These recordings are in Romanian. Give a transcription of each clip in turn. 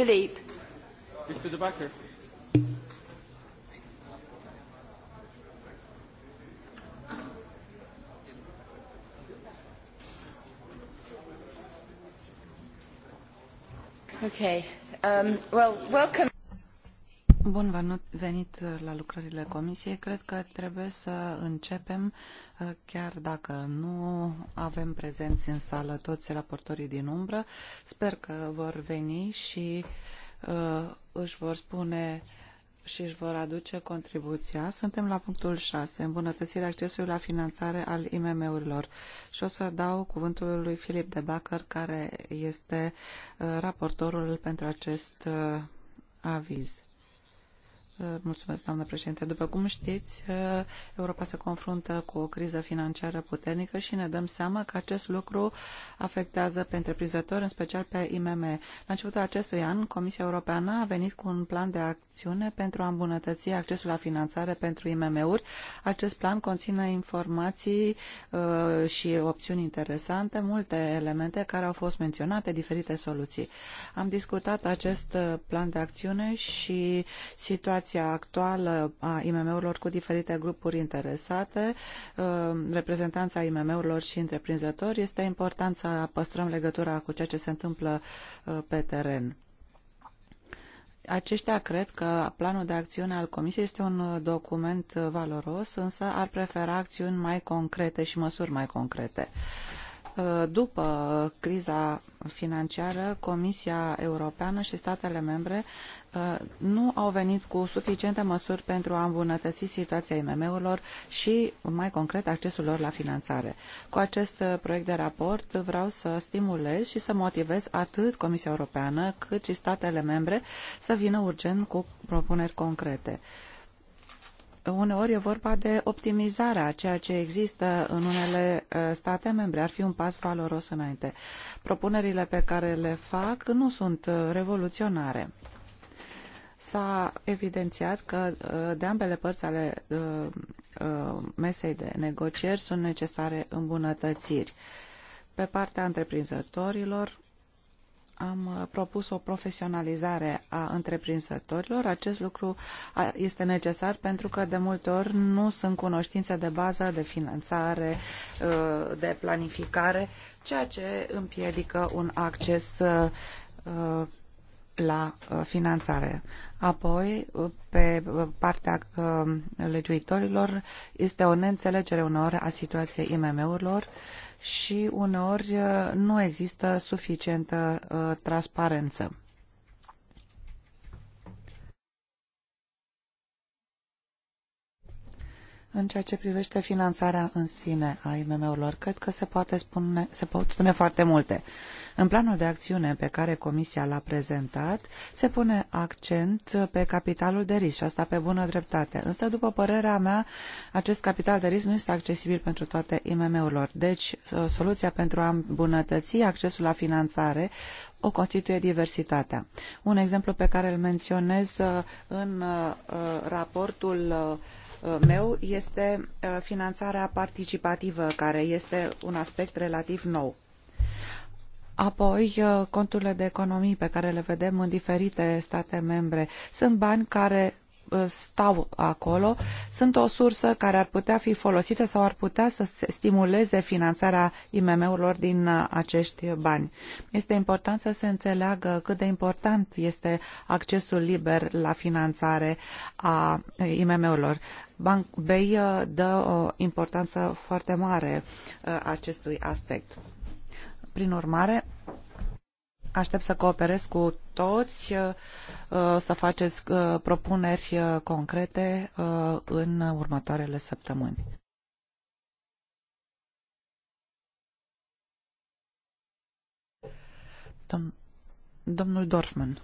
Philippe. Mr. De Backer. Um, Bun venit venit la lucrările comisiei, cred că trebuie să începem, uh, chiar dacă nu avem prezenți în sală toți raportorii din umbră. Sper că vor veni și uh, își vor spune și își vor aduce contribuția. Suntem la punctul 6, îmbunătățirea accesului la finanțare al IMM-urilor. Și o să dau cuvântul lui Filip de Bacăr, care este uh, raportorul pentru acest uh, aviz. Uh, mulțumesc, doamnă președinte. După cum știți, uh, Europa se confruntă cu o criză financiară puternică și ne dăm seama că acest lucru afectează pe întreprinzători, în special pe IMM. La începutul acestui an, Comisia Europeană a venit cu un plan de acțiune pentru a îmbunătăți accesul la finanțare pentru IMM-uri. Acest plan conține informații uh, și opțiuni interesante, multe elemente care au fost menționate, diferite soluții. Am discutat acest plan de acțiune și situația situația actuală a IMM-urilor cu diferite grupuri interesate, uh, reprezentanța IMM-urilor și întreprinzători, este important să păstrăm legătura cu ceea ce se întâmplă uh, pe teren. Aceștia cred că planul de acțiune al Comisiei este un uh, document valoros, însă ar prefera acțiuni mai concrete și măsuri mai concrete. Uh, după criza financiară, Comisia Europeană și statele membre uh, nu au venit cu suficiente măsuri pentru a îmbunătăți situația IMM-urilor și, mai concret, accesul lor la finanțare. Cu acest uh, proiect de raport vreau să stimulez și să motivez atât Comisia Europeană cât și statele membre să vină urgent cu propuneri concrete uneori e vorba de optimizarea a ceea ce există în unele uh, state membre. Ar fi un pas valoros înainte. Propunerile pe care le fac nu sunt uh, revoluționare. S-a evidențiat că uh, de ambele părți ale mesei de negocieri sunt necesare îmbunătățiri. Pe partea întreprinzătorilor, am uh, propus o profesionalizare a întreprinzătorilor. Acest lucru este necesar pentru că de multe ori nu sunt cunoștințe de bază, de finanțare, uh, de planificare, ceea ce împiedică un acces uh, la finanțare. Apoi, pe partea uh, legiuitorilor, este o neînțelegere uneori a situației IMM-urilor și uneori uh, nu există suficientă uh, transparență. În ceea ce privește finanțarea în sine a IMM-urilor, cred că se, poate spune, se pot spune foarte multe. În planul de acțiune pe care Comisia l-a prezentat, se pune accent pe capitalul de risc și asta pe bună dreptate. Însă, după părerea mea, acest capital de risc nu este accesibil pentru toate IMM-urilor. Deci, soluția pentru a îmbunătăți accesul la finanțare o constituie diversitatea. Un exemplu pe care îl menționez uh, în uh, raportul uh, meu este uh, finanțarea participativă, care este un aspect relativ nou. Apoi, uh, conturile de economii pe care le vedem în diferite state membre sunt bani care Eh, stau acolo sunt o sursă care ar putea fi folosită sau ar putea să stimuleze finanțarea IMM-urilor din eh, acești bani. Este important să se înțeleagă cât de important este accesul liber la finanțare a eh, IMM-urilor. Banc BEI dă o importanță foarte mare acestui aspect. Prin urmare, Aștept să cooperez cu toți, uh, să faceți uh, propuneri uh, concrete în următoarele săptămâni. Domnul Dorfman.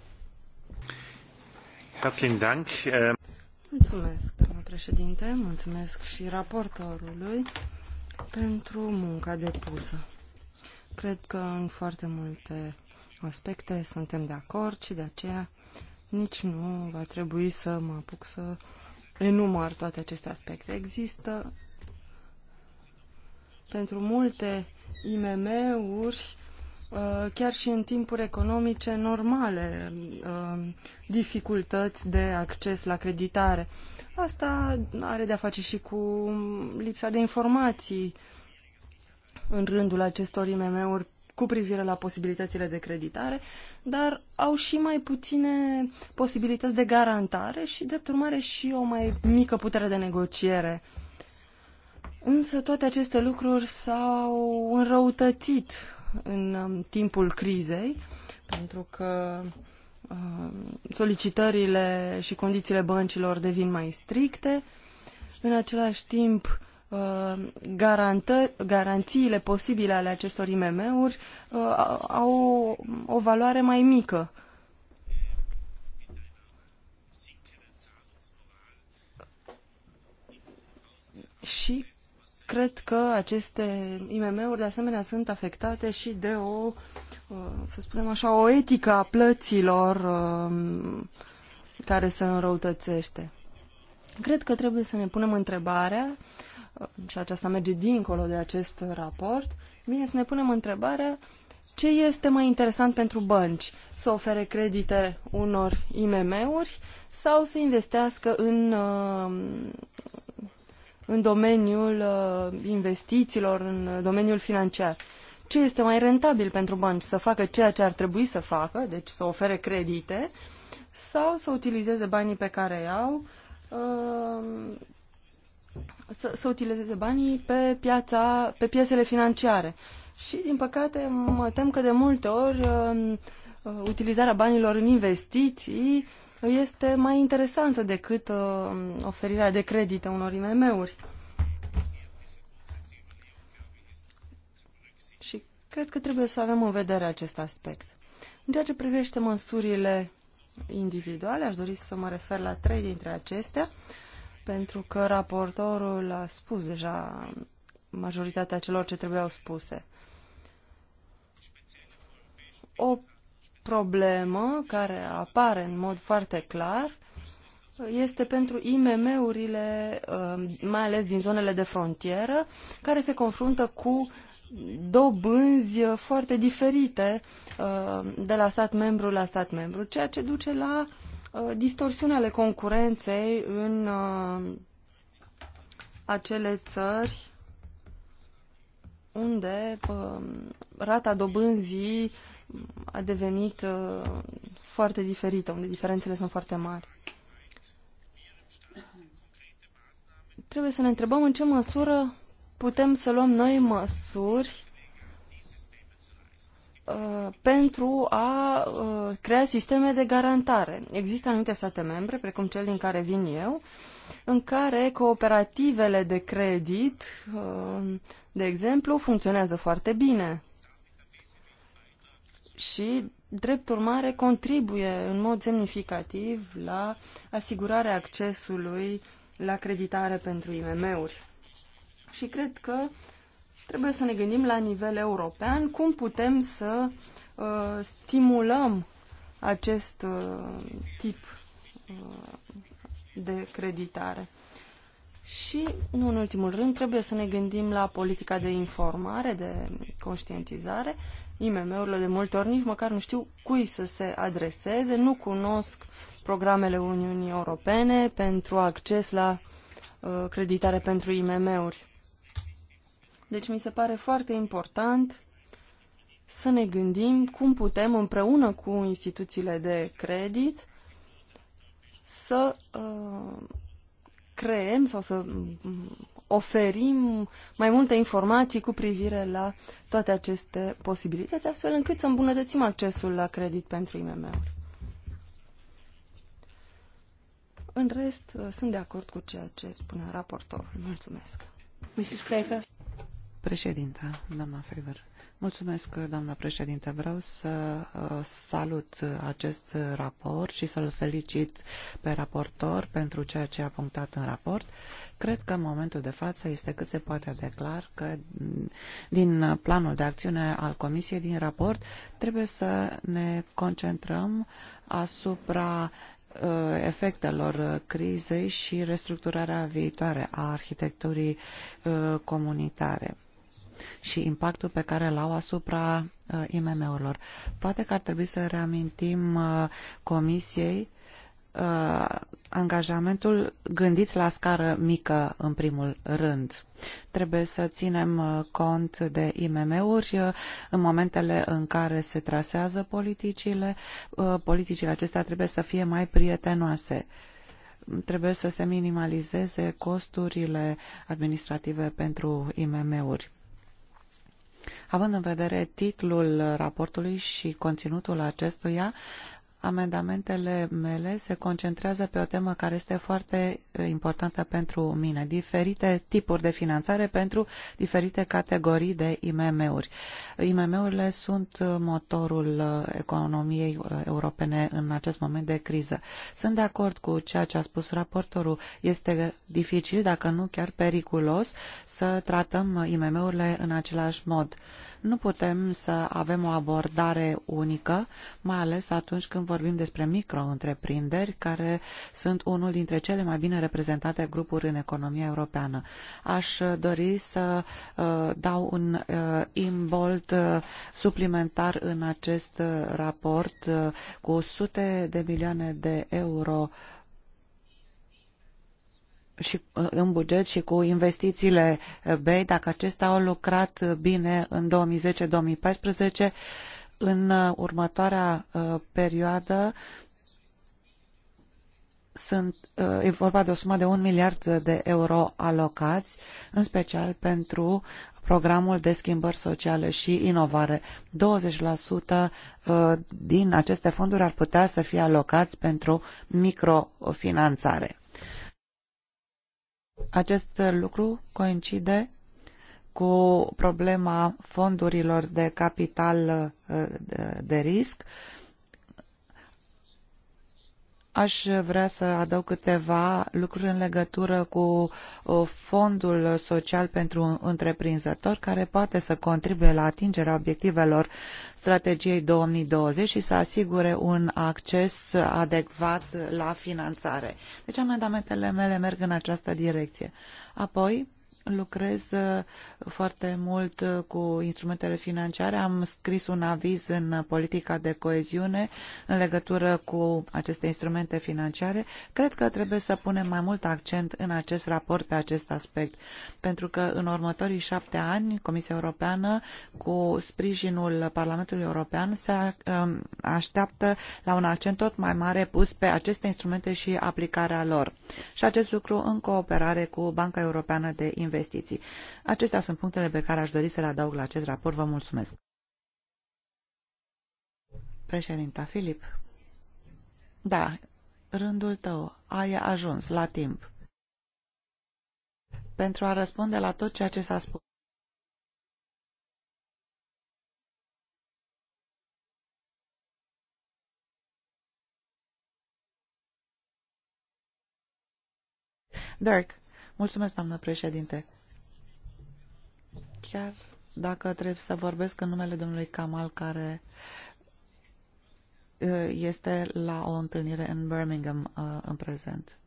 Mulțumesc, domnul președinte, mulțumesc și raportorului pentru munca depusă. Cred că în foarte multe aspecte suntem de acord și de aceea nici nu va trebui să mă apuc să enumăr toate aceste aspecte. Există pentru multe IMM-uri, uh, chiar și în timpuri economice normale, uh, dificultăți de acces la creditare. Asta are de-a face și cu lipsa de informații în rândul acestor IMM-uri cu privire la posibilitățile de creditare, dar au și mai puține posibilități de garantare și, drept urmare, și o mai mică putere de negociere. Însă toate aceste lucruri s-au înrăutățit în um, timpul crizei, pentru că um, solicitările și condițiile băncilor devin mai stricte. În același timp, Uh, garantă, garanțiile posibile ale acestor IMM-uri uh, au o, o valoare mai mică. Și cred că aceste IMM-uri de asemenea sunt afectate și de o, uh, să spunem așa, o etică a plăților um, care se înrăutățește. Cred că trebuie să ne punem întrebarea uh, și aceasta merge dincolo de acest raport, bine să ne punem întrebarea ce este mai interesant pentru bănci? Să ofere credite unor IMM-uri sau să investească în, uh, în domeniul uh, investițiilor, în domeniul financiar? Ce este mai rentabil pentru bănci? Să facă ceea ce ar trebui să facă, deci să ofere credite, sau să utilizeze banii pe care îi au uh, să, să utilizeze banii pe piața, pe piesele financiare. Și, din păcate, mă tem că de multe ori um, uh, utilizarea banilor în investiții este mai interesantă decât um, oferirea de credite unor IMM-uri. Și cred că trebuie să avem în vedere acest aspect. În ceea ce privește măsurile individuale, aș dori să mă refer la trei dintre acestea. Uh, pentru că raportorul a spus deja majoritatea celor ce trebuiau spuse. O problemă care apare în mod foarte clar este pentru IMM-urile, um, mai ales din zonele de frontieră, care se confruntă cu dobânzi foarte diferite uh, de la stat membru la stat membru, ceea ce duce la Uh, distorsiuni ale concurenței în uh, acele țări unde uh, rata dobânzii a devenit foarte diferită, unde diferențele sunt foarte mari. Trebuie să ne întrebăm în ce măsură putem să luăm noi măsuri Uh, pentru a uh, crea sisteme de garantare. Există anumite state membre, precum cel din care vin eu, în care cooperativele de credit, uh, de exemplu, funcționează foarte bine și, drept urmare, contribuie în mod semnificativ la asigurarea accesului la creditare pentru IMM-uri. Și cred că uh, Trebuie să ne gândim la nivel european cum putem să uh, stimulăm acest uh, tip uh, de creditare. Și, nu în ultimul rând, trebuie să ne gândim la politica de informare, de conștientizare. IMM-urile de multe ori nici măcar nu știu cui să se adreseze, nu cunosc programele Uniunii Europene pentru acces la uh, creditare pentru IMM-uri. Deci mi se pare foarte important să ne gândim cum putem împreună cu instituțiile de credit să uh, creem sau să mm, oferim mai multe informații cu privire la toate aceste posibilități, astfel încât să îmbunătățim accesul la credit pentru IMM-uri. În rest, sunt de acord cu ceea ce spunea raportorul. Mulțumesc. Mrs. Clever. Președinte, doamna Faber. Mulțumesc, doamna președinte. Vreau să uh, salut acest raport și să-l felicit pe raportor pentru ceea ce a punctat în raport. Cred că în momentul de față este cât se poate de clar că mm, din planul de acțiune al Comisiei, din raport, trebuie să ne concentrăm asupra uh, efectelor crizei și restructurarea viitoare a arhitecturii uh, comunitare și impactul pe care l-au asupra uh, IMM-urilor. Poate că ar trebui să reamintim uh, Comisiei uh, angajamentul gândiți la scară mică în primul rând. Trebuie să ținem uh, cont de IMM-uri uh, în momentele în care se trasează politicile. Uh, politicile acestea trebuie să fie mai prietenoase trebuie să se minimalizeze costurile administrative pentru IMM-uri. Având în vedere titlul raportului și conținutul acestuia, Amendamentele mele se concentrează pe o temă care este foarte eh, importantă pentru mine. Diferite tipuri de finanțare pentru diferite categorii de IMM-uri. IMM-urile sunt eh, motorul eh, economiei europene în acest moment de criză. Sunt de acord cu ceea ce a spus raportorul. Este dificil, dacă nu chiar periculos, să tratăm IMM-urile în același mod nu putem să avem o abordare unică, mai ales atunci când vorbim despre micro-întreprinderi, care sunt unul dintre cele mai bine reprezentate grupuri în economia europeană. Aș dori să uh, dau un uh, imbolt uh, suplimentar în acest uh, raport uh, cu sute de milioane de euro uh, și uh, în buget și cu investițiile uh, BEI, dacă acestea au lucrat uh, bine în 2010-2014, în următoarea perioadă sunt, e vorba de o sumă de un miliard de euro alocați, în special pentru programul de schimbări sociale și inovare. 20% din aceste fonduri ar putea să fie alocați pentru microfinanțare. Acest lucru coincide cu problema fondurilor de capital uh, de risc Aș vrea să adaug câteva lucruri în legătură cu uh, Fondul Social pentru Întreprinzători, care poate să contribuie la atingerea obiectivelor strategiei 2020 și să asigure un acces adecvat la finanțare. Deci amendamentele mele merg în această direcție. Apoi, Lucrez uh, foarte mult uh, cu instrumentele financiare. Am scris un aviz în politica de coeziune în legătură cu aceste instrumente financiare. Cred că trebuie să punem mai mult accent în acest raport pe acest aspect, pentru că în următorii șapte ani Comisia Europeană, cu sprijinul Parlamentului European, se uh, um, așteaptă la un accent tot mai mare pus pe aceste instrumente și aplicarea lor. Și acest lucru în cooperare cu Banca Europeană de Investiții investiții. Acestea sunt punctele pe care aș dori să le adaug la acest raport. Vă mulțumesc. Președinta Filip. Da, rândul tău. Ai ajuns la timp. Pentru a răspunde la tot ceea ce s-a spus. Dirk, Mulțumesc, președinte. Chiar dacă trebuie să vorbesc în numele domnului Kamal, care este la o întâlnire în Birmingham în prezent.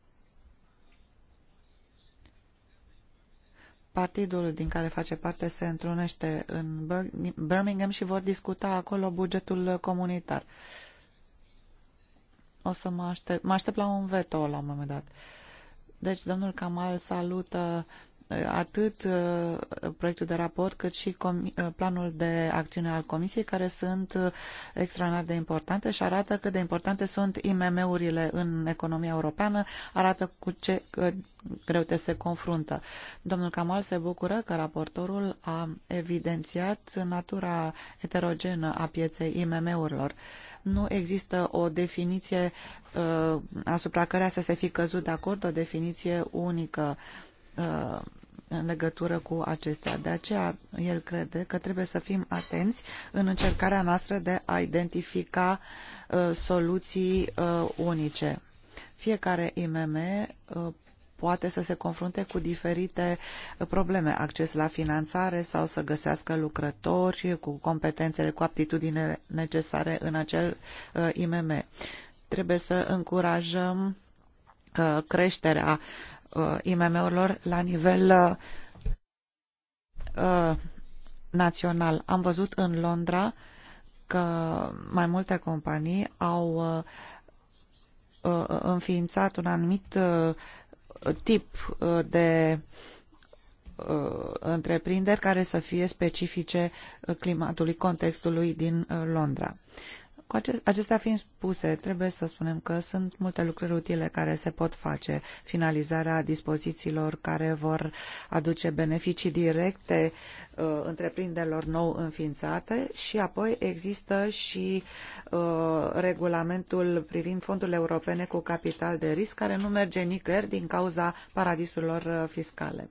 Partidul din care face parte se întrunește în Birmingham și vor discuta acolo bugetul comunitar. O să mă aștept, mă aștept la un veto la un moment dat. Uh, deci domnul Kamal salută atât uh, proiectul de raport cât și uh, planul de acțiune al Comisiei, care sunt uh, extraordinar de importante și arată cât de importante sunt IMM-urile în economia europeană, arată cu ce greutăți se confruntă. Domnul Camal se bucură că raportorul a evidențiat natura heterogenă a pieței IMM-urilor. Nu există o definiție uh, asupra căreia să se fi căzut de acord, o definiție unică. Uh, în legătură cu acestea. De aceea, el crede că trebuie să fim atenți în încercarea noastră de a identifica uh, soluții uh, unice. Fiecare IMM uh, poate să se confrunte cu diferite uh, probleme, acces la finanțare sau să găsească lucrători cu competențele, cu aptitudine necesare în acel uh, IMM. Trebuie să încurajăm uh, creșterea Uh, IMM-urilor la nivel uh, uh, național. Am văzut în Londra că mai multe companii au înființat un anumit tip de întreprinderi care să fie specifice climatului, contextului din Londra. Cu acestea fiind spuse, trebuie să spunem că sunt multe lucruri utile care se pot face. Finalizarea dispozițiilor care vor aduce beneficii directe uh, întreprinderilor nou înființate și apoi există și uh, regulamentul privind fondurile europene cu capital de risc care nu merge nicăieri din cauza paradisurilor uh, fiscale.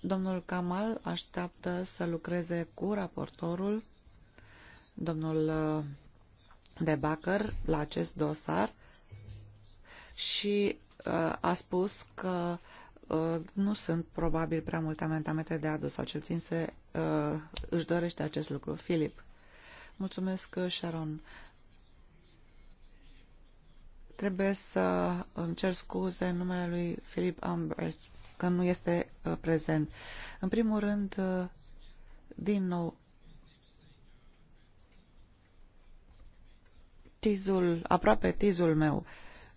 Domnul Kamal așteaptă să lucreze cu raportorul domnul uh, de Bacăr la acest dosar și uh, a spus că uh, nu sunt probabil prea multe amendamente de adus, sau cel puțin se, uh, își dorește acest lucru. Filip. Mulțumesc, Sharon. Trebuie să îmi cer scuze în numele lui Filip Ambers, că nu este uh, prezent. În primul rând, uh, din nou, tizul, aproape tizul meu.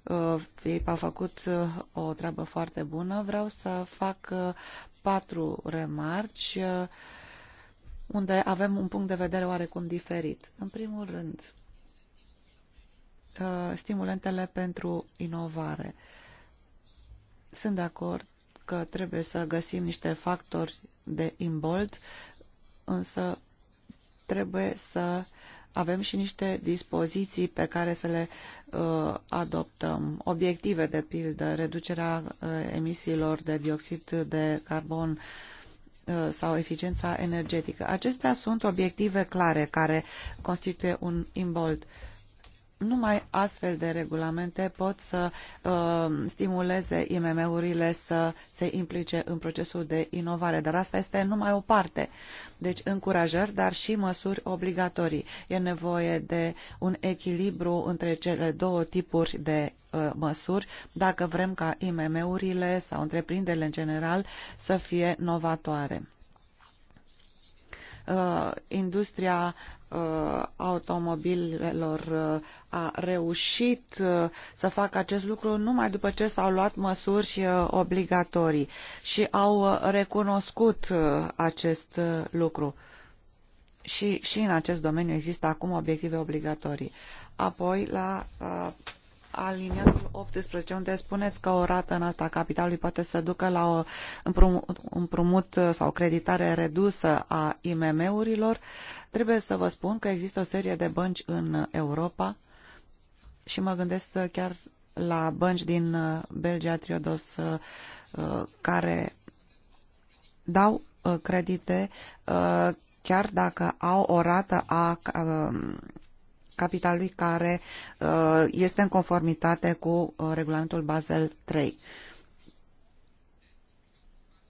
Uh, Filip a făcut uh, o treabă foarte bună. Vreau să fac uh, patru remarci unde avem un punct de vedere oarecum diferit. În primul rând, stimulentele pentru inovare. Sunt de acord că trebuie să găsim niște factori de imbold, însă trebuie să avem și niște dispoziții pe care să le uh, adoptăm. Obiective, de pildă, reducerea uh, emisiilor de dioxid de carbon uh, sau eficiența energetică. Acestea sunt obiective clare care constituie un imbold. Uh, numai astfel de regulamente pot să uh, stimuleze IMM-urile să se implice în procesul de inovare, dar asta este numai o parte. Deci încurajări, dar și măsuri obligatorii. E nevoie de un echilibru între cele două tipuri de uh, măsuri dacă vrem ca IMM-urile sau întreprinderile în general să fie novatoare uh, industria uh, automobilelor uh, a reușit uh, să facă acest lucru numai după ce s-au luat măsuri uh, obligatorii și au uh, recunoscut uh, acest uh, lucru. Și, și în acest domeniu există acum obiective obligatorii. Apoi, la uh, aliniatul 18, unde spuneți că o rată în asta capitalului poate să ducă la o împrumut, împrumut sau creditare redusă a IMM-urilor, trebuie să vă spun că există o serie de bănci în Europa și mă gândesc chiar la bănci din uh, Belgia, Triodos, uh, uh, care dau credite chiar dacă au o rată a um, capitalului care uh, este în conformitate cu uh, regulamentul Basel III.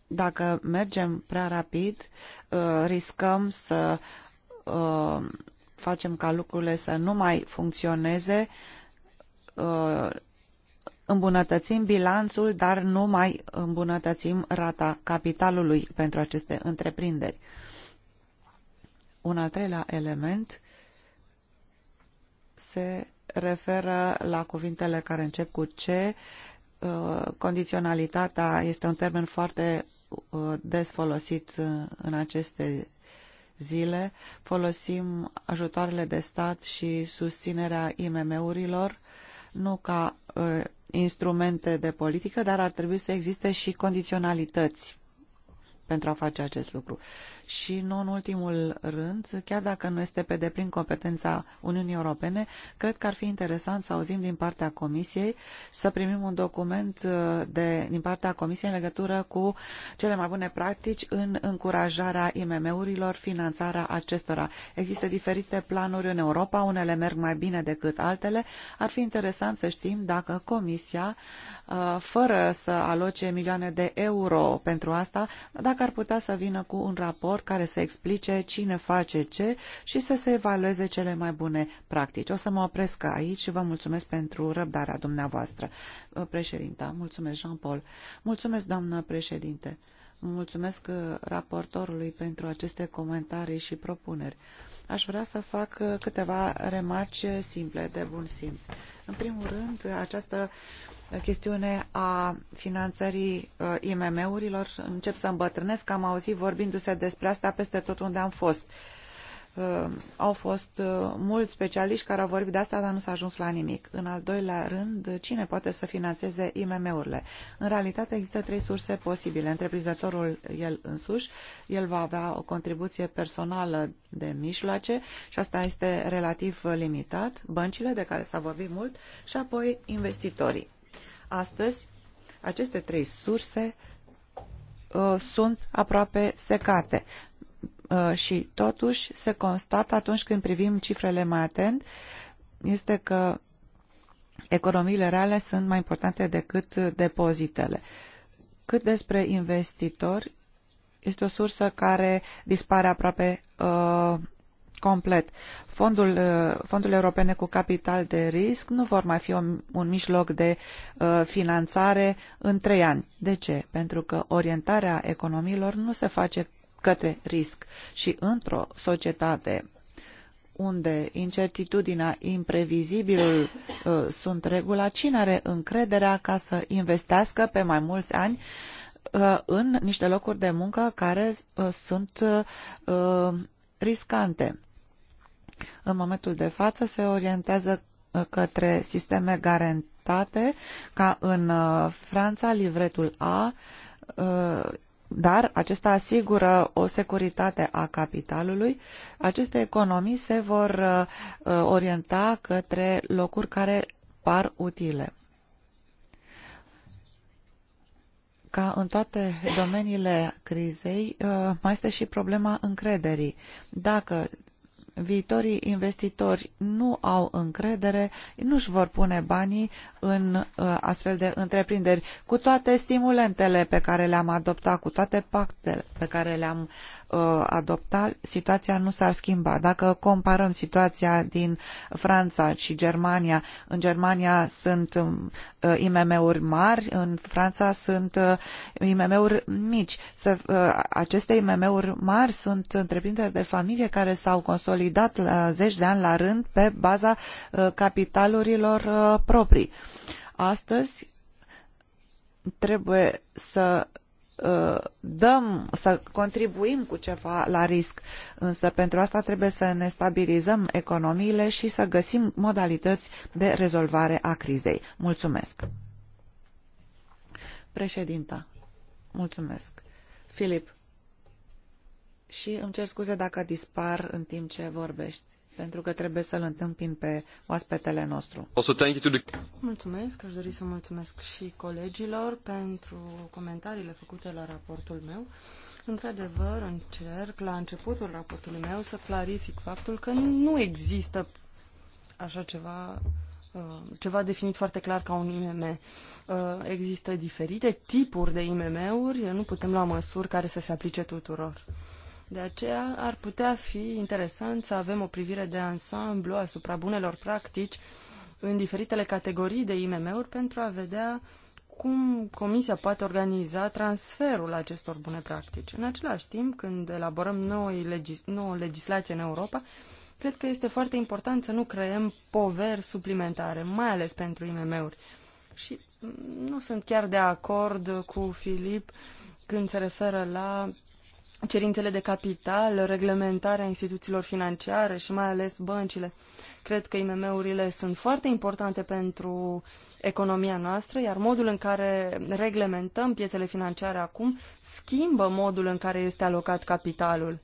Dacă mergem prea rapid, uh, riscăm să facem ca lucrurile să nu mai funcționeze, îmbunătățim bilanțul, dar nu mai îmbunătățim rata capitalului pentru aceste întreprinderi. Un al treilea element se referă la cuvintele care încep cu C. Uh, condiționalitatea este un termen foarte uh, des folosit uh, în aceste zile. Folosim ajutoarele de stat și susținerea IMM-urilor nu ca instrumente de politică, dar ar trebui să existe și condiționalități pentru a face acest lucru. Și nu în ultimul rând, chiar dacă nu este pe deplin competența Uniunii Europene, cred că ar fi interesant să auzim din partea Comisiei să primim un document uh, de, din partea Comisiei în legătură cu cele mai bune practici în încurajarea IMM-urilor, finanțarea acestora. Există diferite planuri în Europa, unele merg mai bine decât altele. Ar fi interesant să știm dacă Comisia, uh, fără să aloce milioane de euro pentru asta, dacă dacă ar putea să vină cu un raport care să explice cine face ce și să se evalueze cele mai bune practici. O să mă opresc aici și vă mulțumesc pentru răbdarea dumneavoastră. Uh, președinta, mulțumesc, Jean-Paul. Mulțumesc, doamnă președinte. Mulțumesc uh, raportorului pentru aceste comentarii și propuneri. Aș vrea să fac uh, câteva remarci simple, de bun simț. În primul rând, această uh, chestiune a finanțării uh, IMM-urilor. Încep să îmbătrânesc, am auzit vorbindu-se despre asta peste tot unde am fost. Uh, au fost uh, mulți specialiști care au vorbit de asta, dar nu s-a ajuns la nimic. În al doilea rând, cine poate să financeze IMM-urile? În realitate există trei surse posibile. Întreprinzătorul el însuși, el va avea o contribuție personală de mijloace și asta este relativ limitat, băncile de care s-a vorbit mult și apoi investitorii Astăzi, aceste trei surse uh, sunt aproape secate uh, și totuși se constată atunci când privim cifrele mai atent este că economiile reale sunt mai importante decât depozitele. Cât despre investitori, este o sursă care dispare aproape uh, complet. Fondul, uh, fondurile europene cu capital de risc nu vor mai fi un, un mijloc de uh, finanțare în trei ani. De ce? Pentru că orientarea economiilor nu se face către risc și într-o societate unde incertitudinea, imprevizibilul uh, sunt regula, cine are încrederea ca să investească pe mai mulți ani uh, în niște locuri de muncă care uh, sunt uh, riscante. În momentul de față se orientează uh, către sisteme garantate, ca în uh, Franța, livretul A, uh, dar acesta asigură o securitate a capitalului. Aceste economii se vor orienta către locuri care par utile. ca în toate domeniile crizei, uh, mai este și problema încrederii. Dacă viitorii investitori nu au încredere, nu își vor pune banii în uh, astfel de întreprinderi. Cu toate stimulentele pe care le-am adoptat, cu toate pactele pe care le-am Uh, adopta, situația nu s-ar schimba. Dacă comparăm situația din Franța și Germania, în Germania sunt um, uh, IMM-uri mari, în Franța sunt uh, IMM-uri mici. Aceste IMM-uri mari sunt întreprinderi de familie care s-au consolidat la zeci de ani la rând pe baza capitalurilor proprii. Astăzi trebuie să Uh, dăm, să contribuim cu ceva la risc, însă pentru asta trebuie să ne stabilizăm economiile și să găsim modalități de rezolvare a crizei. Mulțumesc. Președinta, mulțumesc. Filip, și îmi cer scuze dacă dispar în timp ce vorbești pentru că trebuie să-l întâmpin pe oaspetele nostru. Mulțumesc, aș dori să mulțumesc și colegilor pentru comentariile făcute la raportul meu. Într-adevăr, încerc la începutul raportului meu să clarific faptul că nu există așa ceva uh, ceva definit foarte clar ca un IMM. Uh, există diferite tipuri de IMM-uri, nu putem lua măsuri care să se aplice tuturor. De aceea ar putea fi interesant să avem o privire de ansamblu asupra bunelor practici în diferitele categorii de IMM-uri pentru a vedea cum Comisia poate organiza transferul acestor bune practici. În același timp, când elaborăm noi legis- nouă legislație în Europa, cred că este foarte important să nu creăm poveri suplimentare, mai ales pentru IMM-uri. Și nu sunt chiar de acord cu Filip când se referă la cerințele de capital, reglementarea instituțiilor financiare și mai ales băncile. Cred că IMM-urile sunt foarte importante pentru economia noastră, iar modul în care reglementăm piețele financiare acum schimbă modul în care este alocat capitalul.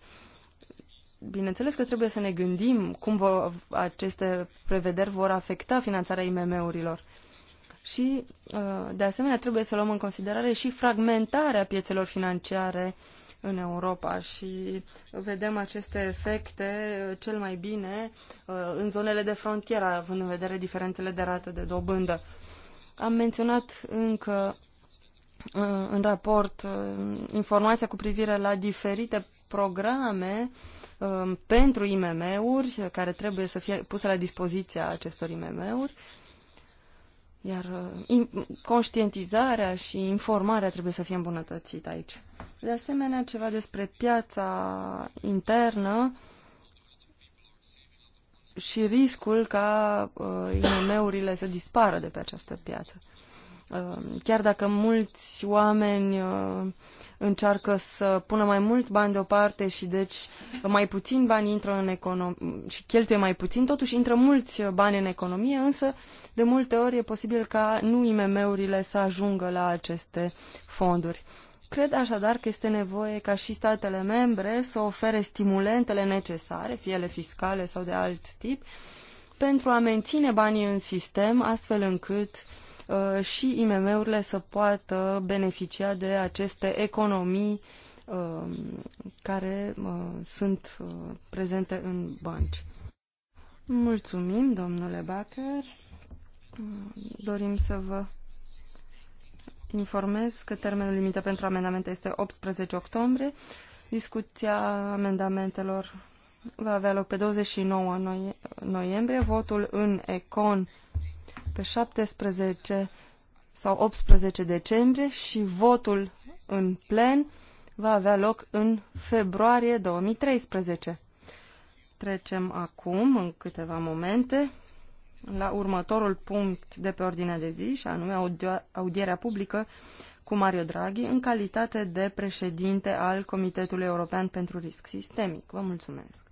Bineînțeles că trebuie să ne gândim cum aceste prevederi vor afecta finanțarea IMM-urilor. Și, uh, de asemenea, trebuie să luăm în considerare și fragmentarea piețelor financiare uh, în Europa și vedem aceste efecte uh, cel mai bine uh, în zonele de frontieră, având în vedere diferențele de rată de dobândă. Am menționat încă uh, în raport informația cu privire la diferite programe pentru IMM-uri care trebuie să fie puse la dispoziția acestor IMM-uri. Iar conștientizarea și informarea trebuie să fie îmbunătățită aici. De asemenea, ceva despre piața internă și riscul ca uh, IMM-urile să dispară de pe această piață. Uh, chiar dacă mulți oameni uh, încearcă să pună mai mult bani deoparte și deci mai puțin bani intră în economie și cheltuie mai puțin, totuși intră mulți bani în economie, însă de multe ori e posibil ca nu IMM-urile să ajungă la aceste fonduri. Cred așadar că este nevoie ca și statele membre să ofere stimulentele necesare, fie ele fiscale sau de alt tip, pentru a menține banii în sistem, astfel încât uh, și IMM-urile să poată beneficia de aceste economii uh, care uh, sunt uh, prezente în bănci. Mulțumim, domnule Baker. Mm, dorim să vă informez că termenul limită pentru amendamente este 18 octombrie. Discuția amendamentelor va avea loc pe 29 noie noiembrie, votul în Econ pe 17 sau 18 decembrie și votul în plen va avea loc în februarie 2013. Trecem acum, în câteva momente, la următorul punct de pe ordinea de zi, și anume audierea publică cu Mario Draghi, în calitate de președinte al Comitetului European pentru Risc Sistemic. Vă mulțumesc!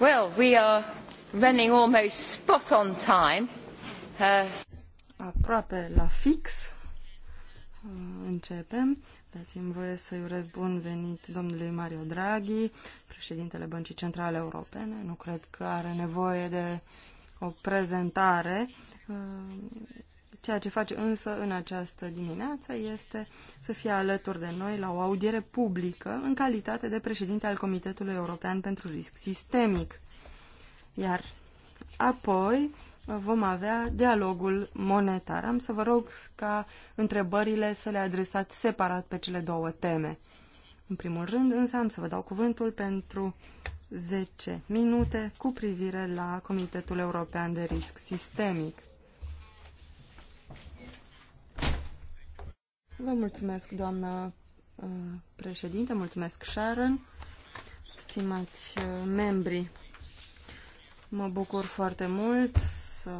Well, we are running almost spot on time. Uh... Aproape la fix uh, începem. Dați-mi voie să-i urez bun venit domnului Mario Draghi, președintele Băncii Centrale Europene. Nu cred că are nevoie de o prezentare. Uh, Ceea ce face însă în această dimineață este să fie alături de noi la o audiere publică în calitate de președinte al Comitetului European pentru Risc Sistemic. Iar apoi vom avea dialogul monetar. Am să vă rog ca întrebările să le adresați separat pe cele două teme. În primul rând, însă, am să vă dau cuvântul pentru 10 minute cu privire la Comitetul European de Risc Sistemic. Vă mulțumesc, doamnă uh, președinte, mulțumesc, Sharon, stimați uh, membri. Mă bucur foarte mult să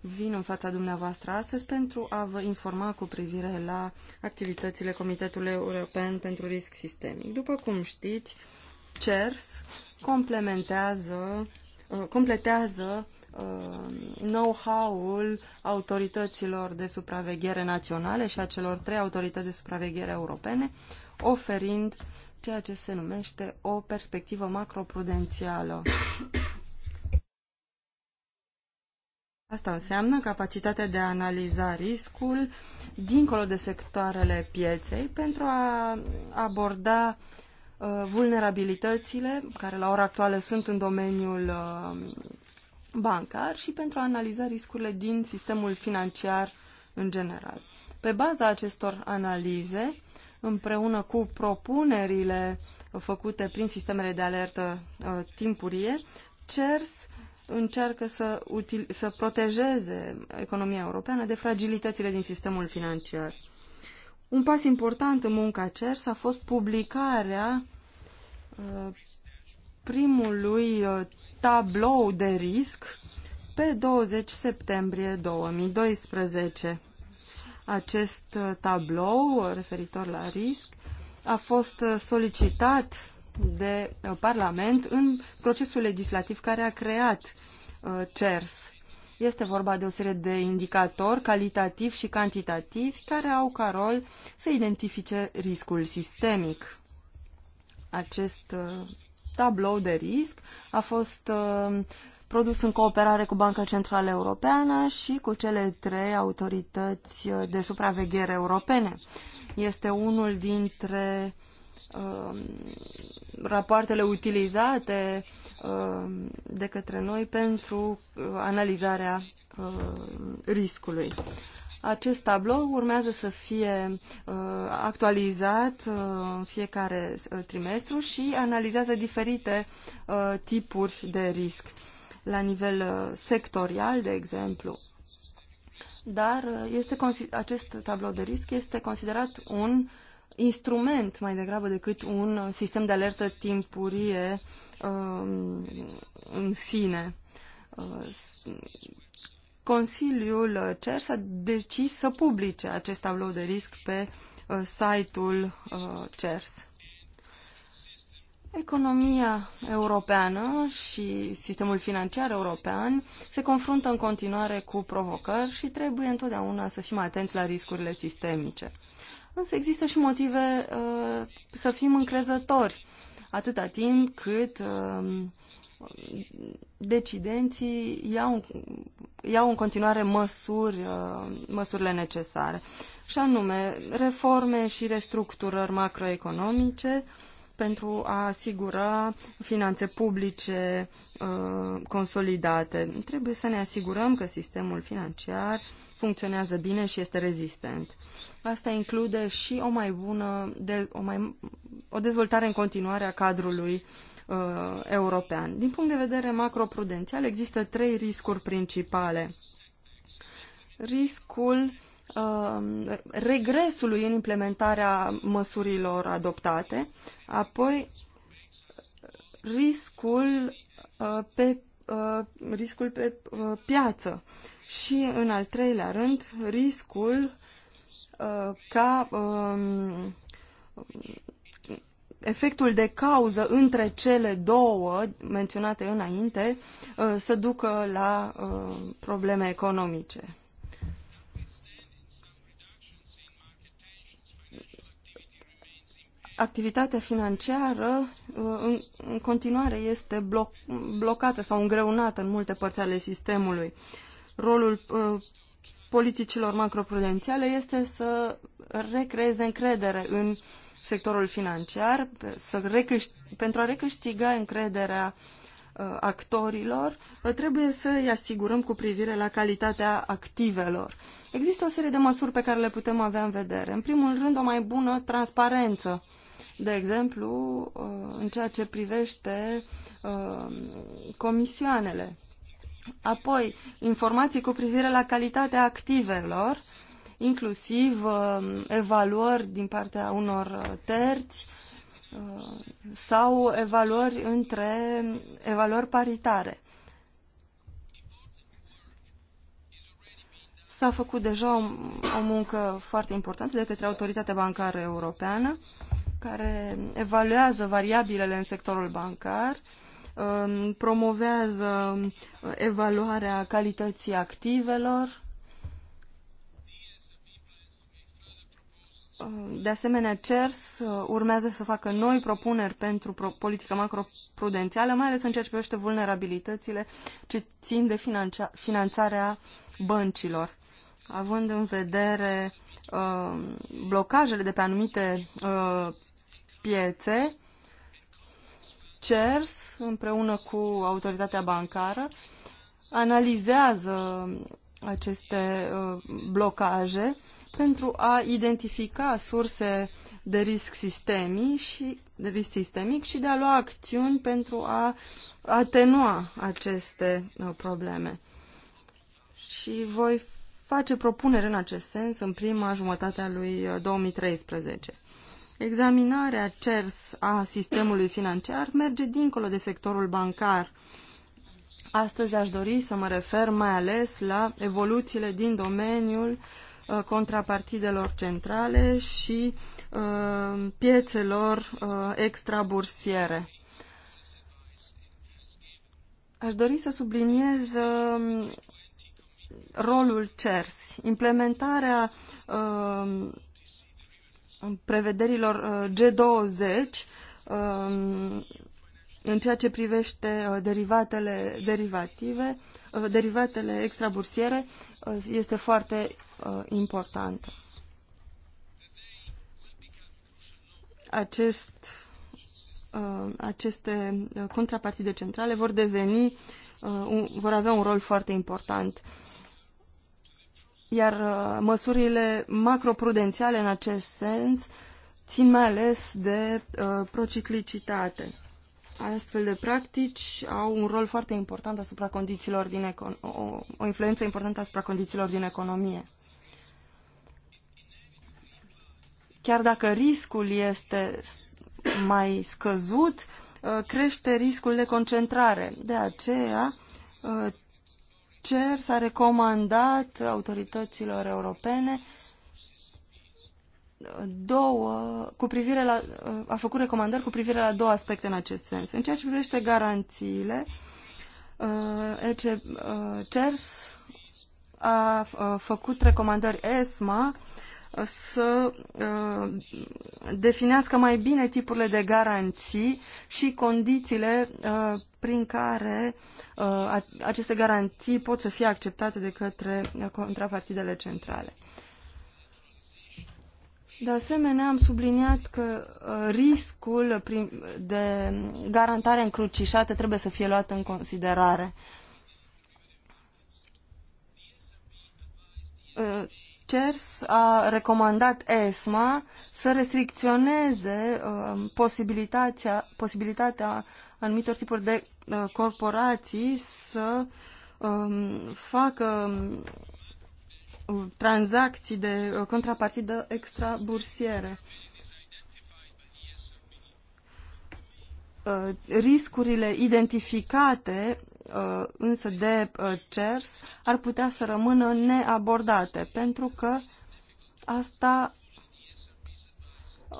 vin în fața dumneavoastră astăzi pentru a vă informa cu privire la activitățile Comitetului European pentru Risc Sistemic. După cum știți, CERS complementează Uh, completează uh, know-how-ul autorităților de supraveghere naționale și a celor trei autorități de supraveghere europene, oferind ceea ce se numește o perspectivă macroprudențială. Asta înseamnă capacitatea de a analiza riscul dincolo de sectoarele pieței pentru a aborda uh, Uh, vulnerabilitățile care la ora actuală sunt în domeniul uh, bancar și pentru a analiza riscurile din sistemul financiar în general. Pe baza acestor analize, împreună cu propunerile făcute prin sistemele de alertă uh, timpurie, CERS încearcă să, util- să protejeze economia europeană de fragilitățile din sistemul financiar. Un pas important în munca CERS a fost publicarea uh, primului uh, tablou de risc pe 20 septembrie 2012. Acest uh, tablou referitor la risc a fost solicitat de Parlament în procesul legislativ care a creat CERS. Este vorba de o serie de indicatori calitativ și cantitativ care au ca rol să identifice riscul sistemic. Acest uh, tablou de risc a fost uh, produs în cooperare cu Banca Centrală Europeană și cu cele trei autorități uh, de supraveghere europene. Este unul dintre Um, rapoartele utilizate um, de către noi pentru uh, analizarea uh, riscului. Acest tablou urmează să fie uh, actualizat în fiecare trimestru și analizează diferite tipuri de risc la nivel sectorial, de exemplu. Dar este, acest tablou de risc este considerat un instrument mai degrabă decât un uh, sistem de alertă timpurie um, în sine. Uh, Consiliul uh, CERS a decis să publice acest tablou de risc pe site-ul CERS. Economia europeană și sistemul financiar european se confruntă în continuare cu provocări și trebuie întotdeauna să fim atenți la riscurile sistemice. Însă există și motive uh, să fim încrezători, atâta timp cât uh, decidenții iau, iau în continuare măsuri, uh, măsurile necesare. Și anume, reforme și restructurări macroeconomice pentru a asigura finanțe publice uh, consolidate. Trebuie să ne asigurăm că sistemul financiar funcționează bine și este rezistent. Asta include și o mai bună, de, o, mai, o dezvoltare în continuare a cadrului uh, european. Din punct de vedere macroprudențial, există trei riscuri principale. Riscul uh, regresului în implementarea măsurilor adoptate, apoi riscul uh, pe uh, riscul pe uh, piață și, în al treilea rând, riscul uh, ca um, efectul de cauză între cele două menționate înainte uh, să ducă la uh, probleme economice. activitatea financiară în, continuare este bloc, blocată sau îngreunată în multe părți ale sistemului rolul uh, politicilor macroprudențiale este să recreeze încredere în sectorul financiar, să recâști, pentru a recâștiga încrederea uh, actorilor, uh, trebuie să îi asigurăm cu privire la calitatea activelor. Există o serie de măsuri pe care le putem avea în vedere. În primul rând, o mai bună transparență. De exemplu, uh, în ceea ce privește uh, comisioanele Apoi, informații cu privire la calitatea activelor, inclusiv uh, evaluări din partea unor uh, terți uh, sau evaluări între evaluări paritare. S-a făcut deja o, o muncă foarte importantă de către Autoritatea Bancară Europeană, care evaluează variabilele în sectorul bancar Um, promovează um, evaluarea calității activelor. Um, de asemenea, CERS uh, urmează să facă noi propuneri pentru politică macroprudențială, mai ales în ceea ce privește vulnerabilitățile ce țin de finanțarea băncilor. Având în vedere uh, blocajele de pe anumite uh, piețe, CERS, împreună cu autoritatea bancară, analizează aceste uh, blocaje pentru a identifica surse de risc sistemic și de risc sistemic și de a lua acțiuni pentru a atenua aceste uh, probleme. Și voi face propuneri în acest sens în prima jumătate a lui 2013. Uh, Examinarea CERS a sistemului financiar merge dincolo de sectorul bancar. Astăzi aș dori să mă refer mai ales la evoluțiile din domeniul uh, contrapartidelor centrale și uh, piețelor uh, extrabursiere. Aș dori să subliniez um, rolul CERS. Implementarea um, prevederilor uh, G20 um, în ceea ce privește uh, derivatele derivative, uh, derivatele extrabursiere este foarte importantă. Acest, aceste contrapartide centrale vor deveni vor avea un rol foarte important iar uh, măsurile macroprudențiale în acest sens țin mai ales de uh, prociclicitate. Astfel de practici au un rol foarte important asupra condițiilor din econ- o, o influență importantă asupra condițiilor din economie. Chiar dacă riscul este mai scăzut, uh, crește riscul de concentrare. De aceea, uh, CER s-a recomandat autorităților europene două, cu privire la, a făcut recomandări cu privire la două aspecte în acest sens. În ceea ce privește garanțiile, uh, uh, CERS a uh, făcut recomandări ESMA să uh, definească mai bine tipurile de garanții și condițiile uh, prin care uh, aceste garanții pot să fie acceptate de către contrapartidele centrale. De asemenea, am subliniat că riscul de garantare încrucișată trebuie să fie luat în considerare CERS a recomandat ESMA să restricționeze uh, posibilitatea, posibilitatea anumitor tipuri de uh, corporații să um, facă um, tranzacții de uh, contrapartidă extrabursiere. Uh, riscurile identificate Uh, însă de uh, CERS ar putea să rămână neabordate, pentru că asta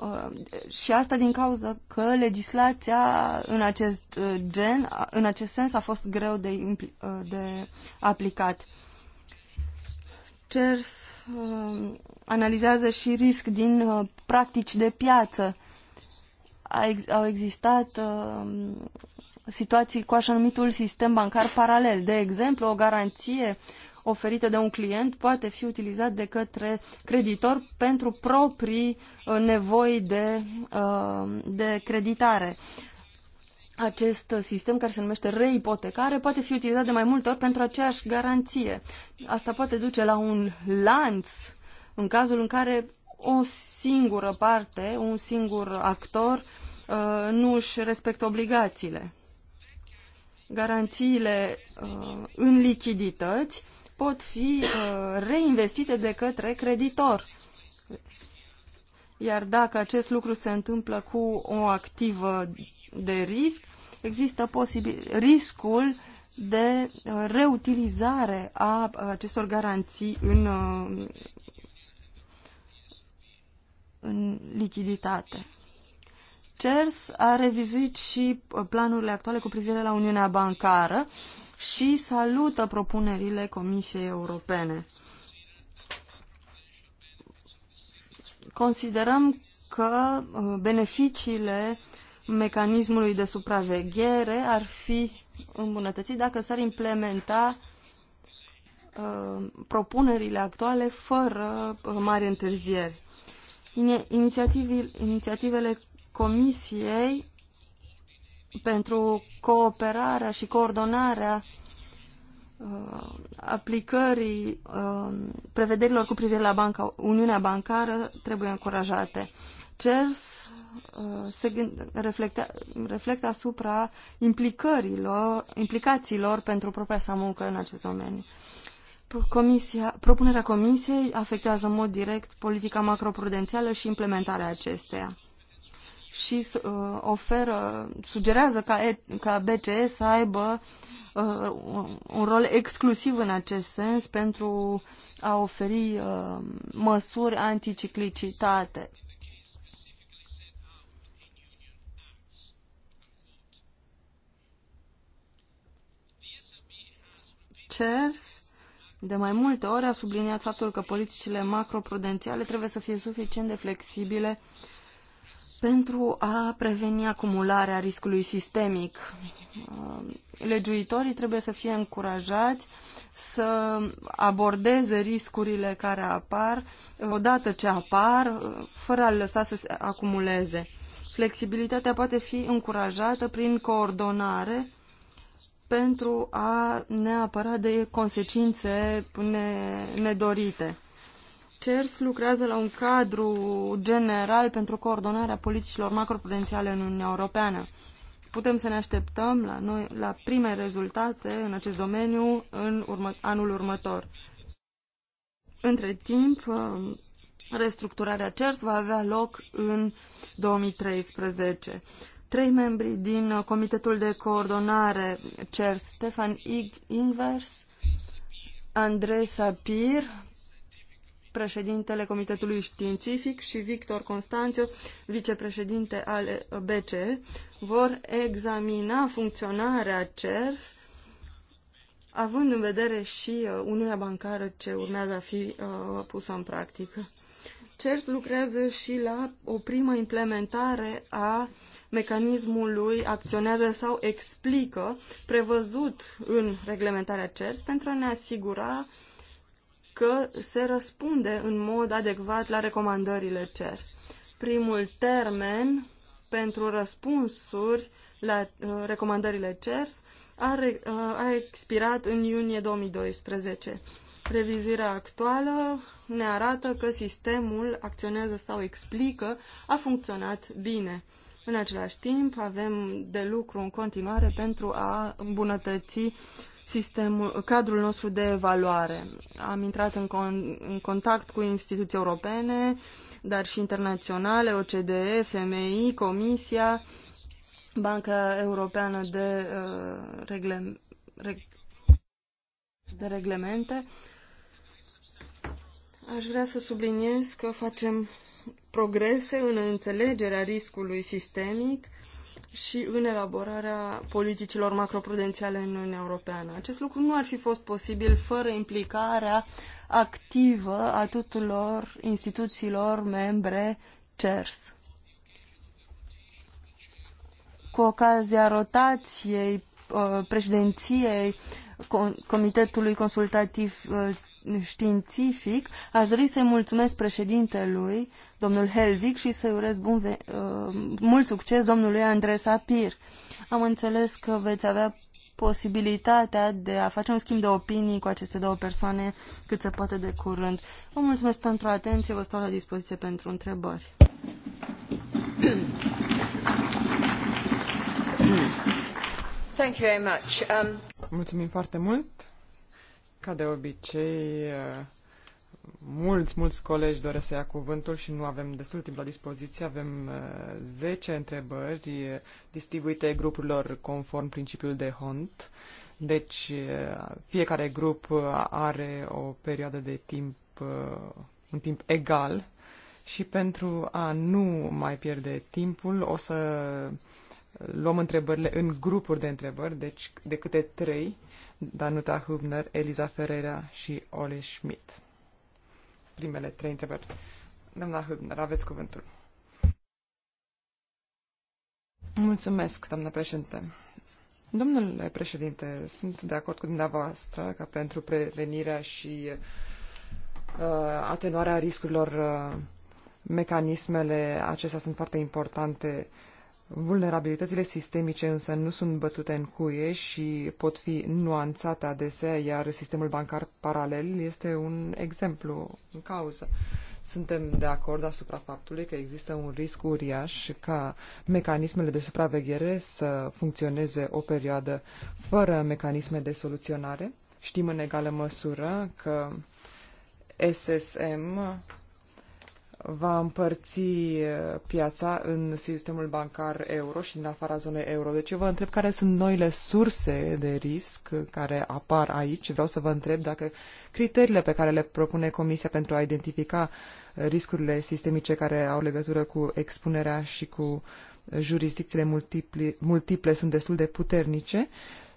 uh, și asta din cauza că legislația în acest gen, în acest sens, a fost greu de, de aplicat. CERS analizează și risc din practici de piață. au existat situații cu așa numitul sistem bancar paralel. De exemplu, o garanție oferită de un client poate fi utilizat de către creditor pentru proprii uh, nevoi de, uh, de creditare. Acest sistem care se numește reipotecare poate fi utilizat de mai multe ori pentru aceeași garanție. Asta poate duce la un lanț în cazul în care o singură parte, un singur actor uh, nu își respectă obligațiile garanțiile uh, în lichidități pot fi uh, reinvestite de către creditor. Iar dacă acest lucru se întâmplă cu o activă de risc, există posibil riscul de uh, reutilizare a acestor garanții în, uh, în lichiditate. CERS a revizuit și uh, planurile actuale cu privire la Uniunea Bancară și salută propunerile Comisiei Europene. Considerăm că uh, beneficiile mecanismului de supraveghere ar fi îmbunătățit dacă s-ar implementa uh, propunerile actuale fără uh, mari întârzieri. Inițiativele Comisiei pentru cooperarea și coordonarea uh, aplicării uh, prevederilor cu privire la banca, Uniunea Bancară trebuie încurajate. CERS uh, se reflecte, reflectă asupra implicărilor, implicațiilor pentru propria sa muncă în acest domeniu. Comisia, propunerea Comisiei afectează în mod direct politica macroprudențială și implementarea acesteia și uh, oferă, sugerează ca, e, ca BCE să aibă uh, un rol exclusiv în acest sens pentru a oferi uh, măsuri anticiclicitate. CERS de mai multe ori a subliniat faptul că politicile macroprudențiale trebuie să fie suficient de flexibile uh, pentru a preveni acumularea riscului sistemic. Um, legiuitorii trebuie să fie încurajați să abordeze riscurile care apar uh, odată ce apar, uh, fără a lăsa să se acumuleze. Flexibilitatea poate fi încurajată prin coordonare pentru a ne apăra de consecințe nedorite. CERS lucrează la un cadru general pentru coordonarea politicilor macroprudențiale în Uniunea Europeană. Putem să ne așteptăm la, noi, la prime rezultate în acest domeniu în urmă, anul următor. Între timp, restructurarea CERS va avea loc în 2013. Trei membri din Comitetul de Coordonare CERS, Stefan Ingvers, Andrei Sapir președintele Comitetului Științific și Victor Constanțiu, vicepreședinte al BCE, vor examina funcționarea CERS, având în vedere și uh, Uniunea Bancară ce urmează a fi uh, pusă în practică. CERS lucrează și la o primă implementare a mecanismului acționează sau explică prevăzut în reglementarea CERS pentru a ne asigura uh, că se răspunde în mod adecvat la recomandările CERS. Primul termen pentru răspunsuri la uh, recomandările CERS a, uh, a expirat în iunie 2012. Revizuirea actuală ne arată că sistemul acționează sau explică a funcționat bine. În același timp, avem de lucru în continuare pentru a îmbunătăți sistemul, cadrul nostru de evaluare. Am intrat în, con, în contact cu instituții europene, dar și internaționale, OCDE, FMI, Comisia, Banca Europeană de, uh, regle, reg, de Reglemente. Aș vrea să subliniez că facem progrese în înțelegerea riscului sistemic și în elaborarea politicilor macroprudențiale în Uniunea Europeană. Acest lucru nu ar fi fost posibil fără implicarea activă a tuturor instituțiilor membre CERS. Cu ocazia rotației uh, președinției Comitetului Consultativ uh, științific, aș dori să-i mulțumesc președintelui, domnul Helvig, și să-i urez bun ve- uh, mult succes domnului Andres Sapir. Am înțeles că veți avea posibilitatea de a face un schimb de opinii cu aceste două persoane cât se poate de curând. Vă mulțumesc pentru atenție, vă stau la dispoziție pentru întrebări. Thank you very much. Um... Mulțumim foarte mult. Ca de obicei, mulți, mulți colegi doresc să ia cuvântul și nu avem destul timp la dispoziție. Avem 10 eh, întrebări distribuite grupurilor conform principiul de HONT. Deci eh, fiecare grup eh, are o perioadă de timp, un timp egal și pentru a nu mai pierde timpul o să luăm întrebările în grupuri de întrebări, deci de câte trei, Danuta Hübner, Eliza Ferreira și Ole Schmidt. Primele trei întrebări. Doamna Hübner, aveți cuvântul. Mulțumesc, doamnă președinte. Domnule președinte, sunt de acord cu dumneavoastră că pentru prevenirea și uh, atenuarea riscurilor, uh, mecanismele acestea sunt foarte importante uh, Vulnerabilitățile sistemice însă nu sunt bătute în cuie și pot fi nuanțate adesea, iar sistemul bancar paralel este un exemplu în cauză. Suntem de acord asupra faptului că există un risc uriaș ca mecanismele de supraveghere să funcționeze o perioadă fără mecanisme de soluționare. Știm în egală măsură că SSM va împărți eh, piața în sistemul bancar euro și în afara zonei euro. Deci eu vă întreb care sunt noile surse de risc care apar aici. Vreau să vă întreb dacă criteriile pe care le propune Comisia pentru a identifica riscurile sistemice care au legătură cu expunerea și cu jurisdicțiile multiple, multiple sunt destul de puternice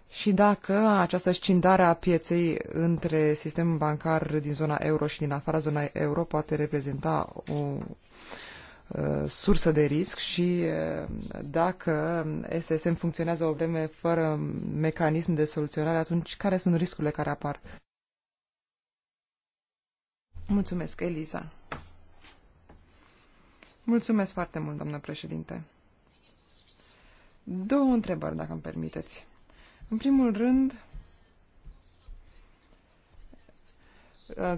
și dacă această scindare a pieței între sistemul bancar din zona euro și din afara zonei euro poate reprezenta o uh, sursă de risc și uh, dacă SSM funcționează o vreme fără mecanism de soluționare, atunci care sunt riscurile care apar? Mulțumesc, Eliza. Mulțumesc foarte mult, doamnă președinte. Două întrebări, dacă îmi permiteți. În primul rând,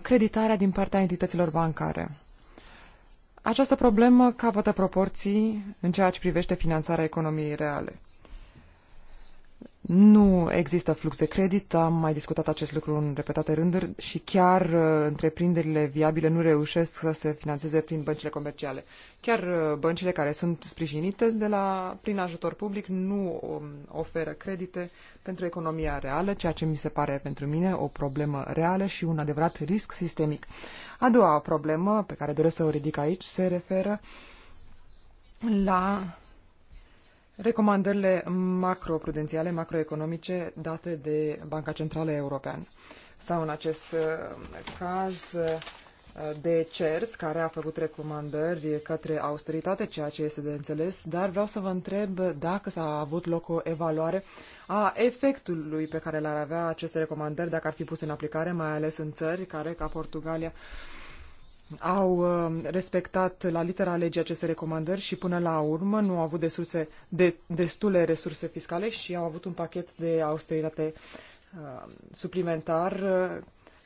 creditarea din partea entităților bancare. Această problemă capătă proporții în ceea ce privește finanțarea economiei reale. Nu există flux de credit, am mai discutat acest lucru în repetate rânduri și chiar uh, întreprinderile viabile nu reușesc să se finanțeze prin băncile comerciale. Chiar uh, băncile care sunt sprijinite de la, prin ajutor public nu um, oferă credite pentru economia reală, ceea ce mi se pare pentru mine o problemă reală și un adevărat risc sistemic. A doua problemă pe care doresc să o ridic aici se referă la recomandările macroprudențiale, macroeconomice date de Banca Centrală Europeană. Sau în acest uh, caz uh, de CERS, care a făcut recomandări către austeritate, ceea ce este de înțeles, dar vreau să vă întreb dacă s-a avut loc o evaluare a efectului pe care l-ar avea aceste recomandări dacă ar fi puse în aplicare, mai ales în țări care, ca Portugalia, au uh, respectat la litera legii aceste recomandări și până la urmă nu au avut de surse, de, destule resurse fiscale și au avut un pachet de austeritate uh, suplimentar uh,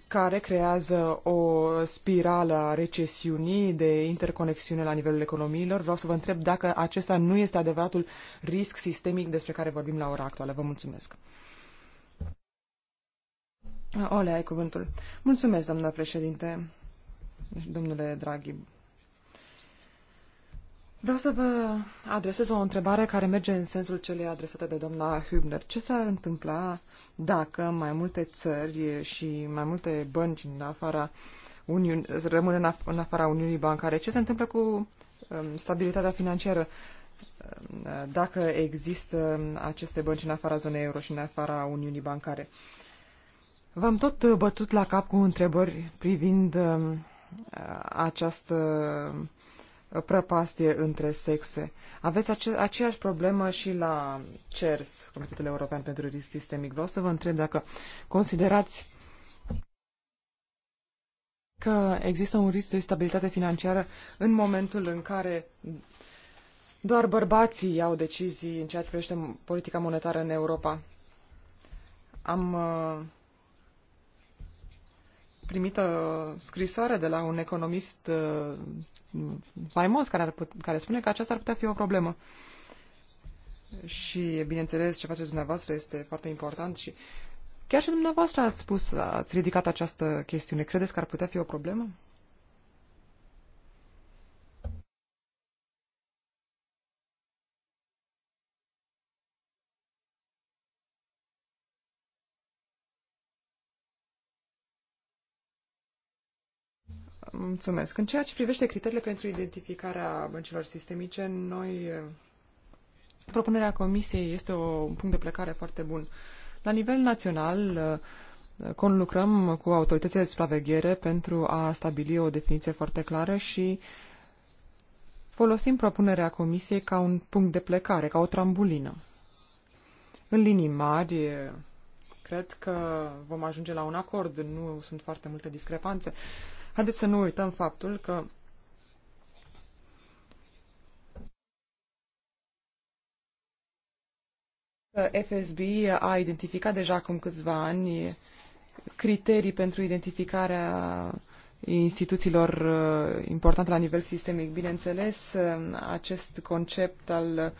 care creează o spirală a recesiunii de interconexiune la nivelul economiilor. Vreau să vă întreb dacă acesta nu este adevăratul risc sistemic despre care vorbim la ora actuală. Vă mulțumesc. Olea, ai cuvântul. Mulțumesc, doamna președinte domnule Draghi. Vreau să vă adresez o întrebare care merge în sensul celei adresate de doamna Hübner. Ce s-ar întâmpla dacă mai multe țări și mai multe bănci în afara Uniunii, rămân în, afara Uniunii Bancare? Ce se întâmplă cu um, stabilitatea financiară? Um, dacă există aceste bănci în afara zonei euro și în afara Uniunii Bancare. V-am tot bătut la cap cu întrebări privind um, această prăpastie între sexe. Aveți ace- aceeași problemă și la CERS, Comitetul European pentru Risc Sistemic. Vreau să vă întreb dacă considerați că există un risc de stabilitate financiară în momentul în care doar bărbații iau decizii în ceea ce privește politica monetară în Europa. Am uh, primit o scrisoare de la un economist uh, faimos care, ar put, care spune că aceasta ar putea fi o problemă. Și, bineînțeles, ce faceți dumneavoastră este foarte important și chiar și dumneavoastră ați spus, ați ridicat această chestiune. Credeți că ar putea fi o problemă? Mulțumesc. În ceea ce privește criteriile pentru identificarea băncilor sistemice, noi eh, propunerea Comisiei este un punct de plecare foarte bun. La nivel național, eh, eh, conlucrăm cu autoritățile de supraveghere pentru a stabili o definiție foarte clară și folosim propunerea Comisiei ca un punct de plecare, ca o trambulină. În linii mari, cred că vom ajunge la un acord, nu sunt foarte multe discrepanțe. Haideți să nu uităm faptul că FSB a identificat deja acum câțiva ani criterii pentru identificarea instituțiilor uh, importante la nivel sistemic. Bineînțeles, uh, acest concept al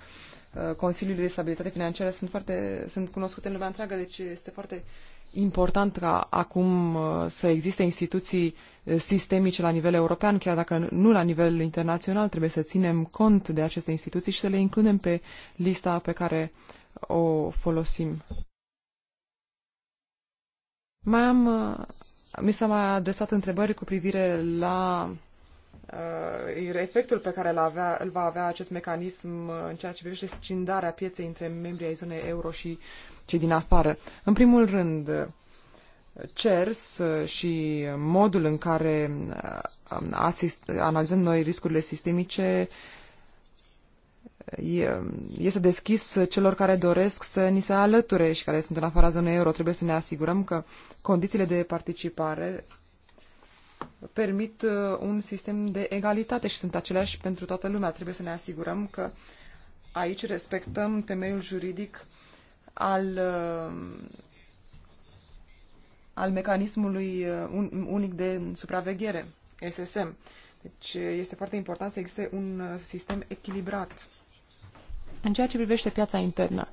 uh, Consiliului de Stabilitate Financiară sunt, foarte, sunt cunoscute în lumea întreagă, deci este foarte important ca acum uh, să existe instituții uh, sistemice la nivel european, chiar dacă nu la nivel internațional, trebuie să ținem cont de aceste instituții și să le includem pe lista pe care o folosim. Mai am, uh, mi s-a mai adresat întrebări cu privire la Uh, efectul pe care îl, avea, îl va avea acest mecanism în ceea ce privește scindarea pieței între membrii ai zonei euro și cei din afară. În primul rând, CERS și modul în care uh, asist, analizăm noi riscurile sistemice este deschis celor care doresc să ni se alăture și care sunt în afara zonei euro. Trebuie să ne asigurăm că condițiile de participare permit uh, un sistem de egalitate și sunt aceleași pentru toată lumea. Trebuie să ne asigurăm că aici respectăm temeiul juridic al, uh, al mecanismului uh, unic de supraveghere, SSM. Deci este foarte important să existe un sistem echilibrat. În ceea ce privește piața internă,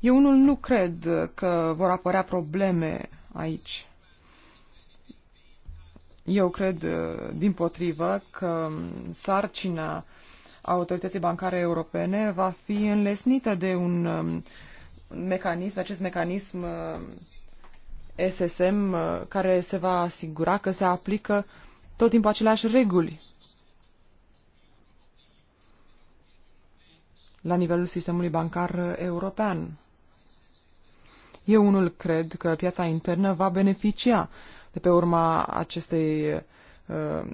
eu unul nu cred că vor apărea probleme aici. Eu cred, uh, din potrivă, că sarcina autorității bancare europene va fi înlesnită de un um, mecanism, acest mecanism uh, SSM, uh, care se va asigura că se aplică tot timpul aceleași reguli la nivelul sistemului bancar european. Eu unul cred că piața internă va beneficia de pe urma acestei uh,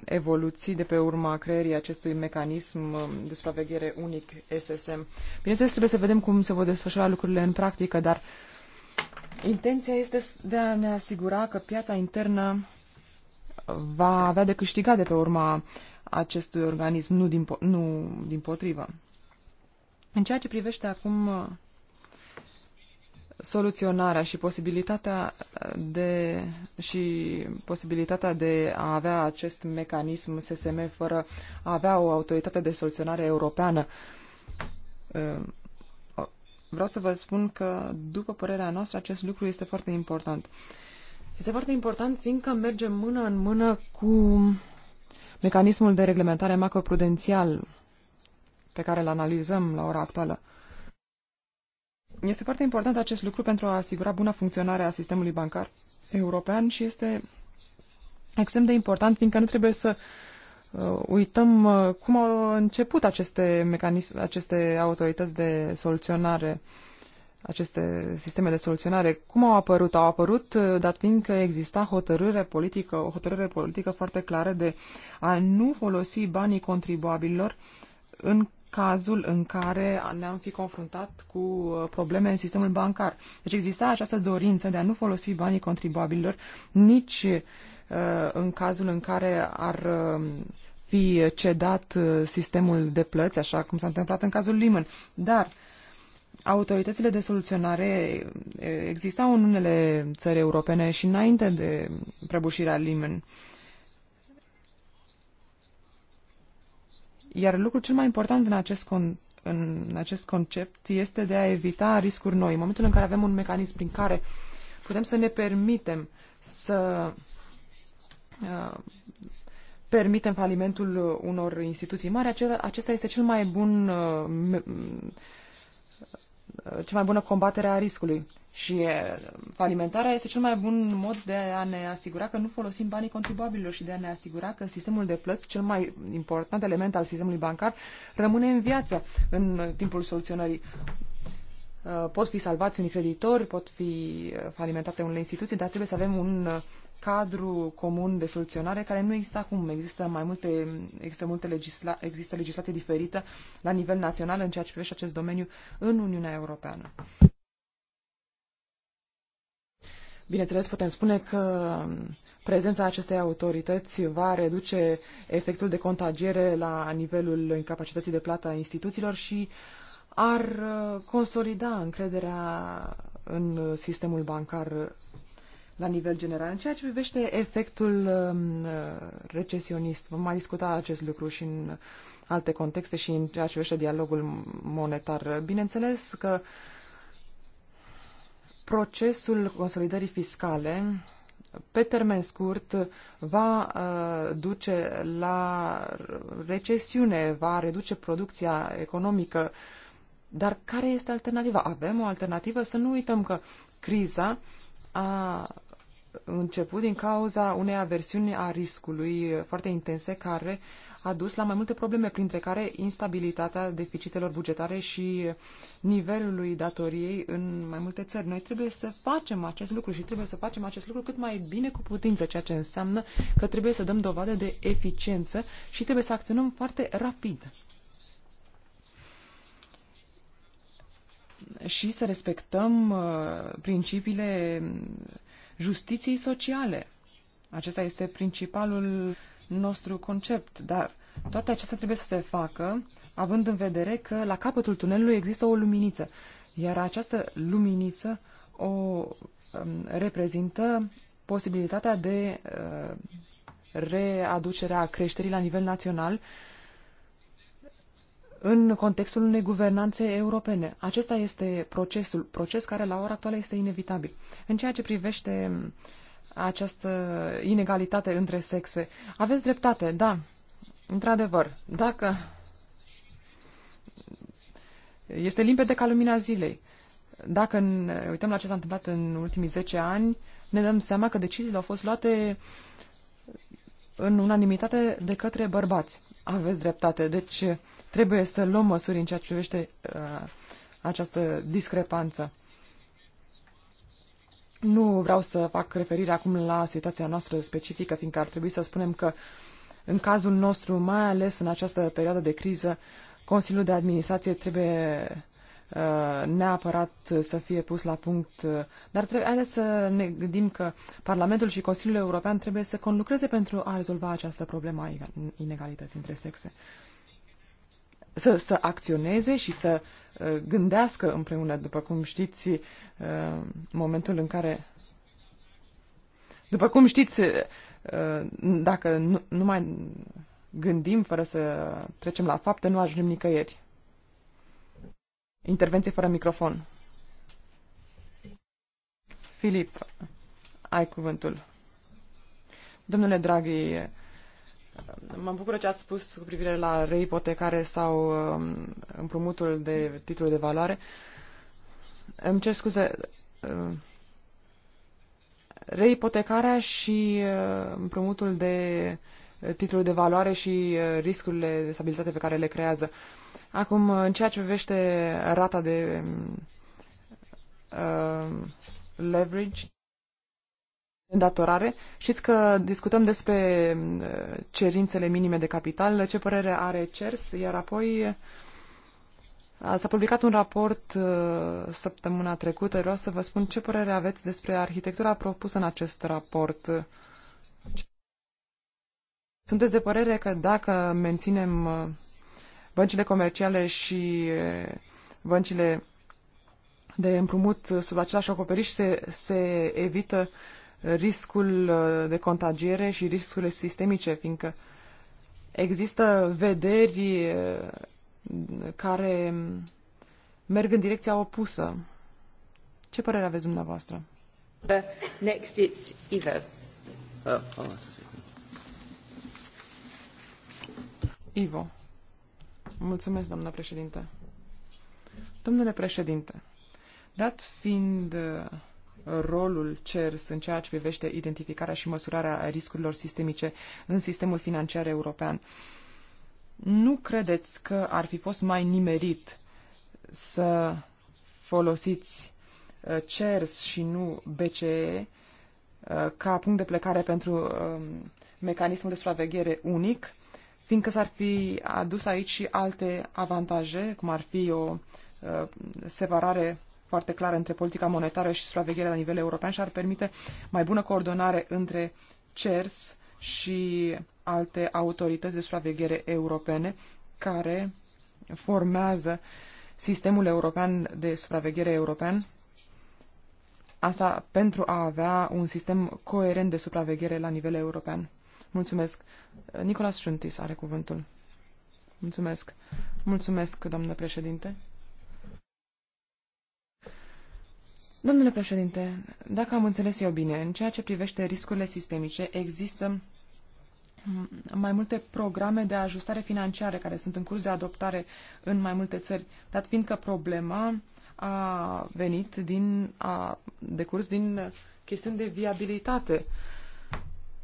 evoluții, de pe urma creierii acestui mecanism um, de supraveghere unic SSM. Bineînțeles, trebuie să vedem cum se vor desfășura lucrurile în practică, dar intenția este de a ne asigura că piața internă uh, va avea de câștigat de pe urma acestui organism, nu din, nu din potrivă. În ceea ce privește acum uh, soluționarea și posibilitatea uh, de și posibilitatea de a avea acest mecanism SSM fără a avea o autoritate de soluționare europeană. Uh, vreau să vă spun că, după părerea noastră, acest lucru este foarte important. Este foarte important fiindcă mergem mână în mână cu mecanismul de reglementare macroprudențial pe care îl analizăm la ora actuală. Este foarte important acest lucru pentru a asigura buna funcționare a sistemului bancar european și este extrem de important, fiindcă nu trebuie să uh, uităm uh, cum au început aceste, mecanism, aceste autorități de soluționare, aceste sisteme de soluționare. Cum au apărut? Au apărut uh, dat fiindcă exista hotărâre politică, o hotărâre politică foarte clară de a nu folosi banii contribuabililor în cazul în care ne-am fi confruntat cu uh, probleme în sistemul bancar. Deci exista această dorință de a nu folosi banii contribuabililor nici uh, în cazul în care ar uh, fi cedat sistemul de plăți, așa cum s-a întâmplat în cazul Lehman. Dar autoritățile de soluționare existau în unele țări europene și înainte de prăbușirea Lehman. Iar lucrul cel mai important în acest, con- în acest concept este de a evita riscuri noi. În momentul în care avem un mecanism prin care putem să ne permitem să uh, permitem falimentul unor instituții mari, acesta este cel mai bun uh, uh, cea mai bună combatere a riscului. Și falimentarea este cel mai bun mod de a ne asigura că nu folosim banii contribuabililor și de a ne asigura că sistemul de plăți, cel mai important element al sistemului bancar, rămâne în viață în timpul soluționării. Uh, pot fi salvați unii creditori, pot fi uh, falimentate unele instituții, dar trebuie să avem un uh, cadru comun de soluționare care nu există acum. Există mai multe, există multe legisla, există legislație diferită la nivel național în ceea ce privește acest domeniu în Uniunea Europeană. Bineînțeles, putem spune că um, prezența acestei autorități va reduce efectul de contagiere la nivelul incapacității de plată a instituțiilor și ar uh, consolida încrederea în sistemul bancar la nivel general. În ceea ce privește efectul um, recesionist, vom mai discuta acest lucru și în alte contexte și în ceea ce privește dialogul monetar. Bineînțeles că uh, Procesul consolidării fiscale pe termen scurt va uh, duce la recesiune, va reduce producția economică. Dar care este alternativa? Avem o alternativă? Să nu uităm că criza a început din cauza unei aversiuni a riscului foarte intense care uh, a dus la mai multe probleme, printre care instabilitatea deficitelor bugetare și nivelului datoriei în mai multe țări. Noi trebuie să facem acest lucru și trebuie să facem acest lucru cât mai bine cu putință, ceea ce înseamnă că trebuie să dăm dovadă de eficiență și trebuie să acționăm foarte rapid. Și să respectăm uh, principiile justiției sociale. Acesta este principalul nostru concept, dar toate acestea trebuie să se facă având în vedere că la capătul tunelului există o luminiță, iar această luminiță o um, reprezintă posibilitatea de uh, readucerea creșterii la nivel național în contextul unei guvernanțe europene. Acesta este procesul, proces care la ora actuală este inevitabil. În ceea ce privește această inegalitate între sexe, aveți dreptate, da, Într-adevăr, dacă este limpede ca lumina zilei, dacă ne uităm la ce s-a întâmplat în ultimii 10 ani, ne dăm seama că deciziile au fost luate în unanimitate de către bărbați. Aveți dreptate. Deci trebuie să luăm măsuri în ceea ce privește uh, această discrepanță. Nu vreau să fac referire acum la situația noastră specifică, fiindcă ar trebui să spunem că uh, în cazul nostru, mai ales în această perioadă de criză, Consiliul de Administrație trebuie uh, neapărat să fie pus la punct. Uh, dar trebuie, haideți să ne gândim că Parlamentul și Consiliul European trebuie să conlucreze pentru a rezolva această problemă a inegalității între sexe. Să, să acționeze și să uh, gândească împreună, după cum știți, momentul în care după cum știți, Uh, dacă nu, nu mai gândim fără să trecem la fapte, nu ajungem nicăieri. Intervenție fără microfon. Filip, ai cuvântul. Domnule Draghi, mă bucur ce ați spus cu privire la reipotecare sau um, împrumutul de titluri de valoare. Îmi cer scuze, uh, reipotecarea și uh, împrumutul de uh, titluri de valoare și uh, riscurile de stabilitate pe care le creează. Acum, în ceea ce privește rata de um, uh, leverage, îndatorare, știți că discutăm despre cerințele minime de capital, ce părere are CERS, iar apoi S-a publicat un raport uh, săptămâna trecută. Vreau să vă spun ce părere aveți despre arhitectura propusă în acest raport. Sunteți de părere că dacă menținem uh, băncile comerciale și uh, băncile de împrumut sub același acoperiș se, se evită riscul de contagiere și riscurile sistemice, fiindcă există vederi care merg în direcția opusă. Ce părere aveți dumneavoastră? Next it's Ivo. oh. oh Ivo. Mulțumesc, doamna președinte. Domnule președinte, dat fiind uh, rolul CERS în ceea ce privește identificarea și măsurarea riscurilor sistemice în sistemul financiar european, uh, nu credeți că ar fi fost mai nimerit să folosiți uh, CERS și nu BCE uh, ca punct de plecare pentru um, mecanismul de supraveghere unic, fiindcă s-ar fi adus aici și alte avantaje, cum ar fi o uh, separare foarte clară între politica monetară și supravegherea la nivel european și ar permite mai bună coordonare între CERS și alte autorități de supraveghere europene care formează sistemul european de supraveghere european, asta pentru a avea un sistem coerent de supraveghere la nivel european. Mulțumesc. Nicolas Șuntis are cuvântul. Mulțumesc. Mulțumesc, doamnă președinte. Domnule președinte, dacă am înțeles eu bine, în ceea ce privește riscurile sistemice, există mai multe programe de ajustare financiară care sunt în curs de adoptare în mai multe țări, dat fiind că problema a venit din, a decurs din chestiuni de viabilitate,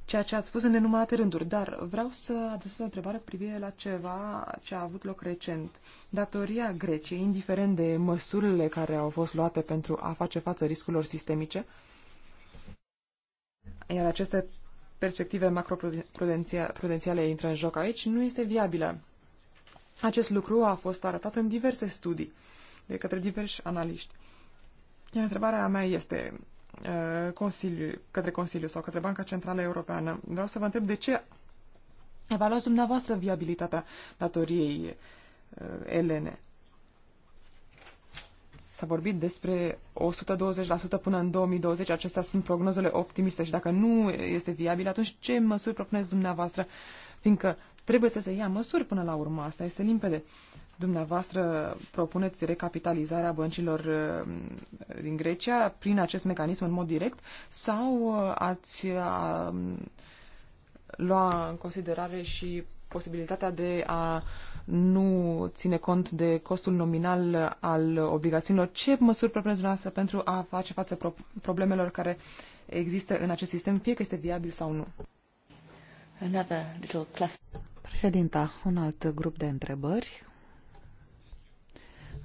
ceea ce ați spus în nenumărate rânduri. Dar vreau să adresez o întrebare cu privire la ceva ce a avut loc recent. Datoria Greciei, indiferent de măsurile care au fost luate pentru a face față riscurilor sistemice, iar aceste perspective macroprudențiale intră în joc aici, nu este viabilă. Acest lucru a fost arătat în diverse studii de către diversi analiști. Iar întrebarea mea este uh, consiliu, către Consiliu sau către Banca Centrală Europeană. Vreau să vă întreb de ce evaluați dumneavoastră viabilitatea datoriei uh, elene. S-a vorbit despre 120% până în 2020. Acestea sunt prognozele optimiste și dacă nu este viabil, atunci ce măsuri propuneți dumneavoastră? Fiindcă trebuie să se ia măsuri până la urmă, asta este limpede. Dumneavoastră propuneți recapitalizarea băncilor uh, din Grecia prin acest mecanism în mod direct sau uh, ați uh, lua în considerare și posibilitatea de a nu ține cont de costul nominal al obligațiunilor. Ce măsuri propuneți dumneavoastră pentru a face față pro- problemelor care există în acest sistem, fie că este viabil sau nu? Președinta, un alt grup de întrebări.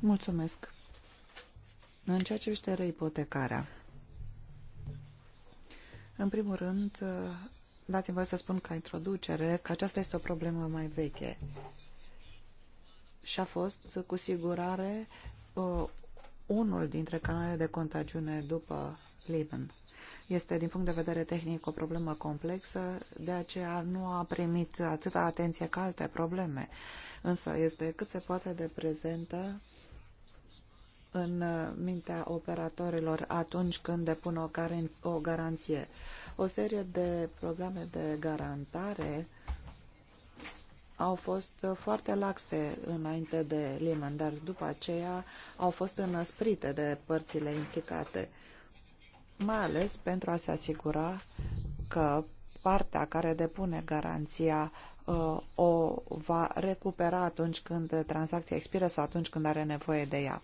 Mulțumesc. În ceea ce privește reipotecarea, în primul rând, dați-mi să spun ca introducere că aceasta este o problemă mai veche și a fost cu sigurare unul dintre canalele de contagiune după Liban. Este, din punct de vedere tehnic, o problemă complexă, de aceea nu a primit atâta atenție ca alte probleme, însă este cât se poate de prezentă în uh, mintea operatorilor atunci când depun o, gar o garanție. O serie de programe de garantare au fost uh, foarte laxe înainte de Lehman, dar după aceea au fost înăsprite de părțile implicate, mai ales pentru a se asigura că partea care depune garanția uh, o va recupera atunci când tranzacția expiră sau atunci când are nevoie de ea.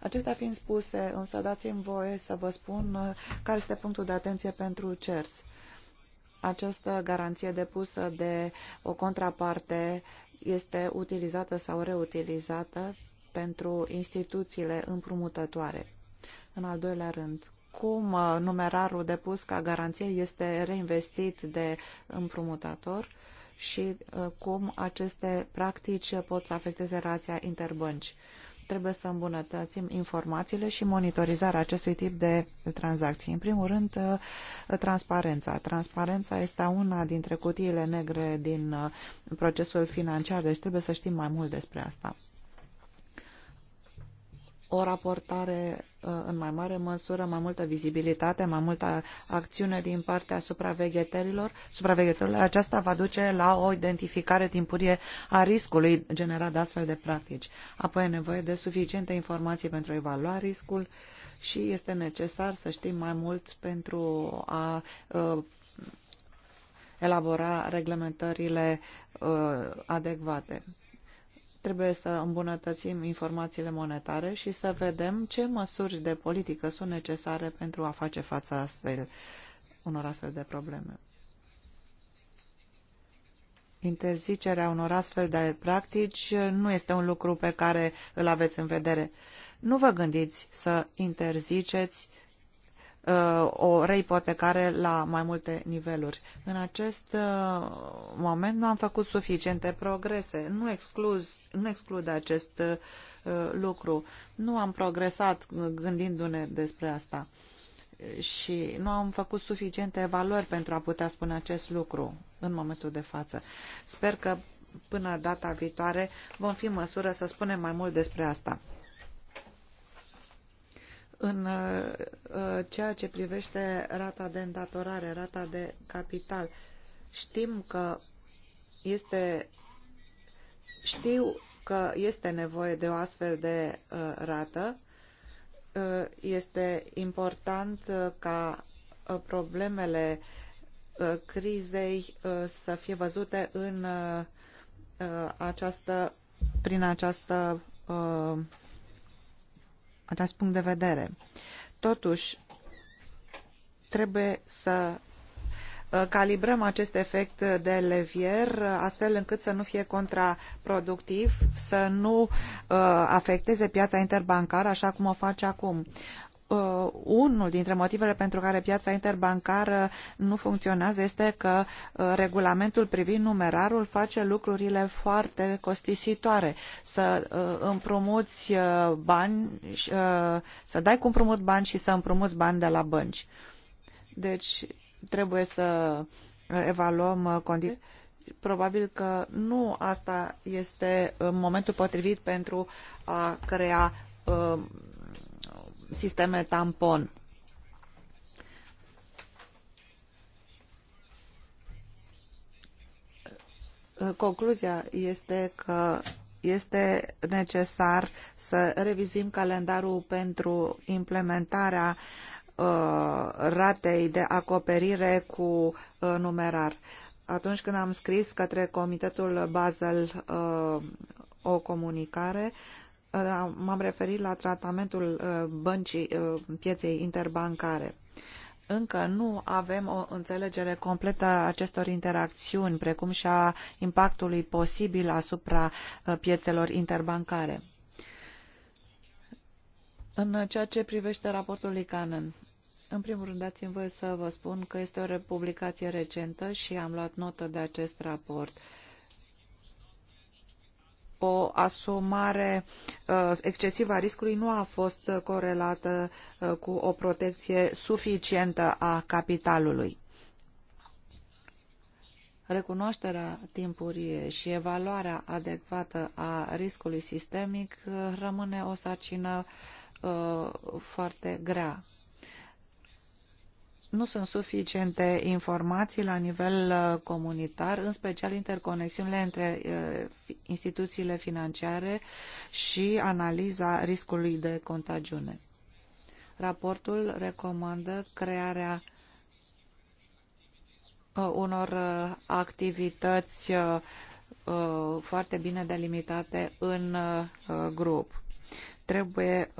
Acestea fiind spuse, însă dați-mi voie să vă spun uh, care este punctul de atenție pentru CERS. Această garanție depusă de o contraparte este utilizată sau reutilizată pentru instituțiile împrumutătoare. În al doilea rând, cum uh, numerarul depus ca garanție este reinvestit de împrumutator și uh, cum aceste practici pot să afecteze relația interbănci. Trebuie să îmbunătățim informațiile și monitorizarea acestui tip de tranzacții. În primul rând, uh, transparența. Transparența este una dintre cutiile negre din uh, procesul financiar, deci trebuie să știm mai mult despre asta o raportare uh, în mai mare măsură, mai multă vizibilitate, mai multă acțiune din partea supraveghetorilor. Supraveghetorilor aceasta va duce la o identificare timpurie a riscului generat de astfel de practici. Apoi e nevoie de suficiente informații pentru a evalua riscul și este necesar să știm mai mult pentru a uh, elabora reglementările uh, adecvate. Trebuie să îmbunătățim informațiile monetare și să vedem ce măsuri de politică sunt necesare pentru a face față astfel, unor astfel de probleme. Interzicerea unor astfel de practici nu este un lucru pe care îl aveți în vedere. Nu vă gândiți să interziceți uh, Uh, o reipotecare la mai multe niveluri. În acest uh, moment nu am făcut suficiente progrese. Nu, excluz, nu exclud acest uh, lucru. Nu am progresat gândindu-ne despre asta și nu am făcut suficiente evaluări pentru a putea spune acest lucru în momentul de față. Sper că până data viitoare vom fi în măsură să spunem mai mult despre asta. În uh, ceea ce privește rata de îndatorare, rata de capital, știm că este știu că este nevoie de o astfel de uh, rată. Uh, este important ca problemele crizei să fie văzute în această, prin această uh, acest punct de vedere. Totuși, trebuie să uh, calibrăm acest efect de levier uh, astfel încât să nu fie contraproductiv, să nu uh, afecteze piața interbancară așa cum o face acum uh, unul dintre motivele pentru care piața interbancară nu funcționează este că uh, regulamentul privind numerarul face lucrurile foarte costisitoare. Să uh, împrumuți uh, bani, uh, să dai cu împrumut bani și să împrumuți bani de la bănci. Deci trebuie să uh, evaluăm uh, condiții probabil că nu asta este uh, momentul potrivit pentru a crea uh, sisteme tampon. Concluzia este că este necesar să revizuim calendarul pentru implementarea uh, ratei de acoperire cu uh, numerar. Atunci când am scris către Comitetul Basel uh, o comunicare, m-am referit la tratamentul uh, băncii uh, pieței interbancare. Încă nu avem o înțelegere completă a acestor interacțiuni, precum și a impactului posibil asupra uh, piețelor interbancare. În ceea ce privește raportul Licanen, în primul rând, dați-mi voie să vă spun că este o republicație recentă și am luat notă de acest raport. Uh, o asumare uh, excesivă a riscului nu a fost corelată uh, cu o protecție suficientă a capitalului. Recunoașterea timpurie și evaluarea adecvată a riscului sistemic uh, rămâne o sarcină foarte grea nu sunt suficiente informații la nivel uh, comunitar, în special interconexiunile între uh, instituțiile financiare și analiza riscului de contagiune. Raportul recomandă crearea uh, unor activități foarte bine delimitate în grup. Trebuie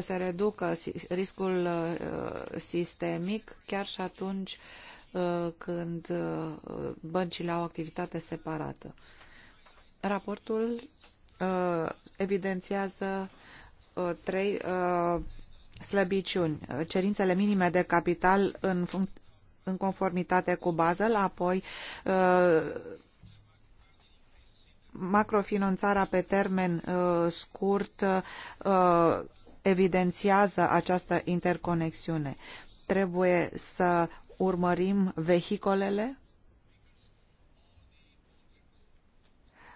să se reducă riscul uh, sistemic chiar și atunci uh, când uh, băncile au activitate separată. Raportul evidențiază trei slăbiciuni. Cerințele minime de capital în, în conformitate cu Basel, apoi macrofinanțarea pe termen uh, scurt uh, evidențiază această interconexiune. Trebuie să urmărim vehicolele,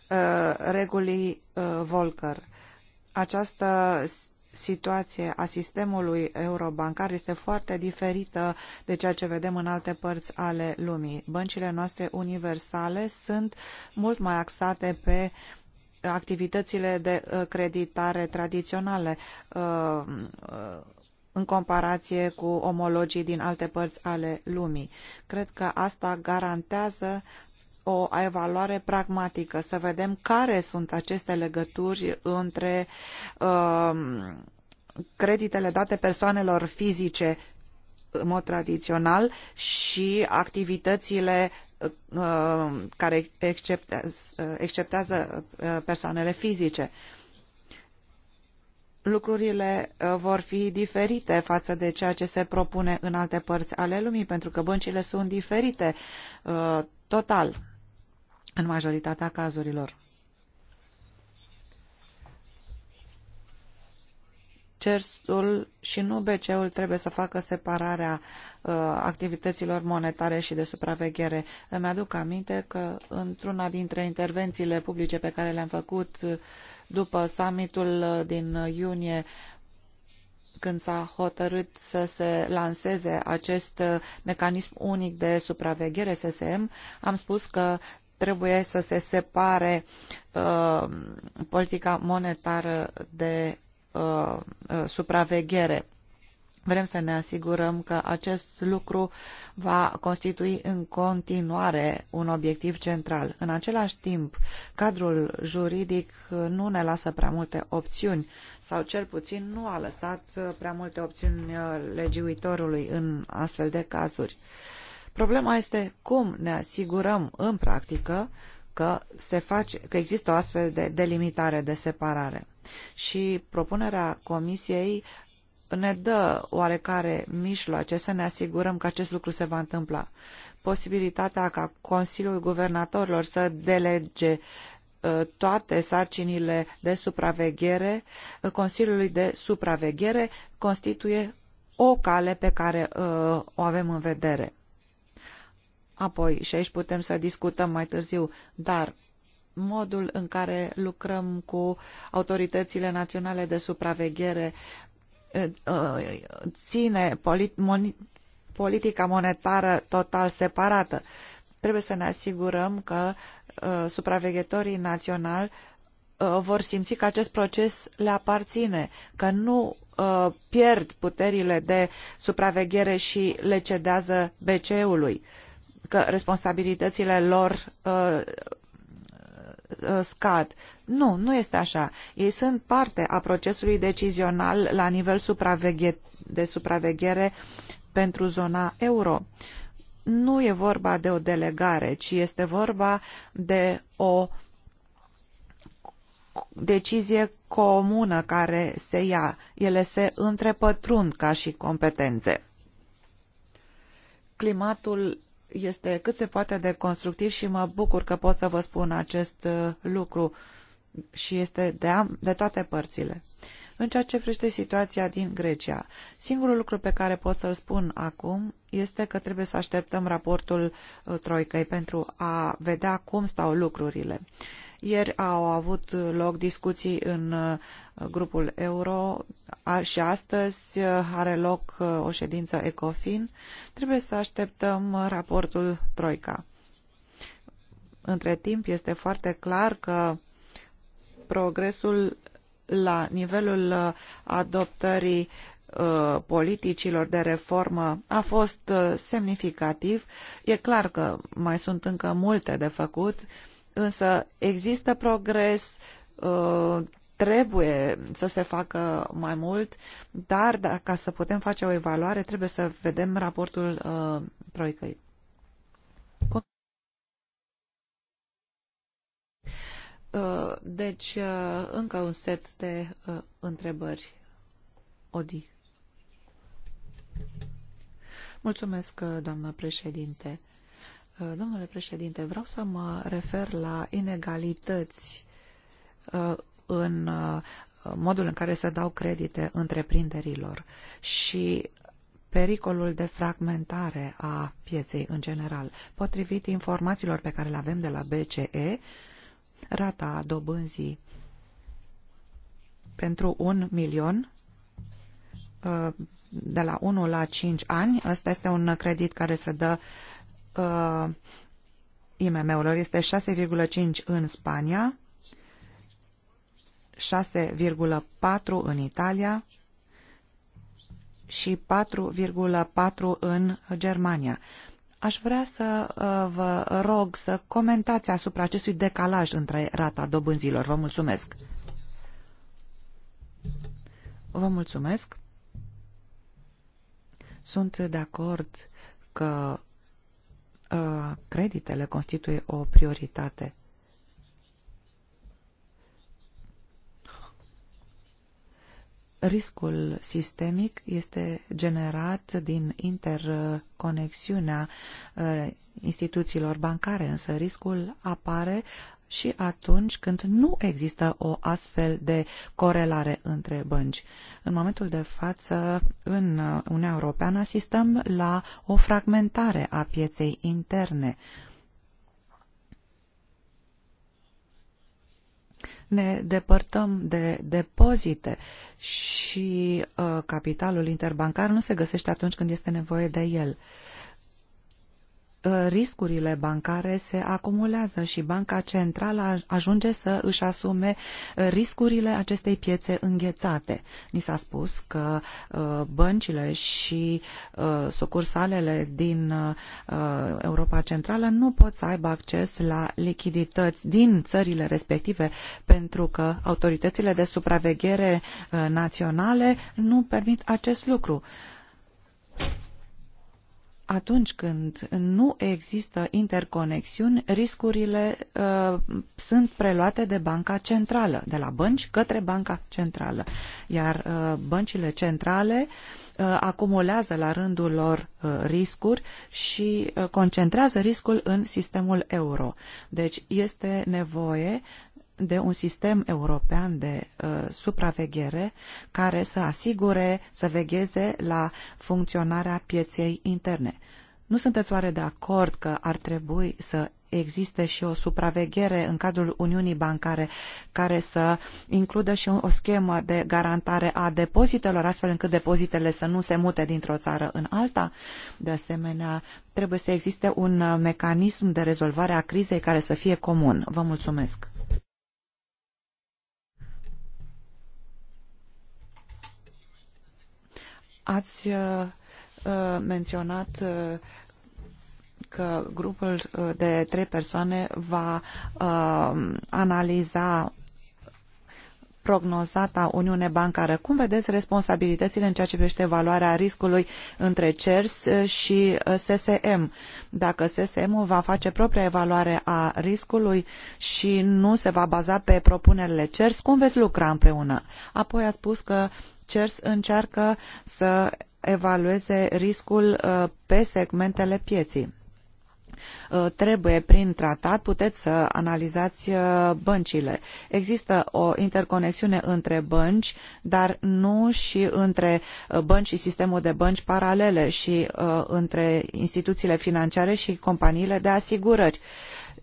uh, regulii uh, Volcker. Această situație a sistemului eurobancar este foarte diferită de ceea ce vedem în alte părți ale lumii. Băncile noastre universale sunt mult mai axate pe uh, activitățile de uh, creditare tradiționale uh, uh, în comparație cu omologii din alte părți ale lumii. Cred că asta garantează o evaluare pragmatică, să vedem care sunt aceste legături între creditele date persoanelor fizice în mod tradițional și activitățile Uh, care uh, exceptează uh, persoanele fizice. Lucrurile vor fi diferite față de ceea ce se propune în alte părți ale lumii, pentru că băncile sunt diferite total în majoritatea cazurilor. CERS-ul și nu BCE-ul trebuie să facă separarea uh, activităților monetare și de supraveghere. Îmi aduc aminte că într-una dintre intervențiile publice pe care le-am făcut uh, după summitul uh, din iunie când s-a hotărât să se lanseze acest uh, mecanism unic de supraveghere, SSM, am spus că trebuie să se separe uh, politica monetară de Uh, uh, supraveghere. Vrem să ne asigurăm că acest lucru va constitui în continuare un obiectiv central. În același timp, cadrul juridic nu ne lasă prea multe opțiuni sau cel puțin nu a lăsat uh, prea multe opțiuni legiuitorului în astfel de cazuri. Problema este cum ne asigurăm în practică că, se face, că există o astfel de delimitare, de separare. Și propunerea Comisiei ne dă oarecare mijloace să ne asigurăm că acest lucru se va întâmpla. Posibilitatea ca Consiliul Guvernatorilor să delege uh, toate sarcinile de supraveghere uh, Consiliului de Supraveghere constituie o cale pe care uh, o avem în vedere. Apoi, și aici putem să discutăm mai târziu, dar modul în care lucrăm cu autoritățile naționale de supraveghere eh, eh, ține polit mon politica monetară total separată. Trebuie să ne asigurăm că uh, supraveghetorii naționali uh, vor simți că acest proces le aparține, că nu uh, pierd puterile de supraveghere și le cedează BCE-ului, că responsabilitățile lor Uh, scad. Nu, nu este așa. Ei sunt parte a procesului decizional la nivel supraveghe de supraveghere pentru zona euro. Nu e vorba de o delegare, ci este vorba de o decizie comună care se ia. Ele se întrepătrund ca și competențe. Climatul este cât se poate de constructiv și mă bucur că pot să vă spun acest uh, lucru și este de, de toate părțile. Uh, în ceea ce privește situația din Grecia, singurul lucru pe care pot să-l spun acum este că trebuie să așteptăm raportul uh, Troicăi pentru a vedea cum stau lucrurile. Ieri au avut loc discuții în uh, grupul euro și astăzi uh, are loc o ședință ECOFIN. Trebuie să așteptăm raportul Troica. Între timp este foarte clar că progresul la nivelul uh, adoptării uh, politicilor de reformă a fost uh, semnificativ. E clar că mai sunt încă multe de făcut, însă există progres, trebuie să se facă mai mult, dar da, ca să putem face o evaluare trebuie să vedem raportul troicăi. Uh, deci, uh, încă un set de uh, întrebări. Odi. Mulțumesc, doamnă președinte. Domnule președinte, vreau să mă refer la inegalități în modul în care se dau credite întreprinderilor și pericolul de fragmentare a pieței în general. Potrivit informațiilor pe care le avem de la BCE, rata dobânzii pentru un milion uh, de la 1 la 5 ani. Asta este un credit care se dă uh, IMM-urilor. Este 6,5 în Spania, 6,4 în Italia și 4,4 în Germania. Aș vrea să uh, vă rog să comentați asupra acestui decalaj între rata dobânzilor. Vă mulțumesc. Vă mulțumesc. Sunt de acord că uh, creditele constituie o prioritate. riscul sistemic este generat din interconexiunea uh, instituțiilor bancare, însă riscul apare și atunci când nu există o astfel de corelare între bănci. În momentul de față, în Uniunea Europeană, asistăm la o fragmentare a pieței interne. Uh, ne depărtăm de depozite și uh, capitalul interbancar nu se găsește atunci când este nevoie de el. Uh, Uh, riscurile bancare se acumulează și Banca Centrală ajunge să își asume uh, riscurile acestei piețe înghețate. Ni s-a spus că uh, băncile și sucursalele din Europa Centrală nu pot să aibă acces la lichidități din țările respective pentru că autoritățile de supraveghere naționale nu permit acest lucru atunci când nu există interconexiuni, riscurile uh, sunt preluate de banca centrală, de la bănci către banca centrală. Iar uh, băncile centrale uh, acumulează la rândul lor uh, riscuri și uh, concentrează riscul în sistemul euro. Deci este nevoie de un sistem european de uh, supraveghere care să asigure, să vegheze la funcționarea pieței interne. Nu sunteți oare de acord că ar trebui să existe și o supraveghere în cadrul Uniunii Bancare care să includă și o schemă de garantare a depozitelor, astfel încât depozitele să nu se mute dintr-o țară în alta. De asemenea, trebuie să existe un mecanism de rezolvare a crizei care să fie comun. Vă mulțumesc. Ați uh, uh, menționat uh, că grupul uh, de trei persoane va uh, analiza prognozata Uniune Bancară. Cum vedeți responsabilitățile în ceea ce privește evaluarea riscului între CERS uh, și SSM? Dacă SSM-ul va face propria evaluare a riscului și nu se va baza pe propunerile CERS, cum veți lucra împreună? Apoi ați spus că CERS încearcă să evalueze riscul uh, pe segmentele pieții. Uh, trebuie prin tratat, puteți să analizați uh, băncile. Există o interconexiune între bănci, dar nu și între bănci și sistemul de bănci paralele și între instituțiile financiare și companiile de asigurări.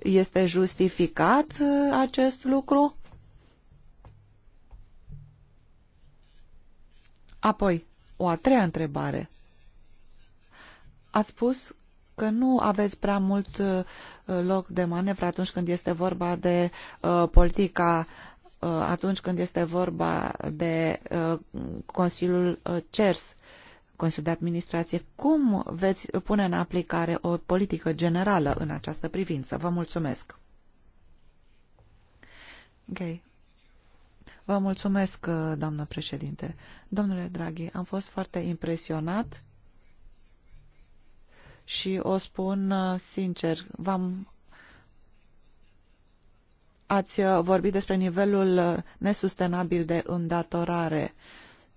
Este justificat acest lucru? Apoi, o a treia întrebare. Ați spus că nu aveți prea mult uh, loc de manevră atunci când este vorba de uh, politica uh, atunci când este vorba de uh, Consiliul uh, CERS, Consiliul de Administrație. Cum veți pune în aplicare o politică generală în această privință? Vă mulțumesc! Okay. Vă mulțumesc, uh, doamnă președinte. Domnule Draghi, am fost foarte impresionat și o spun uh, sincer, v-am ați uh, vorbit despre nivelul nesustenabil de îndatorare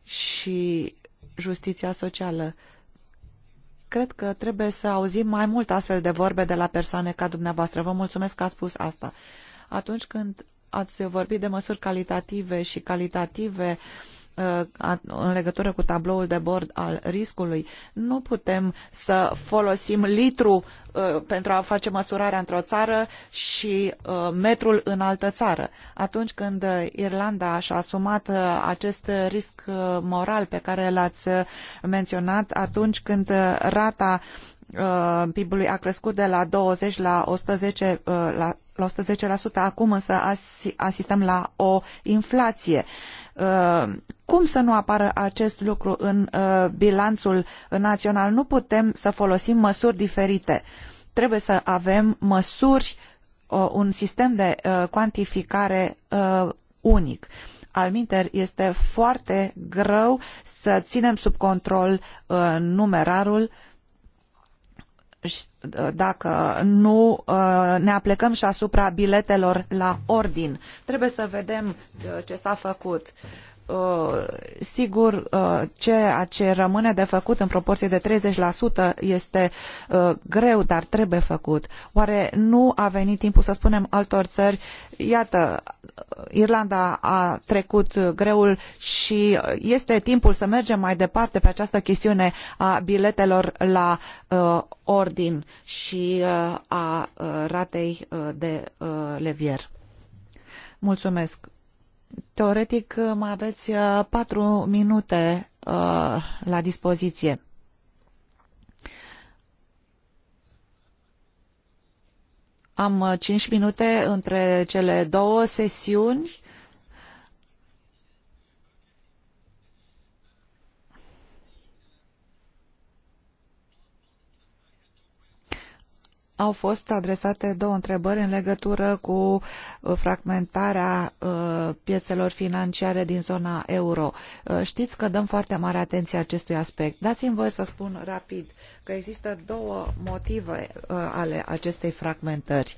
și justiția socială. Cred că trebuie să auzim mai mult astfel de vorbe de la persoane ca dumneavoastră. Vă mulțumesc că ați spus asta. Atunci când ați vorbit de măsuri calitative și calitative uh, în legătură cu tabloul de bord al riscului. Nu putem să folosim litru uh, pentru a face măsurarea într-o țară și uh, metrul în altă țară. Atunci când Irlanda și-a asumat acest risc moral pe care l-ați menționat, atunci când rata Uh, PIB-ului a crescut de la 20 la 110, uh, la, la 110%, acum însă asistăm la o inflație. Uh, cum să nu apară acest lucru în bilanțul național? Nu putem să folosim măsuri diferite. Trebuie să avem măsuri, un sistem de cuantificare unic. Alminter, este foarte greu să ținem sub control numerarul dacă nu uh, ne aplecăm și asupra biletelor la ordin. Trebuie să vedem uh, ce s-a făcut. Uh, sigur, uh, ceea ce rămâne de făcut în proporție de 30% este uh, greu, dar trebuie făcut. Oare nu a venit timpul să spunem altor țări, iată, Irlanda a trecut greul și este timpul să mergem mai departe pe această chestiune a biletelor la ordin și a ratei de levier. Mulțumesc. Teoretic mai aveți uh, patru minute uh, la dispoziție. Am uh, cinci minute între cele două sesiuni au fost adresate două întrebări în legătură cu uh, fragmentarea uh, piețelor financiare din zona euro. Uh, știți că dăm foarte mare atenție acestui aspect. Dați-mi voie să spun rapid că există două motive ale acestei fragmentări.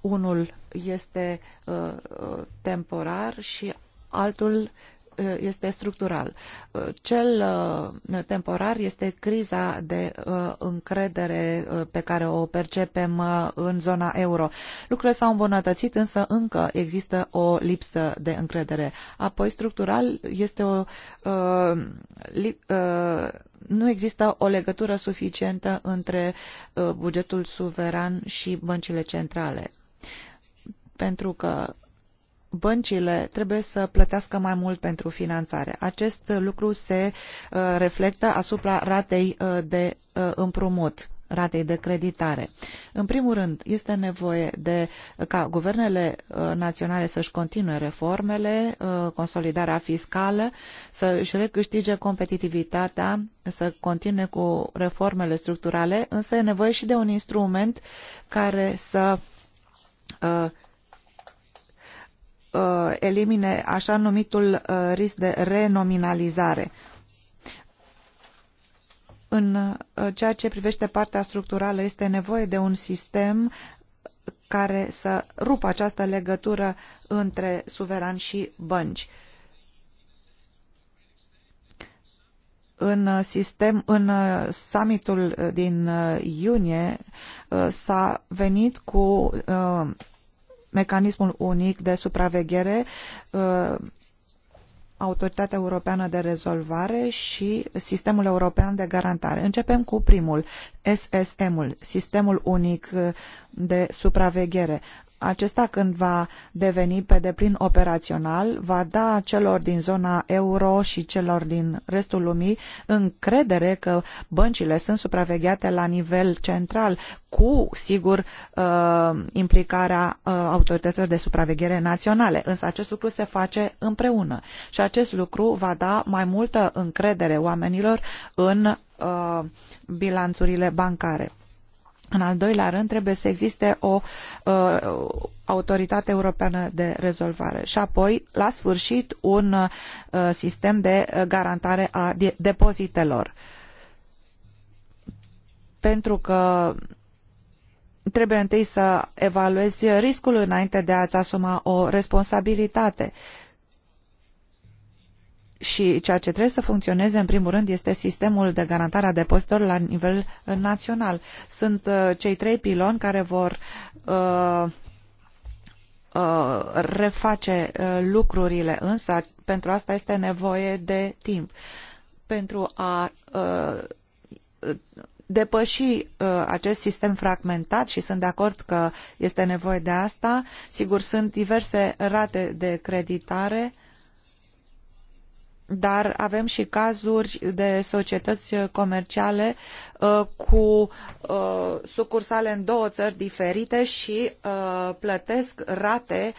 Unul este temporar și altul Uh, este structural. Uh, cel uh, temporar este criza de încredere pe care o percepem în zona euro. Lucrurile s-au îmbunătățit, însă încă există o lipsă de încredere. Apoi, structural, este o nu există o legătură suficientă între bugetul suveran și băncile centrale pentru că băncile trebuie să plătească mai mult pentru finanțare. Acest lucru se uh, reflectă asupra ratei uh, de uh, împrumut ratei de creditare. În primul rând, este nevoie de ca guvernele naționale să-și continue reformele, consolidarea fiscală, să-și recâștige competitivitatea, să continue cu reformele structurale, însă e nevoie și de un instrument care să uh, Uh, elimine așa numitul uh, risc de renominalizare. În uh, ceea ce privește partea structurală, este nevoie de un sistem care să rupă această legătură între suveran și bănci. În, sistem, în summitul din iunie s-a venit cu mecanismul unic de supraveghere, uh, Autoritatea Europeană de Rezolvare și Sistemul European de Garantare. Începem cu primul, SSM-ul, Sistemul Unic de Supraveghere acesta când va deveni pe deplin operațional, va da celor din zona euro și celor din restul lumii încredere că băncile sunt supravegheate la nivel central, cu, sigur, uh, implicarea uh, autorităților de supraveghere naționale. Însă acest lucru se face împreună și acest lucru va da mai multă încredere oamenilor în uh, bilanțurile bancare. În al doilea rând, trebuie să existe o uh, autoritate europeană de rezolvare și apoi, la sfârșit, un uh, sistem de garantare a depozitelor. Pentru că trebuie întâi să evaluezi riscul înainte de a-ți asuma o responsabilitate. Uh, și ceea ce trebuie să funcționeze, în primul rând, este sistemul de garantare a depozitelor la nivel uh, național. Sunt uh, cei trei piloni care vor uh, uh, reface uh, lucrurile, însă pentru asta este nevoie de timp. Pentru a uh, depăși uh, acest sistem fragmentat și sunt de acord că este nevoie de asta. Sigur, sunt diverse rate de creditare dar avem și cazuri de societăți comerciale uh, cu uh, sucursale în două țări diferite și uh, plătesc rate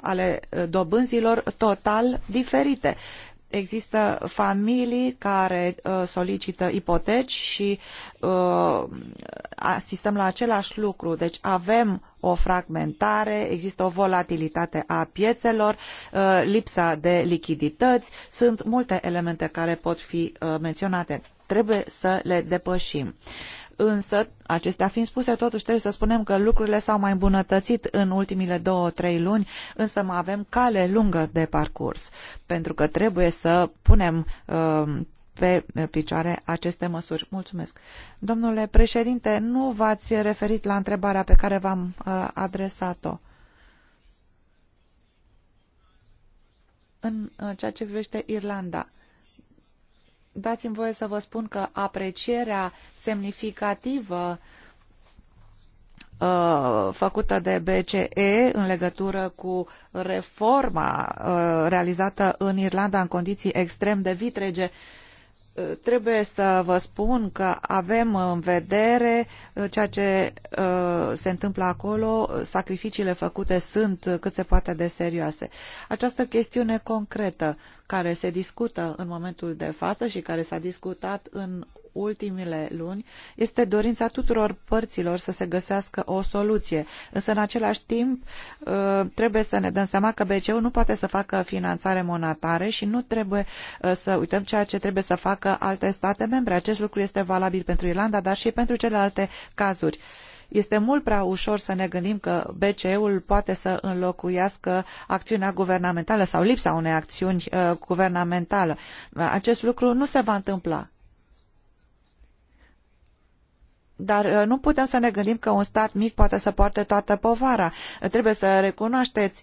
ale dobânzilor total diferite. Există familii care uh, solicită ipoteci și uh, asistăm la același lucru. Deci avem o fragmentare, există o volatilitate a piețelor, uh, lipsa de lichidități. Sunt multe elemente care pot fi menționate. Trebuie să le depășim. Uh, Însă, acestea fiind spuse, totuși trebuie să spunem că lucrurile s-au mai îmbunătățit în ultimile două, trei luni, însă mai avem cale lungă de parcurs, pentru că trebuie să punem uh, pe picioare aceste măsuri. Mulțumesc. Domnule președinte, nu v-ați referit la întrebarea pe care v-am uh, adresat-o. În uh, ceea ce privește Irlanda dați-mi voie să vă spun că aprecierea semnificativă uh, făcută de BCE în legătură cu reforma uh, realizată în Irlanda în condiții extrem de vitrege Eh, trebuie să vă spun că avem în vedere eh, ceea ce eh, se întâmplă acolo, sacrificiile făcute sunt cât se poate de serioase. Această chestiune concretă care se discută în momentul de față și care s-a discutat în ultimile luni este dorința tuturor părților să se găsească o soluție. Însă, în același timp, uh, trebuie să ne dăm seama că BCE-ul nu poate să facă finanțare monetară și nu trebuie uh, să uităm ceea ce trebuie să facă alte state membre. Acest lucru este valabil pentru Irlanda, dar și pentru celelalte cazuri este mult prea ușor să ne gândim că bce ul poate să înlocuiască acțiunea guvernamentală sau lipsa unei acțiuni uh, guvernamentale. Acest lucru nu se va întâmpla. Dar uh, nu putem să ne gândim că un stat mic poate să poarte toată povara. Uh, trebuie să recunoașteți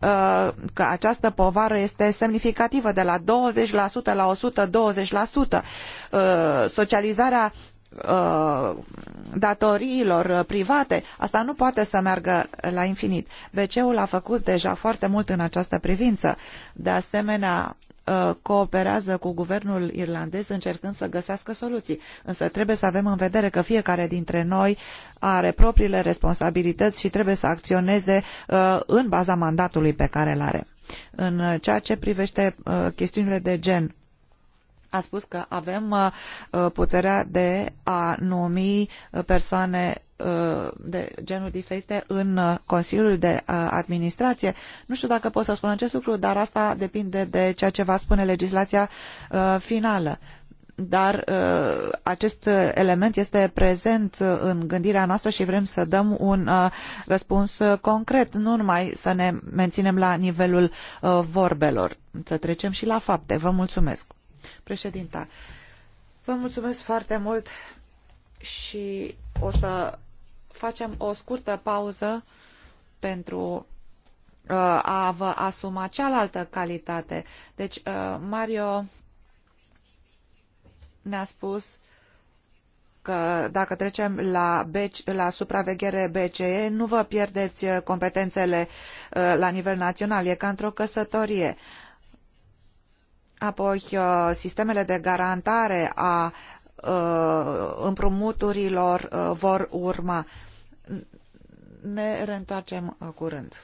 uh, că această povară este semnificativă de la 20% la 120%. Socializarea datoriilor private, asta nu poate să meargă la infinit. BCE-ul a făcut deja foarte mult în această privință. De asemenea, Uh, cooperează cu guvernul irlandez încercând să găsească soluții. Însă trebuie să avem în vedere că fiecare dintre noi are propriile responsabilități și trebuie să acționeze uh, în baza mandatului pe care îl are. În ceea ce privește uh, chestiunile de gen, a spus că avem uh, uh, puterea de a numi uh, persoane de genuri diferite în Consiliul de Administrație. Nu știu dacă pot să spun acest lucru, dar asta depinde de ceea ce va spune legislația finală dar acest element este prezent în gândirea noastră și vrem să dăm un răspuns concret, nu numai să ne menținem la nivelul vorbelor, să trecem și la fapte. Vă mulțumesc! Președinta, vă mulțumesc foarte mult și o să facem o scurtă pauză pentru uh, a vă asuma cealaltă calitate. Deci, uh, Mario ne-a spus că dacă trecem la, BC, la supraveghere BCE, nu vă pierdeți uh, competențele la nivel național, e ca într-o căsătorie. Apoi, uh, sistemele de garantare a uh, împrumuturilor uh, vor urma. Ne reîntoarcem curând.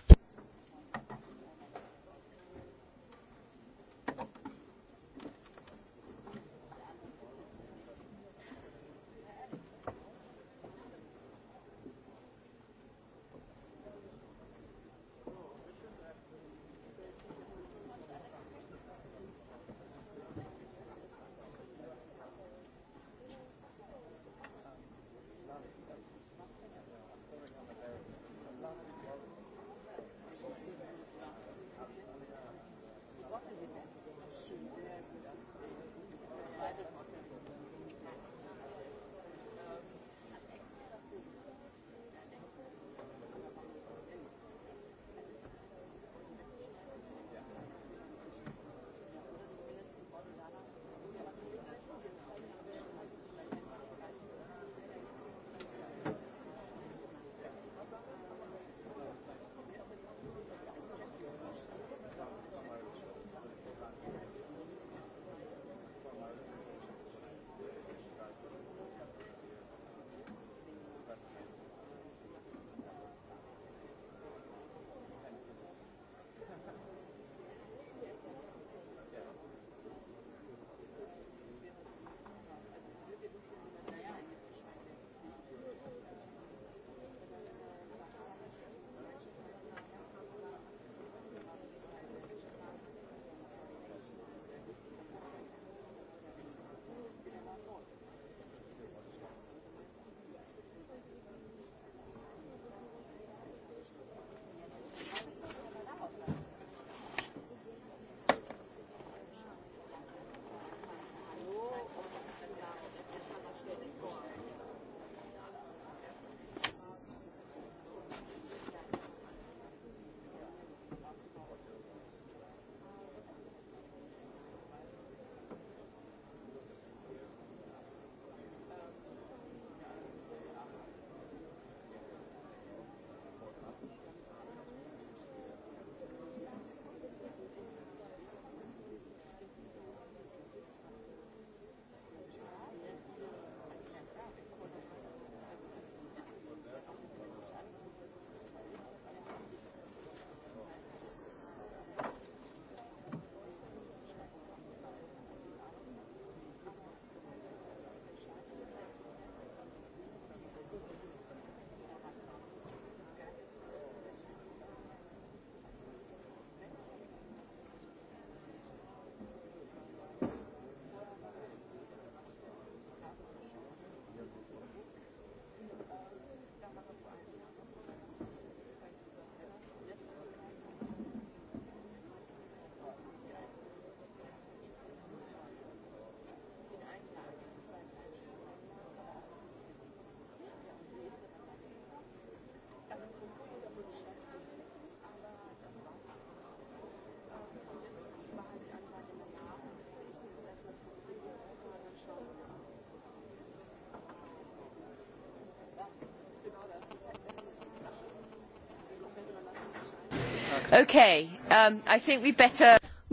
Um,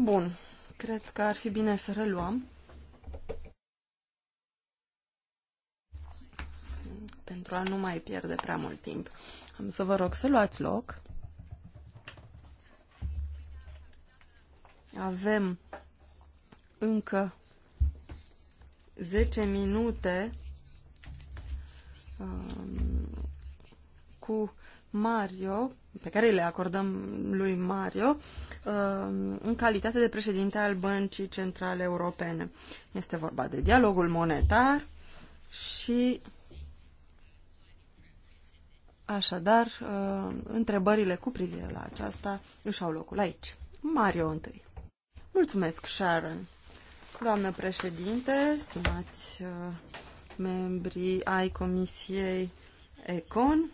Bun, cred că ar fi bine să reluăm. Pentru a nu mai pierde prea mult timp. Am să vă rog să luați loc. Avem încă 10 minute um, cu Mario pe care le acordăm lui Mario uh, în calitate de președinte al Băncii Centrale Europene. Este vorba de dialogul monetar și așadar uh, întrebările cu privire la aceasta își au locul aici. Mario întâi. Mulțumesc, Sharon. Doamnă președinte, stimați uh, membrii ai Comisiei ECON,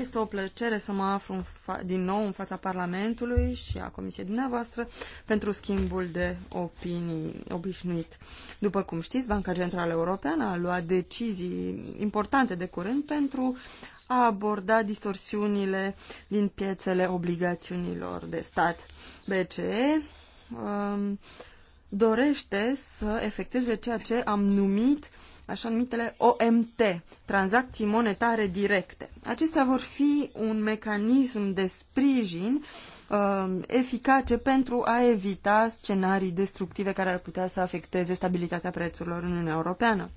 este o plăcere să mă aflu din nou în fața Parlamentului și a Comisiei dumneavoastră pentru schimbul de opinii obișnuit. După cum știți, Banca Centrală Europeană a luat decizii importante de curând pentru a aborda distorsiunile din piețele obligațiunilor de stat. BCE um, dorește să efecteze ceea ce am numit așa numitele OMT, tranzacții monetare directe. Acestea vor fi un mecanism de sprijin uh, eficace pentru a evita scenarii destructive care ar putea să afecteze stabilitatea prețurilor în Uniunea Europeană.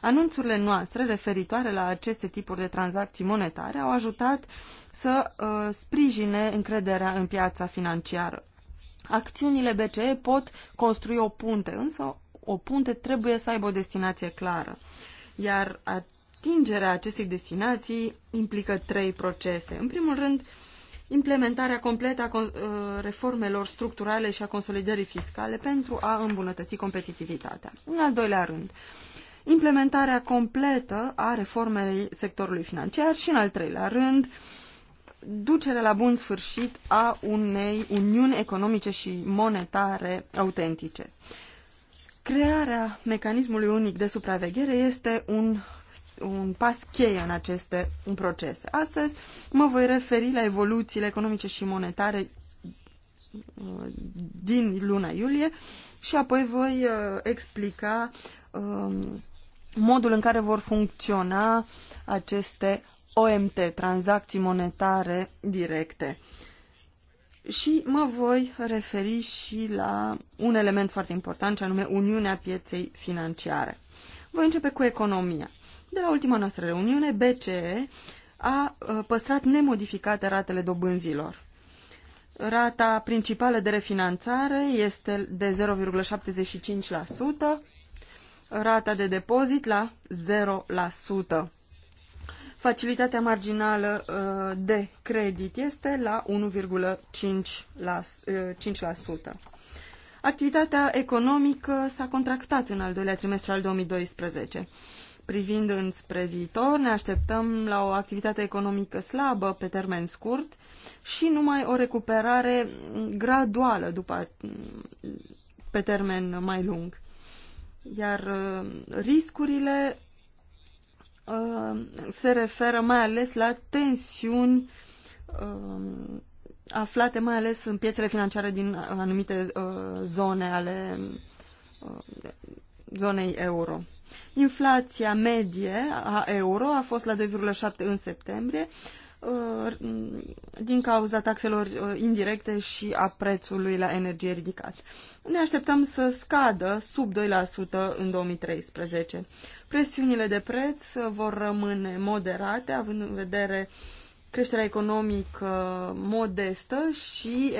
Anunțurile noastre referitoare la aceste tipuri de tranzacții monetare au ajutat să uh, sprijine încrederea în piața financiară. Acțiunile BCE pot construi o punte, însă o punte trebuie să aibă o destinație clară. Iar atingerea acestei destinații implică trei procese. În primul rând, implementarea completă a uh, reformelor structurale și a consolidării fiscale pentru a îmbunătăți competitivitatea. În al doilea rând, implementarea completă a reformei sectorului financiar și, în al treilea rând, ducerea la bun sfârșit a unei uniuni economice și monetare autentice. Crearea mecanismului unic de supraveghere este un, un pas cheie în aceste în procese. Astăzi mă voi referi la evoluțiile economice și monetare uh, din luna iulie și apoi voi uh, explica um, modul în care vor funcționa aceste OMT, tranzacții monetare directe. Și mă voi referi și la un element foarte important, ce anume Uniunea Pieței Financiare. Voi începe cu economia. De la ultima noastră reuniune, BCE a uh, păstrat nemodificate ratele dobânzilor. Rata principală de refinanțare este de 0,75%, rata de depozit la 0% facilitatea marginală uh, de credit este la 1,5%. Uh, Activitatea economică s-a contractat în al doilea trimestru al 2012. Privind înspre viitor, ne așteptăm la o activitate economică slabă pe termen scurt și numai o recuperare graduală după, pe termen mai lung. Iar uh, riscurile Uh, se referă mai ales la tensiuni uh, aflate mai ales în piețele financiare din anumite uh, zone ale zonei euro. Inflația medie a euro a fost la 2,7 în septembrie din cauza taxelor indirecte și a prețului la energie ridicat. Ne așteptăm să scadă sub 2% în 2013. Presiunile de preț vor rămâne moderate, având în vedere creșterea economică modestă și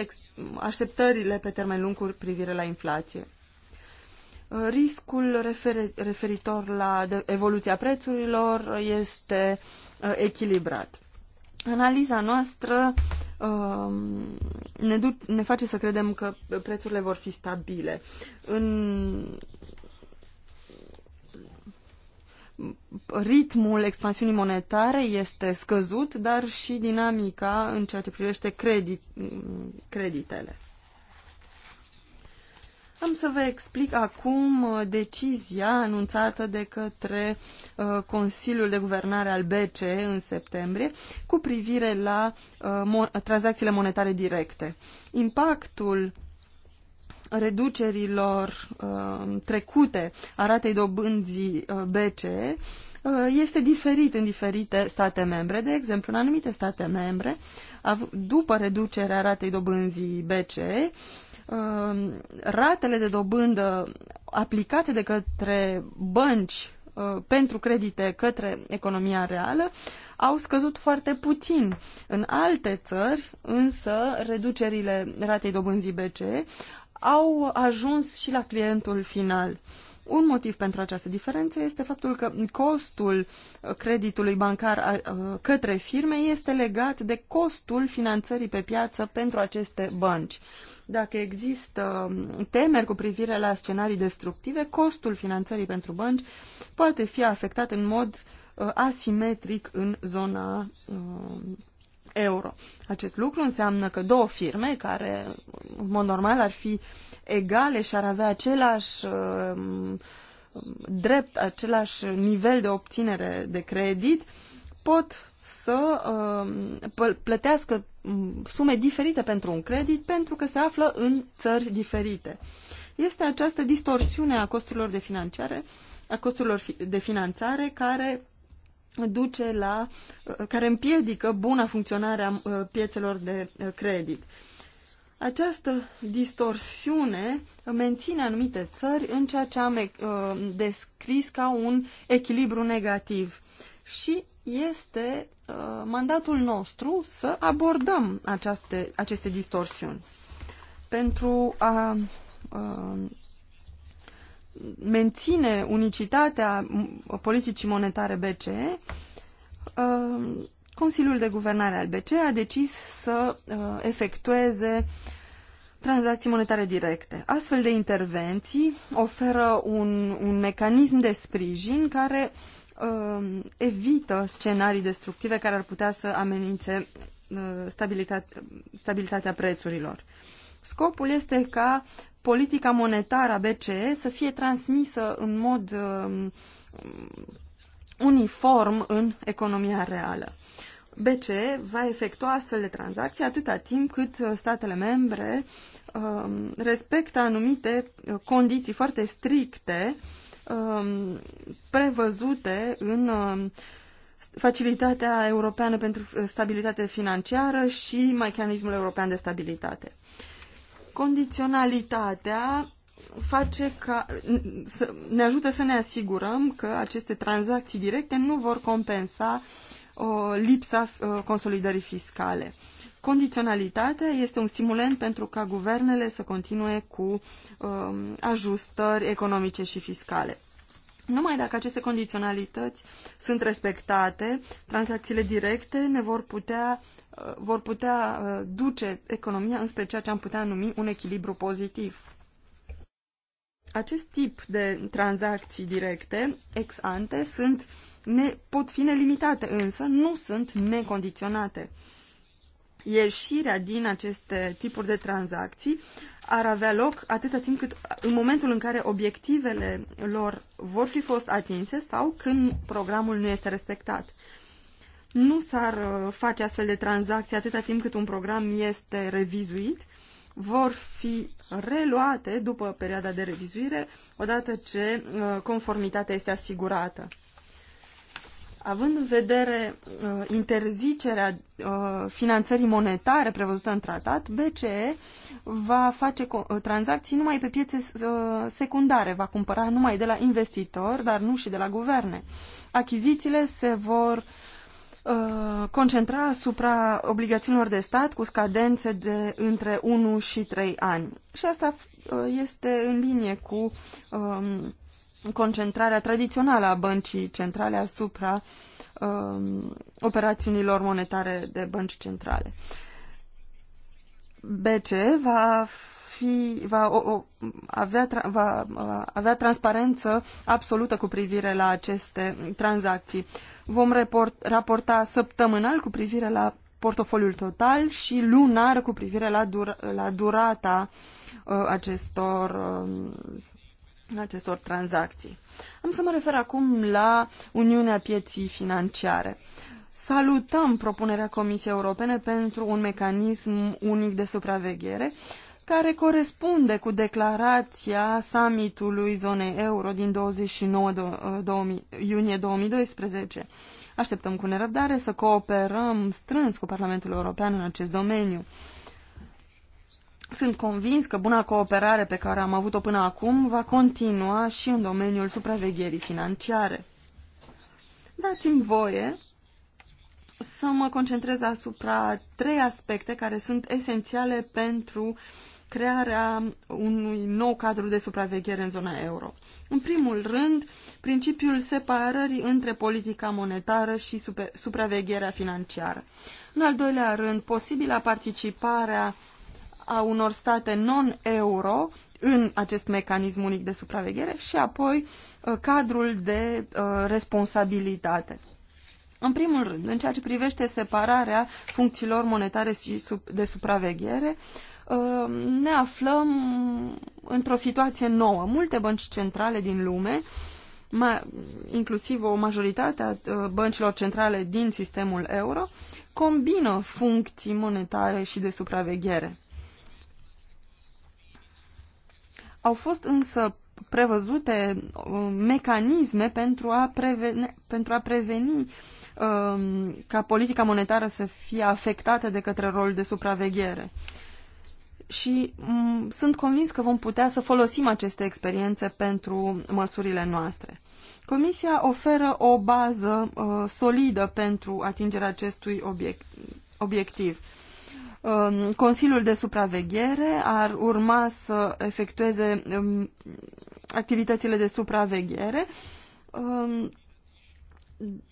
așteptările pe termen lung cu privire la inflație. Riscul referitor la evoluția prețurilor este uh, echilibrat. Analiza noastră um, ne, ne face să credem că prețurile vor fi stabile. În ritmul expansiunii monetare este scăzut, dar și dinamica în ceea ce privește credit, creditele. Am să vă explic acum uh, decizia anunțată de către uh, Consiliul de Guvernare al BCE în septembrie cu privire la uh, tranzacțiile monetare directe. Impactul reducerilor uh, trecute a ratei dobânzii uh, BCE uh, este diferit în diferite state membre. De exemplu, în anumite state membre, după reducerea ratei dobânzii BCE, uh, ratele de dobândă aplicate de către bănci uh, pentru credite către economia reală au scăzut foarte puțin. În alte țări, însă, reducerile ratei dobânzii BCE au ajuns și la clientul final. Un motiv pentru această diferență este faptul că costul creditului bancar către firme este legat de costul finanțării pe piață pentru aceste bănci. Dacă există temeri cu privire la scenarii destructive, costul finanțării pentru bănci poate fi afectat în mod uh, asimetric în zona uh, euro. Acest lucru înseamnă că două firme, care în mod normal ar fi egale și ar avea același uh, drept, același nivel de obținere de credit, pot să uh, plătească mm, sume diferite pentru un credit pentru că se află în țări diferite. Este această distorsiune a costurilor de finanțare, a costurilor de finanțare care duce la, uh, care împiedică buna funcționare a uh, piețelor de uh, credit. Această distorsiune menține anumite țări în ceea ce am descris ca un echilibru negativ și este mandatul nostru să abordăm aceste distorsiuni. Pentru a menține unicitatea politicii monetare BCE, uh, Consiliul de Guvernare al BCE a decis să uh, efectueze tranzacții monetare directe. Astfel de intervenții oferă un, un mecanism de sprijin care uh, evită scenarii destructive care ar putea să amenințe stabilitate, stabilitatea prețurilor. Uh, Scopul este ca politica monetară a BCE să fie transmisă în mod uh, uniform în economia reală. BCE va efectua astfel de tranzacții atâta timp cât uh, statele membre uh, respectă anumite uh, condiții foarte stricte uh, prevăzute în uh, Facilitatea Europeană pentru uh, Stabilitate Financiară și Mecanismul European de Stabilitate. Uh, Condiționalitatea face ca, să, ne ajută să ne asigurăm că aceste tranzacții directe nu vor compensa o lipsa consolidării fiscale. Condiționalitatea este un stimulent pentru ca guvernele să continue cu um, ajustări economice și fiscale. Numai dacă aceste condiționalități sunt respectate, tranzacțiile directe ne vor putea, uh, vor putea uh, duce economia înspre ceea ce am putea numi un echilibru pozitiv. Acest tip de tranzacții directe, ex ante, sunt, ne, pot fi nelimitate, însă nu sunt necondiționate. Ieșirea din aceste tipuri de tranzacții ar avea loc atâta timp cât în momentul în care obiectivele lor vor fi fost atinse sau când programul nu este respectat. Nu s-ar uh, face astfel de tranzacții atâta timp cât un program este revizuit, vor fi reluate după perioada de revizuire, odată ce uh, conformitatea este asigurată. Având în vedere uh, interzicerea uh, finanțării monetare prevăzută în tratat, BCE va face uh, tranzacții numai pe piețe uh, secundare, va cumpăra numai de la investitori, dar nu și de la guverne. Achizițiile se vor uh, concentra asupra obligațiunilor de stat cu scadențe de între 1 și 3 ani. Și asta uh, este în linie cu um, concentrarea tradițională a băncii centrale asupra um, operațiunilor monetare de bănci centrale. BCE va fi, va, o, avea, va uh, avea transparență absolută cu privire la aceste tranzacții. Vom report, raporta săptămânal cu privire la portofoliul total și lunar cu privire la, dur, la durata uh, acestor uh, acestor tranzacții. Am să mă refer acum la Uniunea Pieții Financiare. Salutăm propunerea Comisiei Europene pentru un mecanism unic de supraveghere care corespunde cu declarația summitului zonei euro din 29 2000, iunie 2012. Așteptăm cu nerăbdare să cooperăm strâns cu Parlamentul European în acest domeniu. Sunt convins că buna cooperare pe care am avut-o până acum va continua și în domeniul supravegherii financiare. Dați-mi voie să mă concentrez asupra trei aspecte care sunt esențiale pentru crearea unui nou cadru de supraveghere în zona euro. În primul rând, principiul separării între politica monetară și supravegherea financiară. În al doilea rând, posibila participarea a unor state non-euro în acest mecanism unic de supraveghere și apoi uh, cadrul de uh, responsabilitate. În primul rând, în ceea ce privește separarea funcțiilor monetare și de supraveghere, uh, ne aflăm într-o situație nouă. Multe bănci centrale din lume, inclusiv o majoritate a băncilor centrale din sistemul euro, combină funcții monetare și de supraveghere. Au fost însă prevăzute uh, mecanisme pentru a preveni, pentru a preveni um, ca politica monetară să fie afectată de către rolul de supraveghere. Și mm, sunt convins că vom putea să folosim aceste experiențe pentru măsurile noastre. Comisia oferă o bază uh, solidă pentru atingerea acestui obiect, obiectiv. Um, Consiliul de supraveghere ar urma să efectueze um, activitățile de supraveghere um,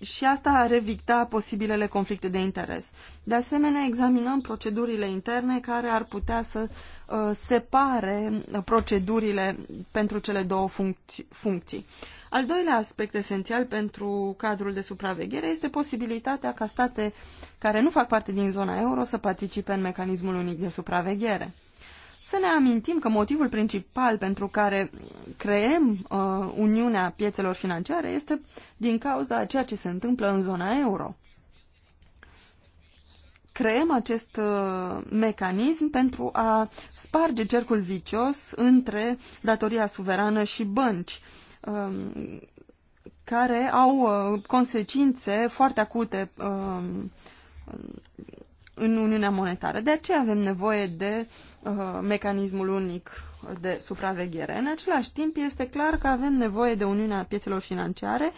și asta ar evita posibilele conflicte de interes. De asemenea, examinăm procedurile interne care ar putea să uh, separe uh, procedurile pentru cele două funcții. Al doilea aspect esențial pentru cadrul de supraveghere este posibilitatea ca state care nu fac parte din zona euro să participe în mecanismul unic de supraveghere. Să ne amintim că motivul principal pentru care creăm uh, Uniunea Piețelor Financiare este din cauza a ceea ce se întâmplă în zona euro. Creăm acest uh, mecanism pentru a sparge cercul vicios între datoria suverană și bănci. Uh, Um, care au uh, consecințe foarte acute um, în Uniunea Monetară. De aceea avem nevoie de uh, mecanismul unic de supraveghere. În același timp, este clar că avem nevoie de Uniunea Piețelor Financiare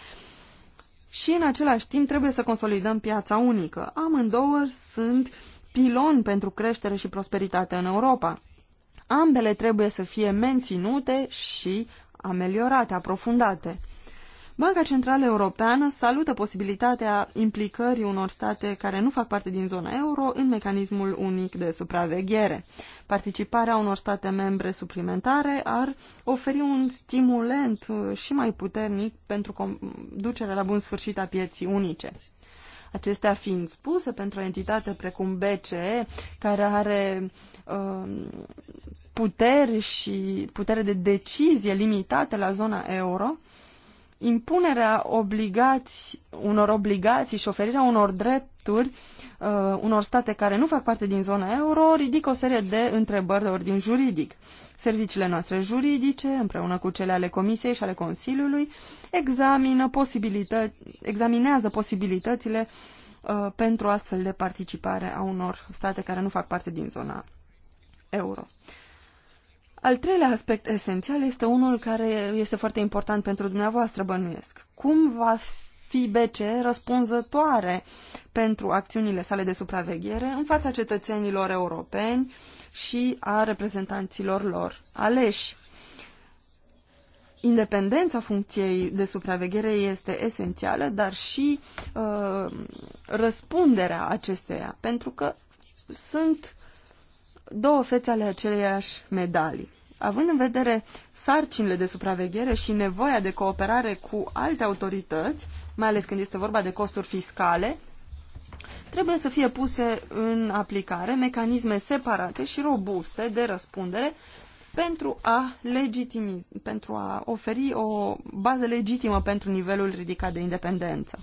și, în același timp, trebuie să consolidăm piața unică. Amândouă sunt pilon pentru creștere și prosperitate în Europa. Ambele trebuie să fie menținute și ameliorate, aprofundate. Banca Centrală Europeană salută posibilitatea implicării unor state care nu fac parte din zona euro în mecanismul unic de supraveghere. Participarea unor state membre suplimentare ar oferi un stimulent uh, și mai puternic pentru conducerea la bun sfârșit a pieții unice. Acestea fiind spuse, pentru o entitate precum BCE, care are Um, puteri și putere de decizie limitate la zona euro, impunerea obligați, unor obligații și oferirea unor drepturi uh, unor state care nu fac parte din zona euro ridică o serie de întrebări de ordin juridic. Serviciile noastre juridice, împreună cu cele ale Comisiei și ale Consiliului, examină posibilită- examinează posibilitățile uh, pentru astfel de participare a unor state care nu fac parte din zona euro. Al treilea aspect esențial este unul care este foarte important pentru dumneavoastră, bănuiesc. Cum va fi BCE răspunzătoare pentru acțiunile sale de supraveghere în fața cetățenilor europeni și a reprezentanților lor aleși? Independența funcției de supraveghere este esențială, dar și uh, răspunderea acesteia, pentru că sunt două fețe ale aceleiași medalii. Având în vedere sarcinile de supraveghere și nevoia de cooperare cu alte autorități, mai ales când este vorba de costuri fiscale, trebuie să fie puse în aplicare mecanisme separate și robuste de răspundere pentru a, pentru a oferi o bază legitimă pentru nivelul ridicat de independență.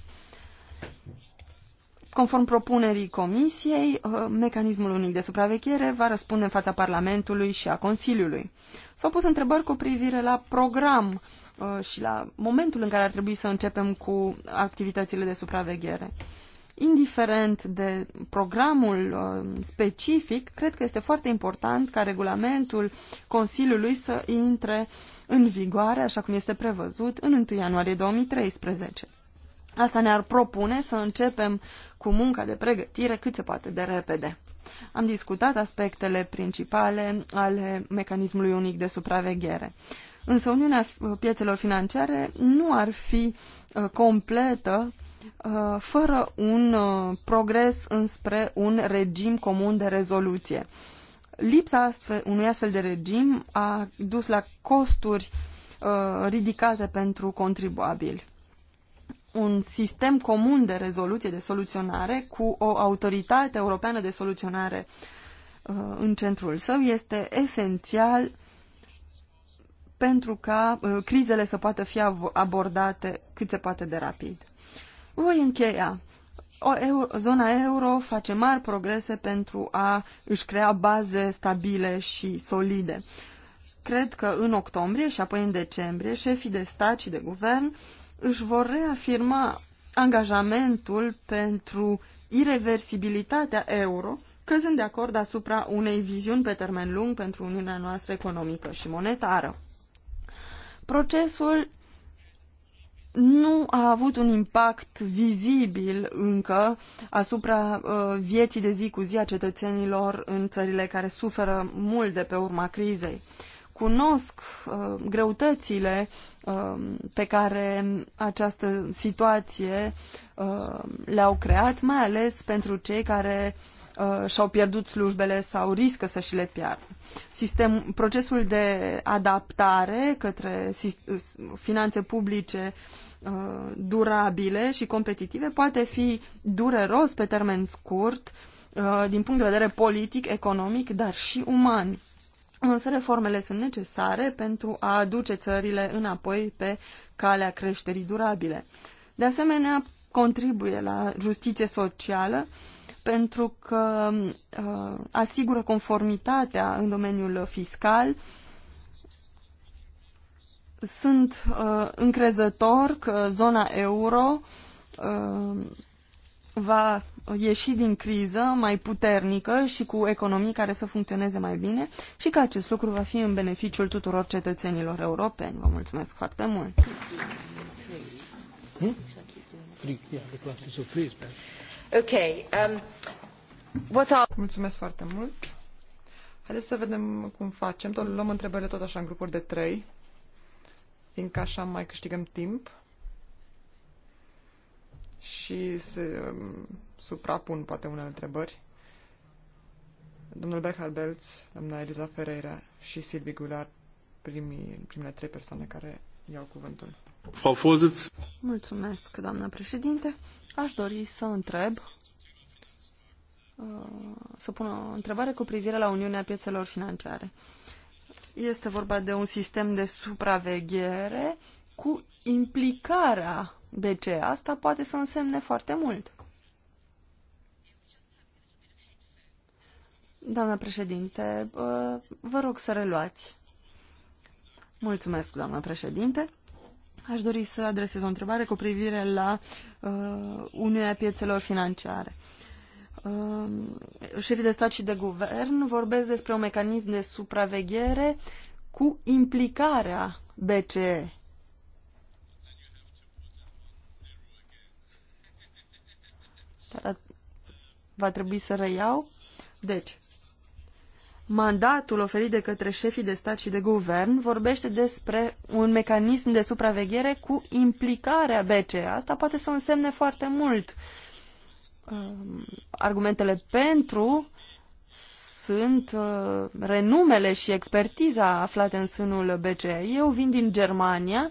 Conform propunerii Comisiei, uh, mecanismul unic de supraveghere va răspunde în fața Parlamentului și a Consiliului. S-au pus întrebări cu privire la program uh, și la momentul în care ar trebui să începem cu activitățile de supraveghere. Indiferent de programul uh, specific, cred că este foarte important ca regulamentul Consiliului să intre în vigoare, așa cum este prevăzut, în 1 ianuarie 2013. Asta ne-ar propune să începem cu munca de pregătire cât se poate de repede. Am discutat aspectele principale ale mecanismului unic de supraveghere. Însă Uniunea Piețelor Financiare nu ar fi uh, completă uh, fără un uh, progres înspre un regim comun de rezoluție. Lipsa astfel, unui astfel de regim a dus la costuri ridicate pentru contribuabili un sistem comun de rezoluție, de soluționare, cu o autoritate europeană de soluționare uh, în centrul său, este esențial pentru ca uh, crizele să poată fi abordate cât se poate de rapid. Voi încheia. O euro, zona euro face mari progrese pentru a își crea baze stabile și solide. Cred că în octombrie și apoi în decembrie, șefii de stat și de guvern uh, își vor reafirma angajamentul pentru ireversibilitatea euro, căzând de acord asupra unei viziuni pe termen lung pentru Uniunea noastră economică și monetară. Procesul nu a avut un impact vizibil încă asupra uh, vieții de zi cu zi a cetățenilor în țările care suferă mult de pe urma crizei cunosc uh, greutățile uh, pe care această situație uh, le-au creat, mai ales pentru cei care uh, și-au pierdut slujbele sau riscă să și le piardă. Sistem, procesul de adaptare către uh, finanțe publice uh, durabile și competitive poate fi dureros pe termen scurt uh, din punct de vedere politic, economic, dar și uman Însă reformele sunt necesare pentru a aduce țările înapoi pe calea creșterii durabile. De asemenea, contribuie la justiție socială pentru că uh, asigură conformitatea în domeniul fiscal. Sunt uh, încrezător că zona euro uh, va ieși din criză mai puternică și cu economii care să funcționeze mai bine și că acest lucru va fi în beneficiul tuturor cetățenilor europeni. Vă mulțumesc foarte mult! Hmm? Um, mulțumesc foarte mult! Haideți să vedem cum facem. Tot luăm întrebările tot așa în grupuri de trei, fiindcă așa mai câștigăm timp și se, um, suprapun poate unele întrebări. Domnul Berhard Belz, doamna Eliza Ferreira și Silvi Gular, primii, primele trei persoane care iau cuvântul. Frau Vorsitz. Mulțumesc, doamnă președinte. Aș dori să întreb, uh, să pun o întrebare cu privire la Uniunea Piețelor Financiare. Este vorba de un sistem de supraveghere cu implicarea BCE. Asta poate să însemne foarte mult. Doamna președinte, vă rog să reluați. Mulțumesc, doamna președinte. Aș dori să adresez o întrebare cu privire la uh, Uniunea Piețelor Financiare. Uh, șefii de stat și de guvern vorbesc despre un mecanism de supraveghere cu implicarea BCE. Va trebui să reiau. Deci, mandatul oferit de către șefii de stat și de guvern vorbește despre un mecanism de supraveghere cu implicarea BCE. Asta poate să însemne foarte mult. Um, argumentele pentru sunt uh, renumele și expertiza aflate în sânul BCE. Eu vin din Germania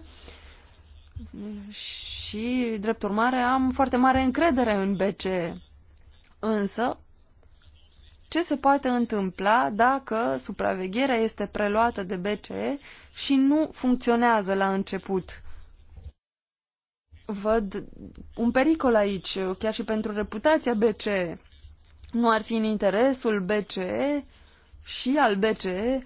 și, drept urmare, am foarte mare încredere în BCE. Însă, ce se poate întâmpla dacă supravegherea este preluată de BCE și nu funcționează la început. Văd un pericol aici, chiar și pentru reputația BCE. Nu ar fi în interesul BCE și al BCE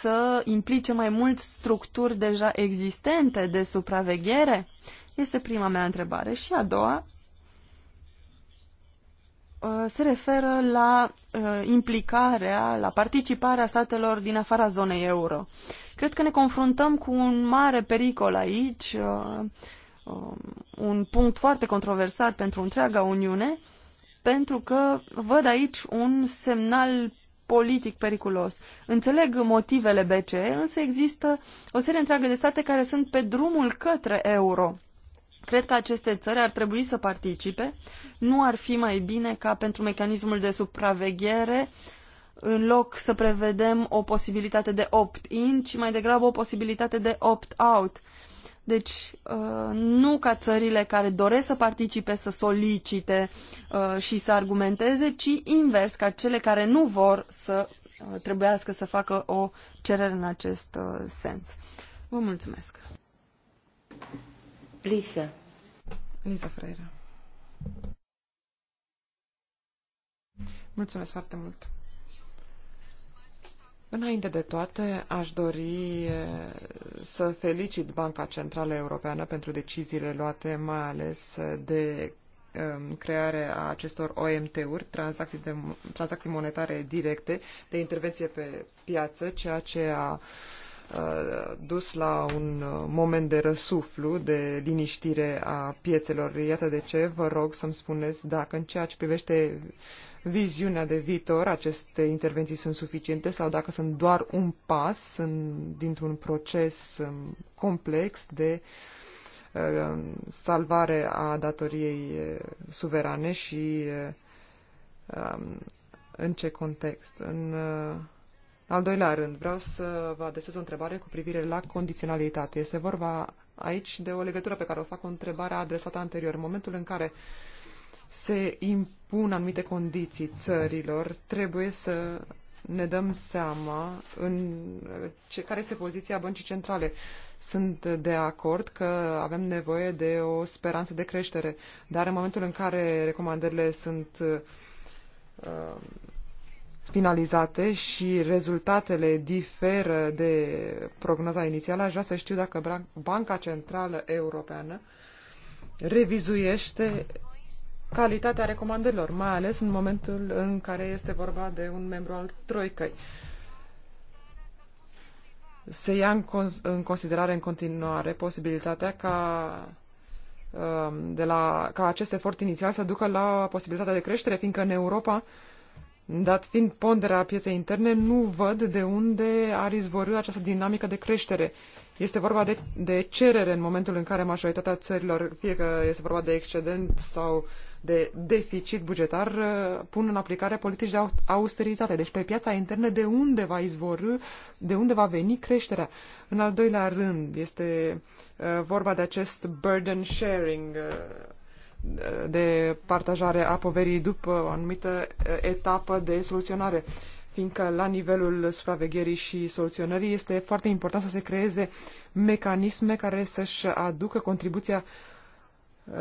să implice mai mult structuri deja existente de supraveghere? Este prima mea întrebare. Și a doua, Uh, se referă la uh, implicarea, la participarea statelor din afara zonei euro. Cred că ne confruntăm cu un mare pericol aici, uh, um, un punct foarte controversat pentru întreaga Uniune, pentru că văd aici un semnal politic periculos. Înțeleg motivele BCE, însă există o serie întreagă de state care sunt pe drumul către euro. Cred că aceste țări ar trebui să participe. Nu ar fi mai bine ca pentru mecanismul de supraveghere, în loc să prevedem o posibilitate de opt-in, ci mai degrabă o posibilitate de opt-out. Deci, uh, nu ca țările care doresc să participe să solicite uh, și să argumenteze, ci invers, ca cele care nu vor să uh, trebuiască să facă o cerere în acest sens. Vă mulțumesc! Mulțumesc foarte mult. Înainte de toate, aș dori eh, să felicit Banca Centrală Europeană pentru deciziile luate, mai ales eh, de ehm, crearea acestor OMT-uri, tranzacții, tranzacții monetare directe de intervenție pe piață, ceea ce a dus la un uh, moment de răsuflu, de liniștire a piețelor. Iată de ce vă rog să-mi spuneți dacă în ceea ce privește viziunea de viitor aceste intervenții sunt suficiente sau dacă sunt doar un pas în, dintr-un proces um, complex de uh, salvare a datoriei uh, suverane și um, în ce context. În, uh, al doilea rând, vreau să vă adresez o întrebare cu privire la condiționalitate. Este vorba aici de o legătură pe care o fac cu întrebarea adresată anterior. În momentul în care se impun anumite condiții țărilor, trebuie să ne dăm seama în ce, care este poziția băncii centrale. Sunt de acord că avem nevoie de o speranță de creștere, dar în momentul în care recomandările sunt uh, finalizate și rezultatele diferă de prognoza inițială, aș vrea să știu dacă Banca Centrală Europeană revizuiește calitatea recomandărilor, mai ales în momentul în care este vorba de un membru al Troicăi. Se ia în, cons- în considerare în continuare posibilitatea ca um, de la, ca acest efort inițial să ducă la posibilitatea de creștere, fiindcă în Europa Dat fiind ponderea pieței interne, nu văd de unde ar izvorâ această dinamică de creștere. Este vorba de, de cerere în momentul în care majoritatea țărilor, fie că este vorba de excedent sau de deficit bugetar, uh, pun în aplicare politici de austeritate. Deci pe piața internă de unde va izvorâ, de unde va veni creșterea. În al doilea rând este uh, vorba de acest burden sharing, uh, de partajare a poverii după o anumită etapă de soluționare, fiindcă la nivelul supravegherii și soluționării este foarte important să se creeze mecanisme care să-și aducă contribuția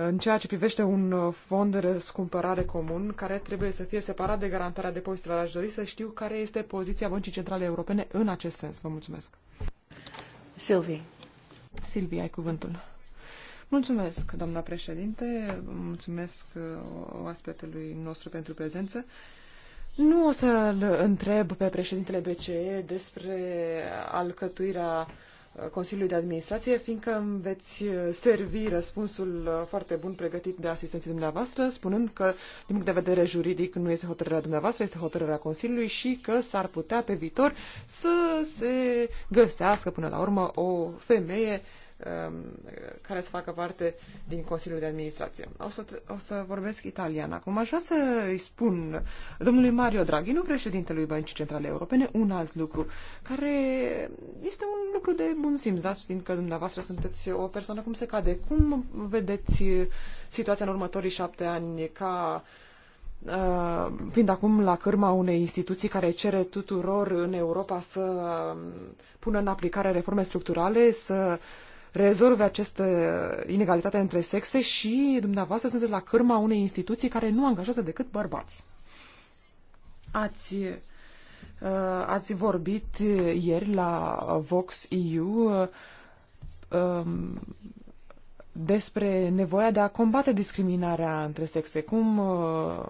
în ceea ce privește un fond de răscumpărare comun care trebuie să fie separat de garantarea depozitelor. Aș dori să știu care este poziția Băncii Centrale Europene în acest sens. Vă mulțumesc. Silvie. Silvie, ai cuvântul. Mulțumesc, doamna președinte, mulțumesc uh, oaspetului nostru pentru prezență. Nu o să-l întreb pe președintele BCE despre alcătuirea uh, Consiliului de Administrație, fiindcă îmi veți uh, servi răspunsul foarte bun pregătit de asistenții dumneavoastră, spunând că, din punct de vedere juridic, nu este hotărârea dumneavoastră, este hotărârea Consiliului și că s-ar putea pe viitor să se găsească până la urmă o femeie uh, Um, care să facă parte din Consiliul de Administrație. O să, o să vorbesc italian acum. Aș vrea să îi spun domnului Mario Draghi, nu președintelui Băncii Centrale Europene, un alt lucru, care este un lucru de bun simț, dați fiindcă dumneavoastră sunteți o persoană cum se cade. Cum vedeți situația în următorii șapte ani ca uh, fiind acum la cârma unei instituții care cere tuturor în Europa să um, pună în aplicare reforme structurale, să uh, rezolve această inegalitate între sexe și dumneavoastră sunteți la cârma unei instituții care nu angajează decât bărbați. Ați, uh, ați vorbit ieri la Vox EU uh, um, despre nevoia de a combate discriminarea între sexe. Cum uh,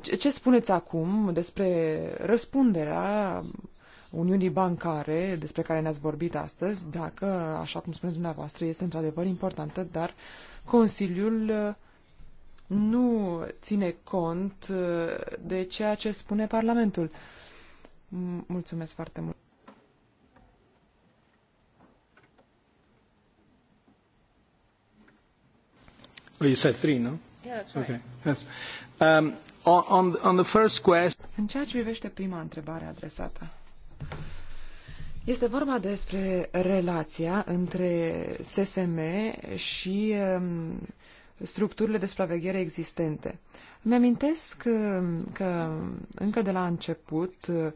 ce, ce spuneți acum despre răspunderea Uniunii Bancare, despre care ne-ați vorbit astăzi, dacă, așa cum spuneți dumneavoastră, este într-adevăr importantă, dar Consiliul uh, nu ține cont uh, de ceea ce spune Parlamentul. Mulțumesc foarte mult. Oh, you said three, no? Yeah, that's right. Okay. Yes. Um, on, on the first quest... În ceea ce privește prima întrebare adresată, este vorba despre relația între SSM și um, structurile de supraveghere existente. Mi-amintesc că, um, că încă de la început uh,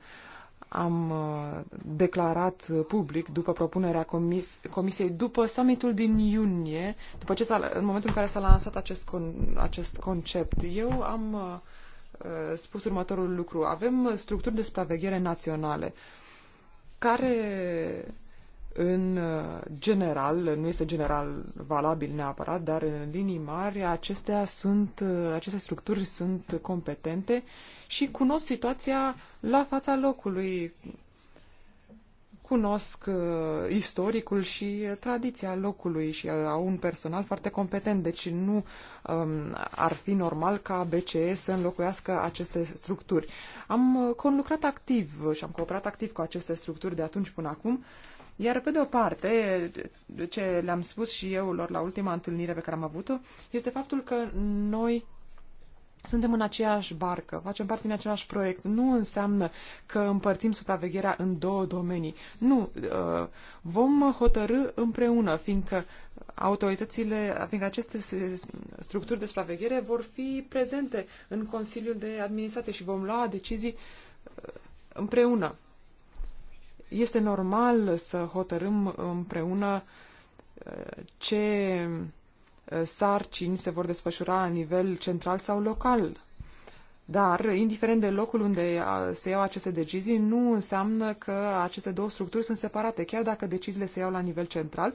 am uh, declarat public după propunerea comis Comisiei, după summitul din iunie, după ce în momentul în care s-a lansat acest, con acest concept, eu am uh, Uh, spus următorul lucru. Avem structuri de supraveghere naționale care în uh, general, nu este general valabil neapărat, dar în linii mari acestea sunt, uh, aceste structuri sunt competente și cunosc situația la fața locului cunosc uh, istoricul și uh, tradiția locului și uh, au un personal foarte competent, deci nu um, ar fi normal ca BCE să înlocuiască aceste structuri. Am uh, conlucrat activ și am cooperat activ cu aceste structuri de atunci până acum, iar pe de o parte, ce le-am spus și eu lor la ultima întâlnire pe care am avut-o, este faptul că noi suntem în aceeași barcă, facem parte din același proiect. Nu înseamnă că împărțim supravegherea în două domenii. Nu, uh, vom hotărâ împreună, fiindcă autoritățile, fiindcă aceste structuri de supraveghere vor fi prezente în Consiliul de Administrație și vom lua decizii uh, împreună. Este normal să hotărâm împreună uh, ce Uh, sarcini se vor desfășura la nivel central sau local. Dar, indiferent de locul unde uh, se iau aceste decizii, nu înseamnă că aceste două structuri sunt separate. Chiar dacă deciziile se iau la nivel central,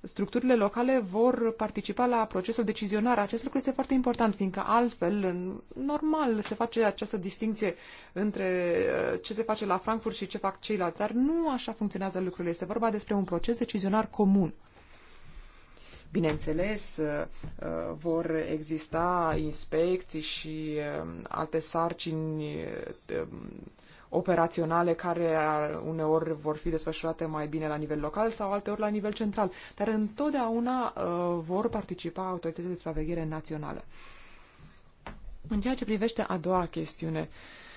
structurile locale vor participa la procesul decizionar. Acest lucru este foarte important, fiindcă altfel, normal, se face această distinție între uh, ce se face la Frankfurt și ce fac ceilalți, dar nu așa funcționează lucrurile. Este vorba despre un proces decizionar comun. Bineînțeles, uh, uh, vor exista inspecții și um, alte sarcini um, operaționale care uh, uneori vor fi desfășurate mai bine la nivel local sau alteori la nivel central, dar întotdeauna vor participa autoritățile de supraveghere naționale. În ceea ce privește a doua chestiune,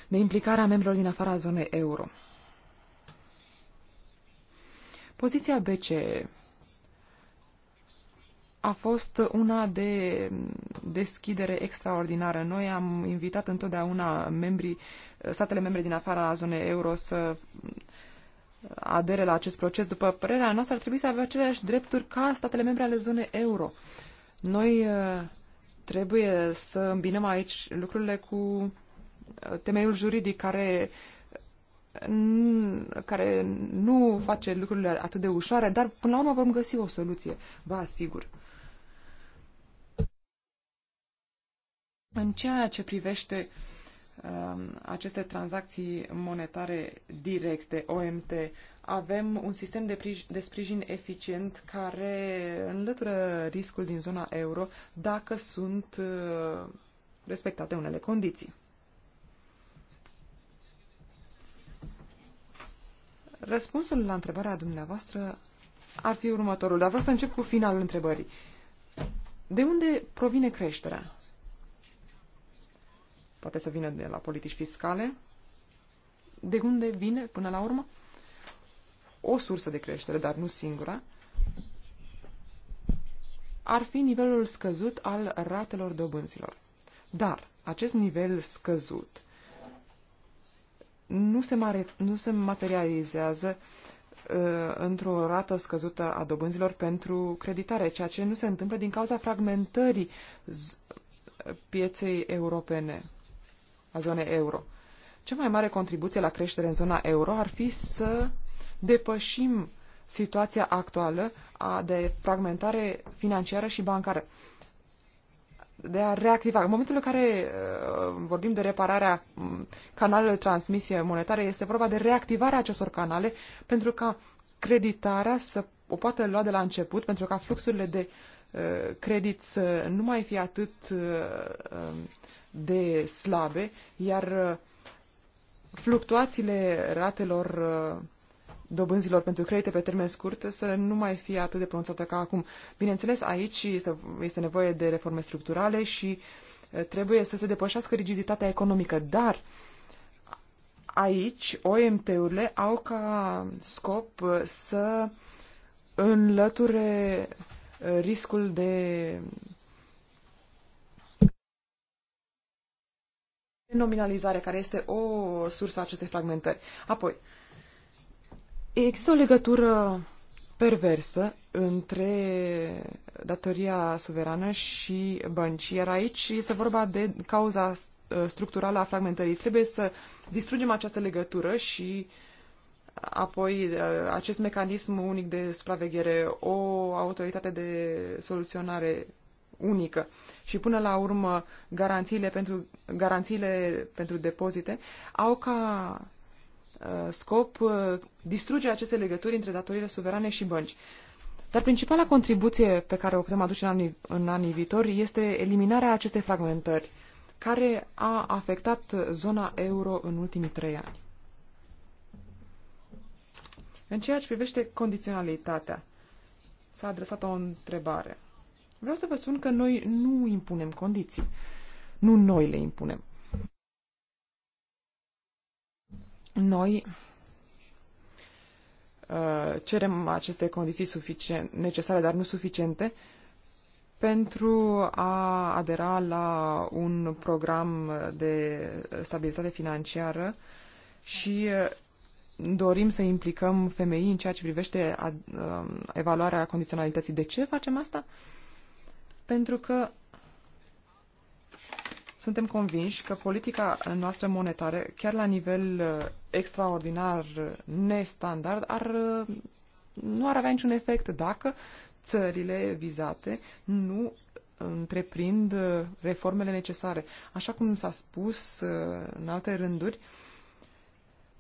de implicarea membrilor din afara zonei euro. Poziția BCE a fost una de deschidere extraordinară. Noi am invitat întotdeauna membrii, statele membre din afara zonei euro să adere la acest proces. După părerea noastră, ar trebui să avem aceleași drepturi ca statele membre ale zonei euro. Noi uh, trebuie să îmbinăm aici lucrurile cu uh, temeiul juridic care care nu face lucrurile atât de ușoare, dar până la urmă vom găsi o soluție, vă asigur. În ceea ce privește um, aceste tranzacții monetare directe, OMT, avem un sistem de, de sprijin eficient care înlătură riscul din zona euro dacă sunt uh, respectate unele condiții. Răspunsul la întrebarea dumneavoastră ar fi următorul, dar vreau să încep cu finalul întrebării. De unde provine creșterea? poate să vină de la politici fiscale. De unde vine, până la urmă, o sursă de creștere, dar nu singura, ar fi nivelul scăzut al ratelor dobânzilor. Dar acest nivel scăzut nu se, mare, nu se materializează uh, într-o rată scăzută a dobânzilor pentru creditare, ceea ce nu se întâmplă din cauza fragmentării pieței europene zonei euro. Cea mai mare contribuție la creștere în zona euro ar fi să depășim situația actuală a, de fragmentare financiară și bancară. De a reactiva. În momentul în care uh, vorbim de repararea mm, canalelor de transmisie monetare, este vorba de reactivarea acestor canale pentru ca creditarea să o poată lua de la început, pentru ca fluxurile de uh, credit să nu mai fie atât uh, um, de slabe, iar uh, fluctuațiile ratelor uh, dobânzilor pentru credite pe termen scurt să nu mai fie atât de pronunțată ca acum. Bineînțeles, aici este nevoie de reforme structurale și uh, trebuie să se depășească rigiditatea economică, dar aici OMT-urile au ca scop să înlăture riscul de nominalizare, care este o sursă a acestei fragmentări. Apoi, există o legătură perversă între datoria suverană și bănci, iar aici este vorba de cauza uh, structurală a fragmentării. Trebuie să distrugem această legătură și apoi uh, acest mecanism unic de supraveghere, o autoritate de soluționare unică. Și până la urmă, garanțiile pentru, garanțiile pentru depozite au ca uh, scop uh, distrugerea acestei legături între datorile suverane și bănci. Dar principala contribuție pe care o putem aduce în anii, în anii viitori este eliminarea acestei fragmentări care a afectat zona euro în ultimii trei ani. În ceea ce privește condiționalitatea, s-a adresat o întrebare. Vreau să vă spun că noi nu impunem condiții. Nu noi le impunem. Noi uh, cerem aceste condiții suficient, necesare, dar nu suficiente, pentru a adera la un program de stabilitate financiară și uh, dorim să implicăm femei în ceea ce privește uh, evaluarea condiționalității. De ce facem asta? Uh, pentru că suntem convinși că politica noastră monetară, chiar la nivel uh, extraordinar, uh, nestandard, ar, uh, nu ar avea niciun efect dacă țările vizate nu întreprind reformele necesare. Așa cum s-a spus în alte rânduri,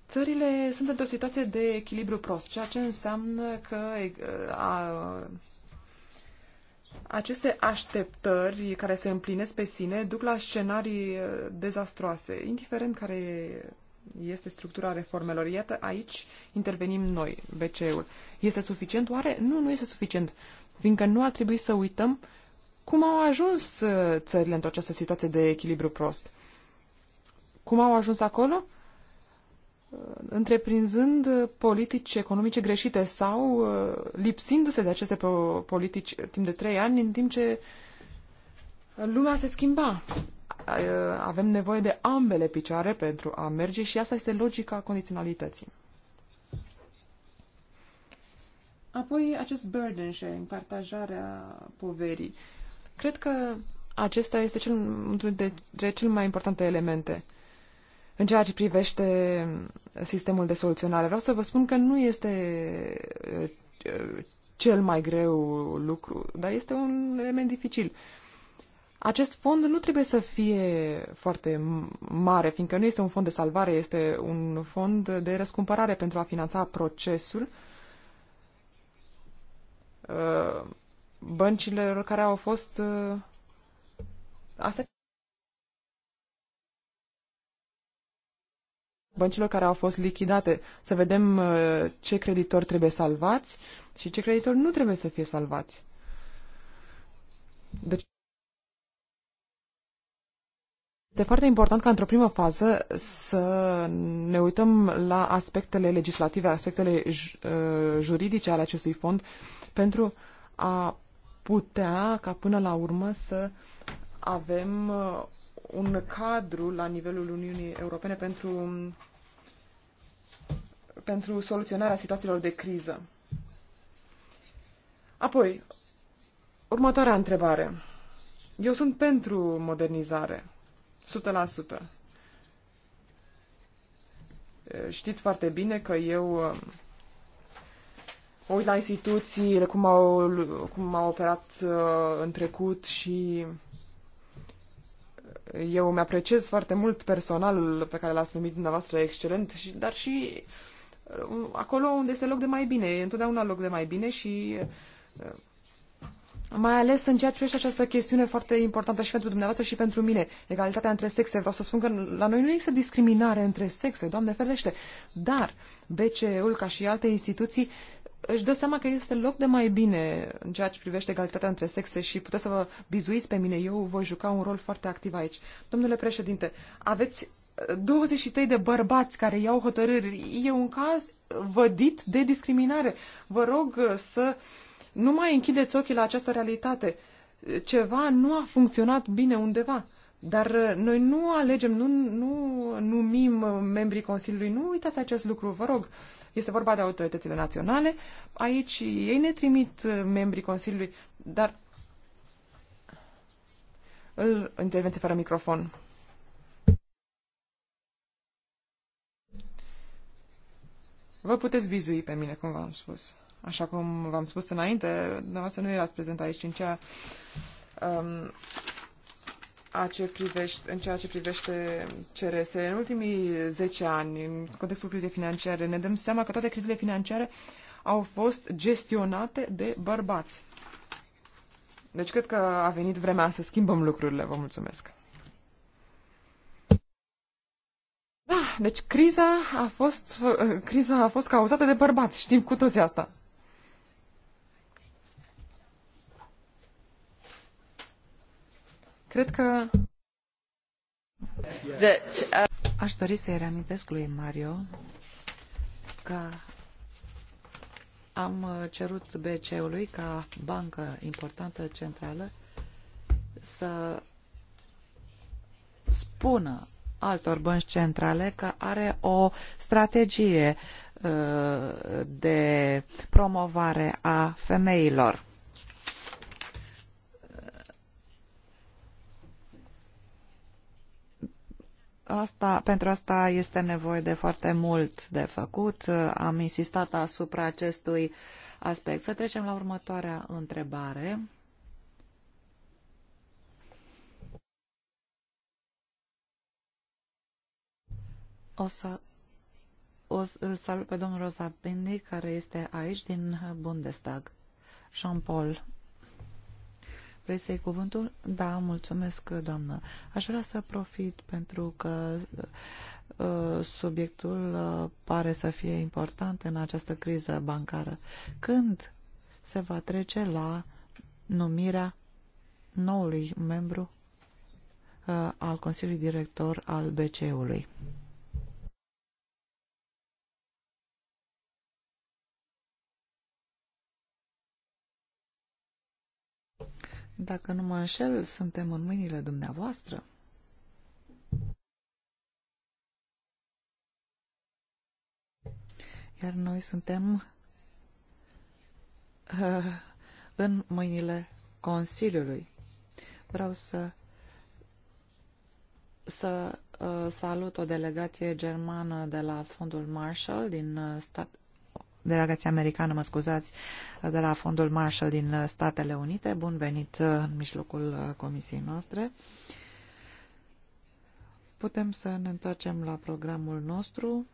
țările sunt într-o situație de echilibru prost, ceea ce înseamnă că aceste așteptări care se împlinesc pe sine duc la scenarii uh, dezastroase, indiferent care este structura reformelor. Iată, aici intervenim noi, BCE-ul. Este suficient? Oare? Nu, nu este suficient, fiindcă nu ar trebui să uităm cum au ajuns uh, țările într-o această situație de echilibru prost. Cum au ajuns acolo? Uh, întreprinzând politici economice greșite sau uh, lipsindu-se de aceste politici timp de trei ani, în timp ce lumea se schimba. Uh, avem nevoie de ambele picioare pentru a merge și asta este logica condiționalității. Apoi acest burden sharing, partajarea poverii. Cred că acesta este cel, unul dintre cele mai importante elemente. Uh, în ceea ce privește sistemul de soluționare, vreau să vă spun că nu este eh, cel mai greu lucru, dar este un element dificil. Acest fond nu trebuie să fie foarte mare, fiindcă nu este un fond de salvare, este un fond de răscumpărare pentru a finanța procesul eh, băncilor care au fost eh, astea băncilor care au fost lichidate, să vedem uh, ce creditori trebuie salvați și ce creditori nu trebuie să fie salvați. Deci este foarte important ca într-o primă fază să ne uităm la aspectele legislative, aspectele uh, juridice ale acestui fond pentru a putea ca până la urmă să avem uh, un cadru la nivelul Uniunii Europene pentru pentru soluționarea situațiilor de criză. Apoi, următoarea întrebare. Eu sunt pentru modernizare, 100%. Știți foarte bine că eu mă uit la instituțiile, cum au, cum au operat uh, în trecut și eu mi-apreciez foarte mult personalul pe care l-ați numit dumneavoastră excelent, și, dar și uh, acolo unde este loc de mai bine. E întotdeauna loc de mai bine și uh, mai ales în ceea ce privește această chestiune foarte importantă și pentru dumneavoastră și pentru mine, egalitatea între sexe. Vreau să spun că la noi nu există discriminare între sexe, Doamne ferește, dar BCE-ul, ca și alte instituții, își dă seama că este loc de mai bine în ceea ce privește egalitatea între sexe și puteți să vă bizuiți pe mine. Eu voi juca un rol foarte activ aici. Domnule președinte, aveți 23 de bărbați care iau hotărâri. E un caz vădit de discriminare. Vă rog să nu mai închideți ochii la această realitate. Ceva nu a funcționat bine undeva. Dar noi nu alegem, nu, nu numim membrii Consiliului. Nu uitați acest lucru, vă rog. Este vorba de autoritățile naționale. Aici ei ne trimit membrii Consiliului, dar... Îl intervenție fără microfon. Vă puteți bizui pe mine, cum v-am spus. Așa cum v-am spus înainte, dumneavoastră nu erați prezent aici în ceea, um, a ce privește, în ceea ce privește CRS. În ultimii 10 ani, în contextul crizei financiare, ne dăm seama că toate crizele financiare au fost gestionate de bărbați. Deci cred că a venit vremea să schimbăm lucrurile. Vă mulțumesc. Deci criza a fost, criza a fost cauzată de bărbați, știm cu toți asta. Cred că... Uh, Aș dori să-i reamintesc lui Mario că am uh, cerut BCE-ului ca bancă importantă centrală să spună altor bănci centrale că are o strategie uh, de promovare a femeilor. Asta, pentru asta este nevoie de foarte mult de făcut. Am insistat asupra acestui aspect. Să trecem la următoarea întrebare. O să o, îl salut pe domnul Rosa Bindi, care este aici din Bundestag. Jean-Paul, vrei să iei cuvântul? Da, mulțumesc, doamnă. Aș vrea să profit pentru că uh, subiectul uh, pare să fie important în această criză bancară. Când se va trece la numirea noului membru uh, al Consiliului Director al BCE-ului? Dacă nu mă înșel, suntem în mâinile dumneavoastră. Iar noi suntem uh, în mâinile Consiliului. Vreau să să uh, salut o delegație germană de la Fondul Marshall din, uh, stat, delegația americană, mă scuzați, de la fondul Marshall din Statele Unite. Bun venit în mijlocul comisiei noastre. Putem să ne întoarcem la programul nostru.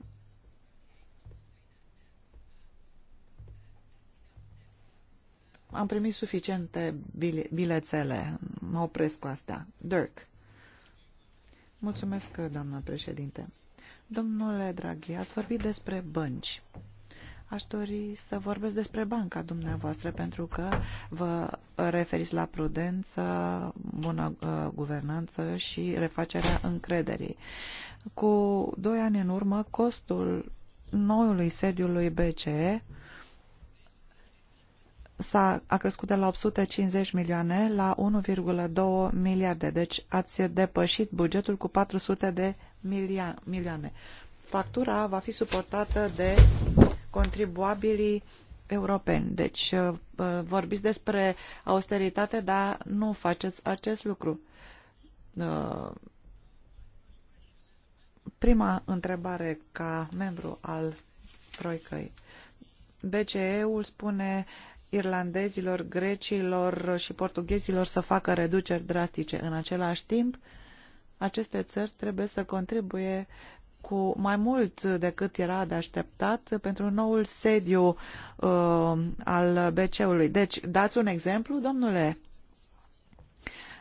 Am primit suficiente bile bilețele. Mă opresc cu asta. Dirk. Mulțumesc, doamnă președinte. Domnule Draghi, ați vorbit despre bănci. Aș dori să vorbesc despre banca dumneavoastră, pentru că vă referiți la prudență, bună uh, guvernanță și refacerea încrederii. Cu doi ani în urmă, costul noiului sediului BCE s-a, a crescut de la 850 milioane la 1,2 miliarde. Deci ați depășit bugetul cu 400 de milioane. Factura va fi suportată de contribuabilii europeni. Deci uh, uh, vorbiți despre austeritate, dar nu faceți acest lucru. Uh, prima întrebare ca membru al Troicăi. BCE-ul spune irlandezilor, grecilor și portughezilor să facă reduceri drastice. În același timp, aceste țări trebuie să contribuie cu mai mult decât era de așteptat pentru noul sediu uh, al BC-ului. Deci, dați un exemplu, domnule?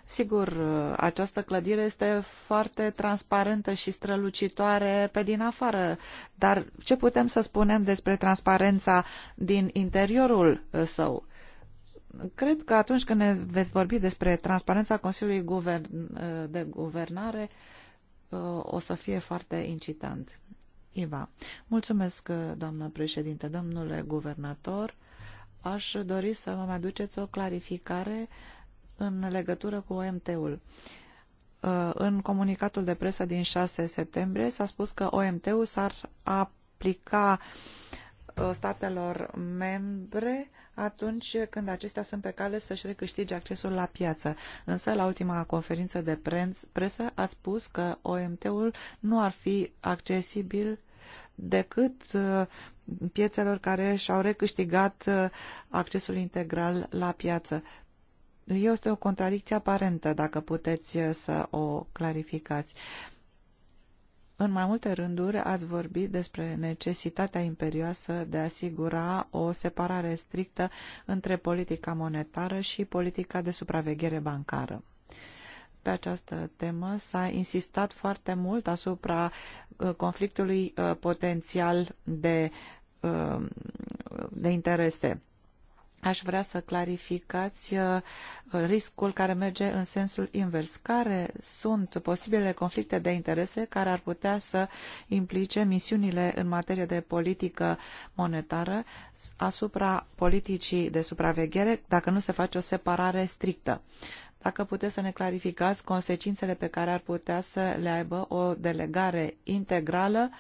Sigur, uh, această clădire este foarte transparentă și strălucitoare pe din afară, dar ce putem să spunem despre transparența din interiorul uh, său? Cred că atunci când ne veți vorbi despre transparența Consiliului uh, de Guvernare, o să fie foarte incitant. Iva. Mulțumesc, doamnă președinte, domnule guvernator. Aș dori să vă mai aduceți o clarificare în legătură cu OMT-ul. Uh, în comunicatul de presă din 6 septembrie s-a spus că OMT-ul s-ar aplica uh, Uh, statelor membre atunci când acestea sunt pe cale să-și recâștige accesul la piață. Însă, la ultima conferință de presă, a spus că OMT-ul nu ar fi accesibil decât uh, piețelor care și-au recâștigat uh, accesul integral la piață. Este o contradicție aparentă, dacă puteți să o clarificați. Uh, în mai multe rânduri ați vorbit despre necesitatea imperioasă de a asigura o separare strictă între politica monetară și politica de supraveghere bancară. Pe această temă s-a insistat foarte mult asupra uh, conflictului uh, potențial de, uh, de interese Aș vrea să clarificați uh, riscul care merge în sensul invers. Care sunt posibilele conflicte de interese care ar putea să implice misiunile în materie de politică monetară asupra politicii de supraveghere dacă nu se face o separare strictă? Dacă puteți să ne clarificați consecințele pe care ar putea să le aibă o delegare integrală uh,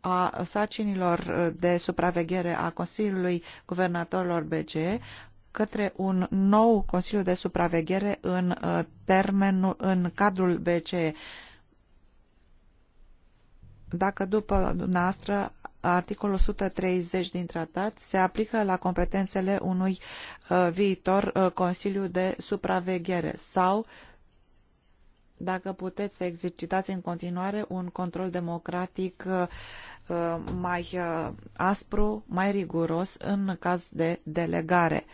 a sarcinilor de supraveghere a Consiliului Guvernatorilor BCE către un nou Consiliu de Supraveghere în, uh, termenul, în cadrul BCE. Dacă după dumneavoastră articolul 130 din tratat se aplică la competențele unui uh, viitor uh, Consiliu de Supraveghere sau uh, dacă puteți să exercitați în continuare un control democratic uh, uh, mai uh, aspru, mai riguros în caz de delegare.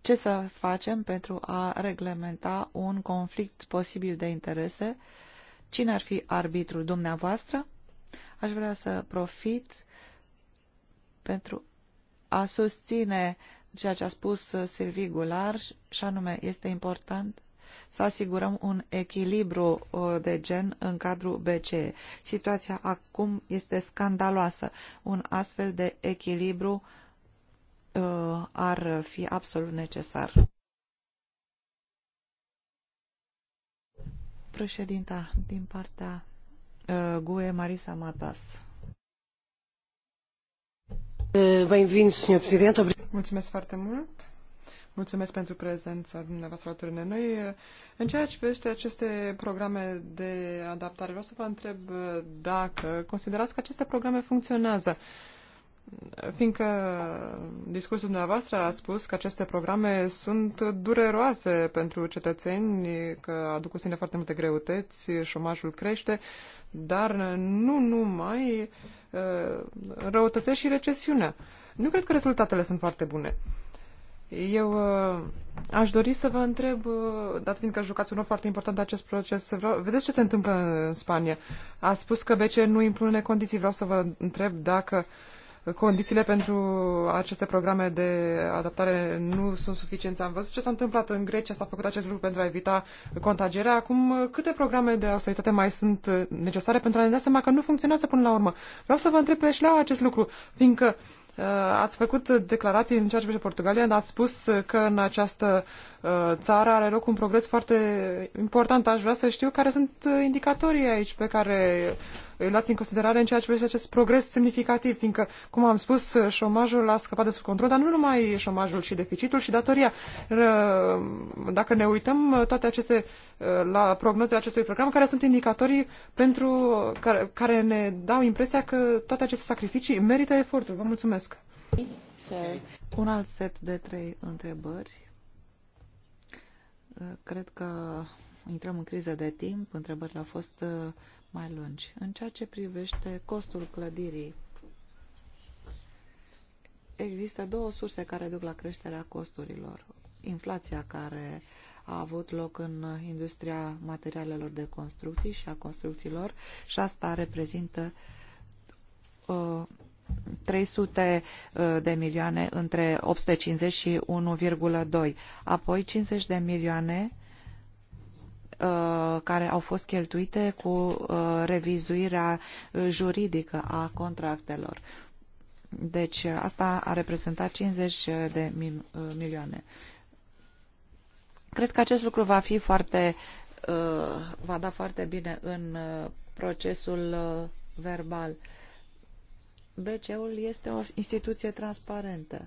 Ce să facem pentru a reglementa un conflict posibil de interese? Cine ar fi arbitrul dumneavoastră? Aș vrea să profit pentru a susține uh, ceea ce a spus uh, Silvi Gular și anume este important să asigurăm un echilibru uh, de gen în cadrul BCE. Situația acum este scandaloasă. Un astfel de echilibru uh, ar fi absolut necesar. Președinta din partea GUE Marisa Matas. Mulțumesc foarte mult. Mulțumesc pentru prezența dumneavoastră alături de noi. În ceea ce privește aceste programe de adaptare, vreau să vă întreb dacă considerați că aceste programe funcționează. Fiindcă discursul dumneavoastră a spus că aceste programe sunt dureroase pentru cetățeni, că aduc cu sine foarte multe greutăți, șomajul crește, dar nu numai. Uh, Uh, răutățesc și recesiunea. Nu cred că rezultatele sunt foarte bune. Eu uh, aș dori să vă întreb, uh, dat fiindcă jucați un rol foarte important acest proces, vreau, vedeți ce se întâmplă în Spania. A spus că BCE nu impune condiții. Vreau să vă întreb dacă uh, condițiile pentru aceste programe de adaptare nu sunt suficiente. Am văzut ce s-a întâmplat în Grecia, s-a făcut acest lucru pentru a evita contagierea. Acum, câte programe de austeritate mai sunt uh, necesare pentru a ne da seama că nu funcționează până la urmă? Vreau să vă întreb pe șleau acest lucru, fiindcă uh, Ați făcut declarații în ceea ce privește Portugalia, ați spus că în această uh, țară are loc un progres foarte important. Aș vrea să știu care sunt indicatorii aici pe care luați în considerare în ceea ce privește acest progres semnificativ, fiindcă, cum am spus, șomajul a scăpat de sub control, dar nu numai șomajul, ci deficitul și datoria. Dacă ne uităm toate aceste la prognozele acestui program, care sunt indicatorii pentru care, care ne dau impresia că toate aceste sacrificii merită efortul. Vă mulțumesc! Un alt set de trei întrebări. Cred că intrăm în criză de timp. Întrebările au fost mai lungi. În ceea ce privește costul clădirii, există două surse care duc la creșterea costurilor. Inflația care a avut loc în industria materialelor de construcții și a construcțiilor și asta reprezintă uh, 300 uh, de milioane între 850 și 1,2. Apoi 50 de milioane Uh, care au fost cheltuite cu uh, revizuirea juridică a contractelor. Deci asta a reprezentat 50 de uh, milioane. Cred că acest lucru va fi foarte va da foarte bine în procesul verbal. BCE-ul este o instituție transparentă.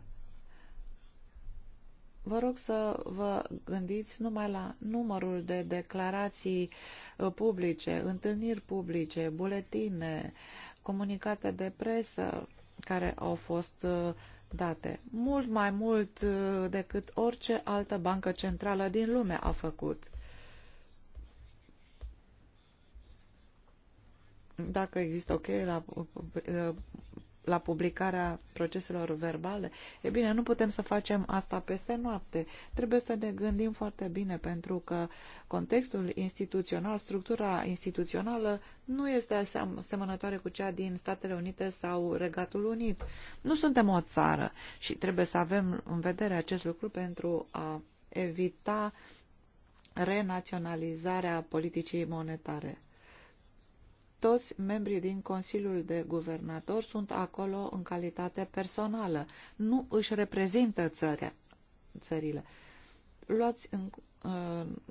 Vă rog să vă gândiți numai la numărul de declarații uh, publice, întâlniri publice, buletine, comunicate de presă care au fost uh, date. Mult mai mult uh, decât orice altă bancă centrală din lume a făcut. Dacă există ok la la publicarea proceselor verbale? E bine, nu putem să facem asta peste noapte. Trebuie să ne gândim foarte bine pentru că contextul instituțional, structura instituțională nu este asemănătoare cu cea din Statele Unite sau Regatul Unit. Nu suntem o țară și trebuie să avem în vedere acest lucru pentru a evita renaționalizarea politicii monetare toți membrii din Consiliul de Guvernatori sunt acolo în calitate personală. Nu își reprezintă țărea, țările. Luați în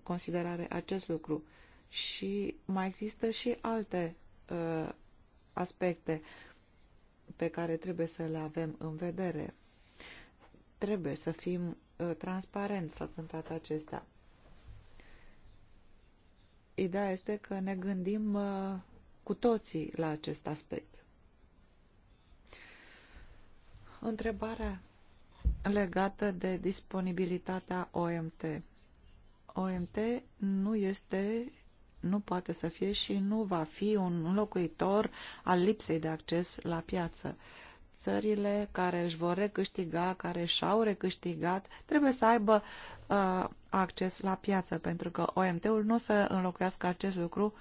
considerare acest lucru. Și mai există și alte uh, aspecte pe care trebuie să le avem în vedere. Trebuie să fim uh, transparent făcând toate acestea ideea este că ne gândim ă, cu toții la acest aspect. Întrebarea legată de disponibilitatea OMT. OMT nu este, nu poate să fie și nu va fi un înlocuitor al lipsei de acces la piață. Țările care își vor recâștiga, care și-au recâștigat, trebuie să aibă uh, acces la piață, pentru că OMT-ul nu o să înlocuiască acest lucru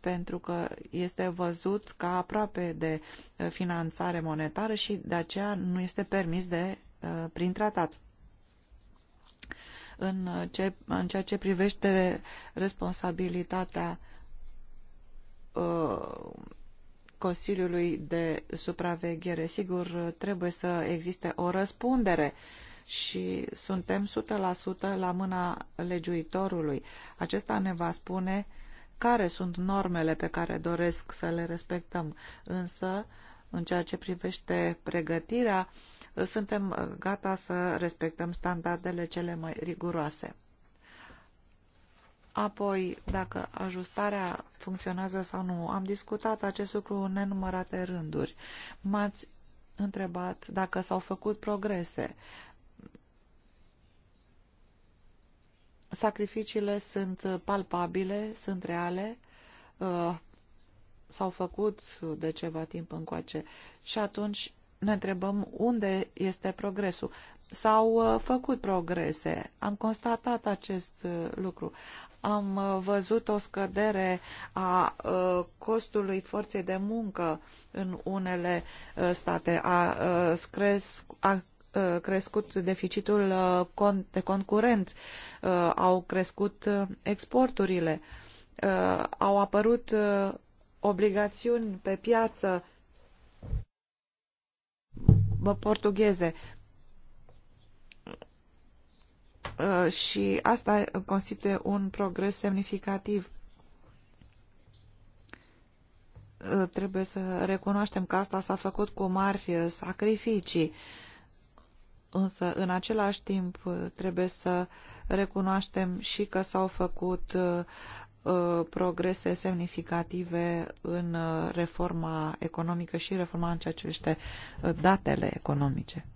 pentru că este văzut ca aproape de uh, finanțare monetară și de aceea nu este permis de, uh, prin tratat. În, uh, ce, în ceea ce privește responsabilitatea Consiliului de Supraveghere, sigur, trebuie să existe o răspundere și suntem 100% la mâna legiuitorului. Acesta ne va spune uh, care sunt normele pe care doresc să le respectăm. Însă, în ceea ce privește pregătirea, suntem gata să respectăm standardele cele mai riguroase. Apoi, dacă ajustarea funcționează sau nu, am discutat acest lucru în nenumărate rânduri. M-ați întrebat dacă s-au făcut progrese. Sacrificiile sunt uh, palpabile, sunt reale, uh, s-au făcut de ceva timp încoace și atunci ne întrebăm unde este progresul. S-au uh, făcut progrese, am constatat acest lucru. Am văzut o scădere a costului forței de muncă în unele state, a, scres, a Uh, crescut deficitul uh, de concurent, uh, au crescut exporturile, au apărut obligațiuni pe piață portugheze. Și asta constituie un progres semnificativ trebuie să recunoaștem că asta s-a făcut cu mari sacrificii însă în același timp trebuie să recunoaștem și că s-au făcut uh, progrese semnificative în uh, reforma economică și reforma în ceea ce privește uh, datele economice.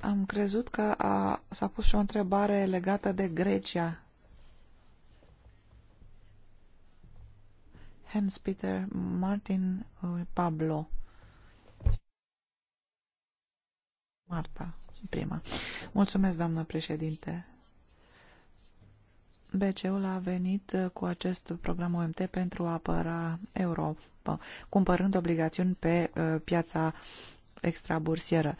am crezut că a, s-a pus și o întrebare legată de Grecia. Hans Peter Martin uh, Pablo. Marta, prima. Mulțumesc, doamnă președinte. BCE-ul a venit uh, cu acest program OMT pentru a apăra Europa, cumpărând obligațiuni pe uh, piața extrabursieră